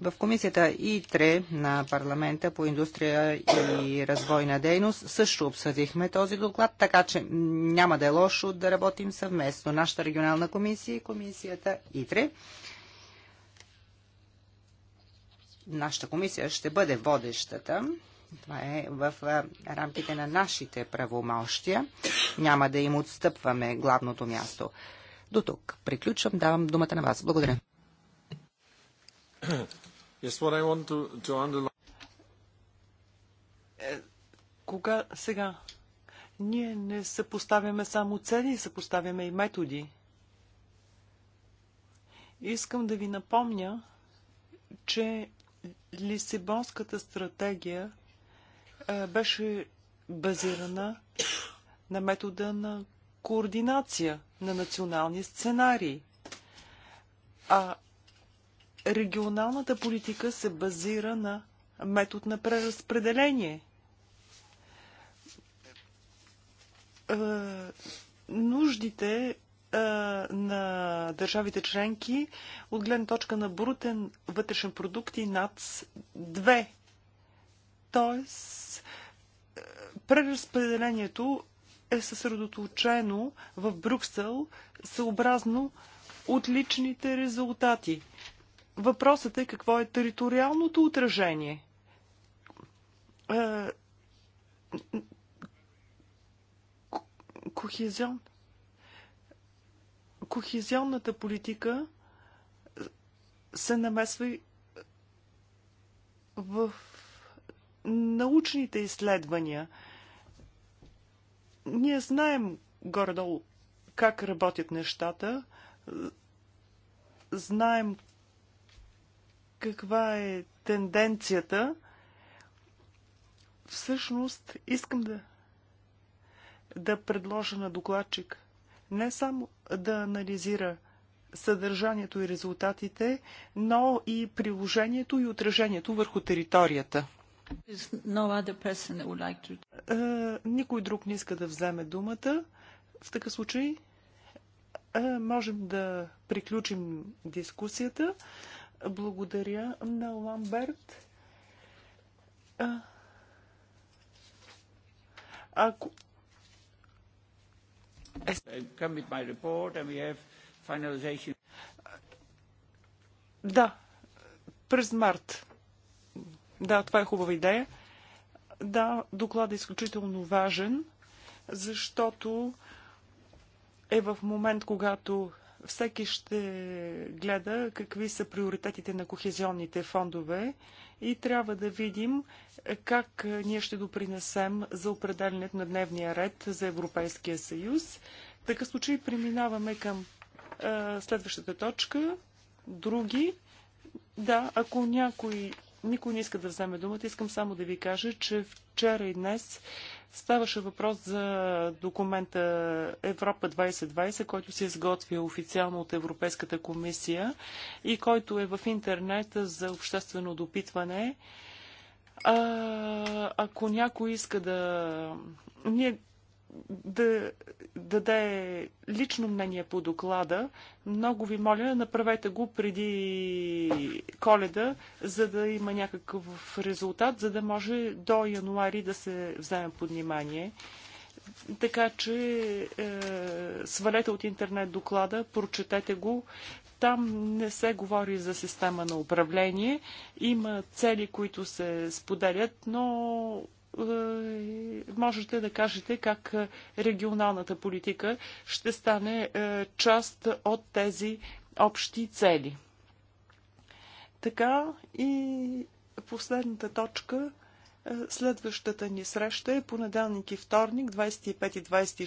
В комисията ИТРЕ на парламента по индустрия и развойна дейност също обсъдихме този доклад, така че няма да е лошо да работим съвместно. Нашата регионална комисия и комисията ИТРЕ. Нашата комисия ще бъде водещата това е в рамките на нашите правомощия. Няма да им отстъпваме главното място. До тук. Приключвам. Давам думата на вас. Благодаря. Yes, what I want to, to underline... е, кога сега? Ние не съпоставяме само цели, съпоставяме и методи. Искам да ви напомня, че Лисибонската стратегия е, беше базирана на метода на координация на национални сценарии. А регионалната политика се базира на метод на преразпределение. Е, нуждите е, на държавите членки от гледна точка на брутен вътрешен продукт и над две. Тоест, е, преразпределението е съсредоточено в Брюксел съобразно отличните резултати. Въпросът е какво е териториалното отражение. Е, кохезион. Кохезионната политика се намесва и в научните изследвания. Ние знаем горе-долу как работят нещата, знаем каква е тенденцията. Всъщност искам да, да предложа на докладчик не само да анализира съдържанието и резултатите, но и приложението и отражението върху територията. Е, никой друг не иска да вземе думата. В такъв случай е, можем да приключим дискусията. Благодаря на Ламберт. Е, ако... Да, през март да, това е хубава идея. Да, докладът е изключително важен, защото е в момент, когато всеки ще гледа какви са приоритетите на кохезионните фондове и трябва да видим как ние ще допринесем за определенето на дневния ред за Европейския съюз. В такъв случай преминаваме към е, следващата точка. Други. Да, ако някой никой не иска да вземе думата. Искам само да ви кажа, че вчера и днес ставаше въпрос за документа Европа 2020, който се изготвя официално от Европейската комисия и който е в интернет за обществено допитване. А, ако някой иска да... Ние да даде лично мнение по доклада, много ви моля, направете го преди коледа, за да има някакъв резултат, за да може до януари да се вземе под внимание. Така че е, свалете от интернет доклада, прочетете го. Там не се говори за система на управление. Има цели, които се споделят, но е, можете да кажете как е, регионалната политика ще стане е, част от тези общи цели. Така и последната точка. Следващата ни среща е понеделник и вторник, 25 и 26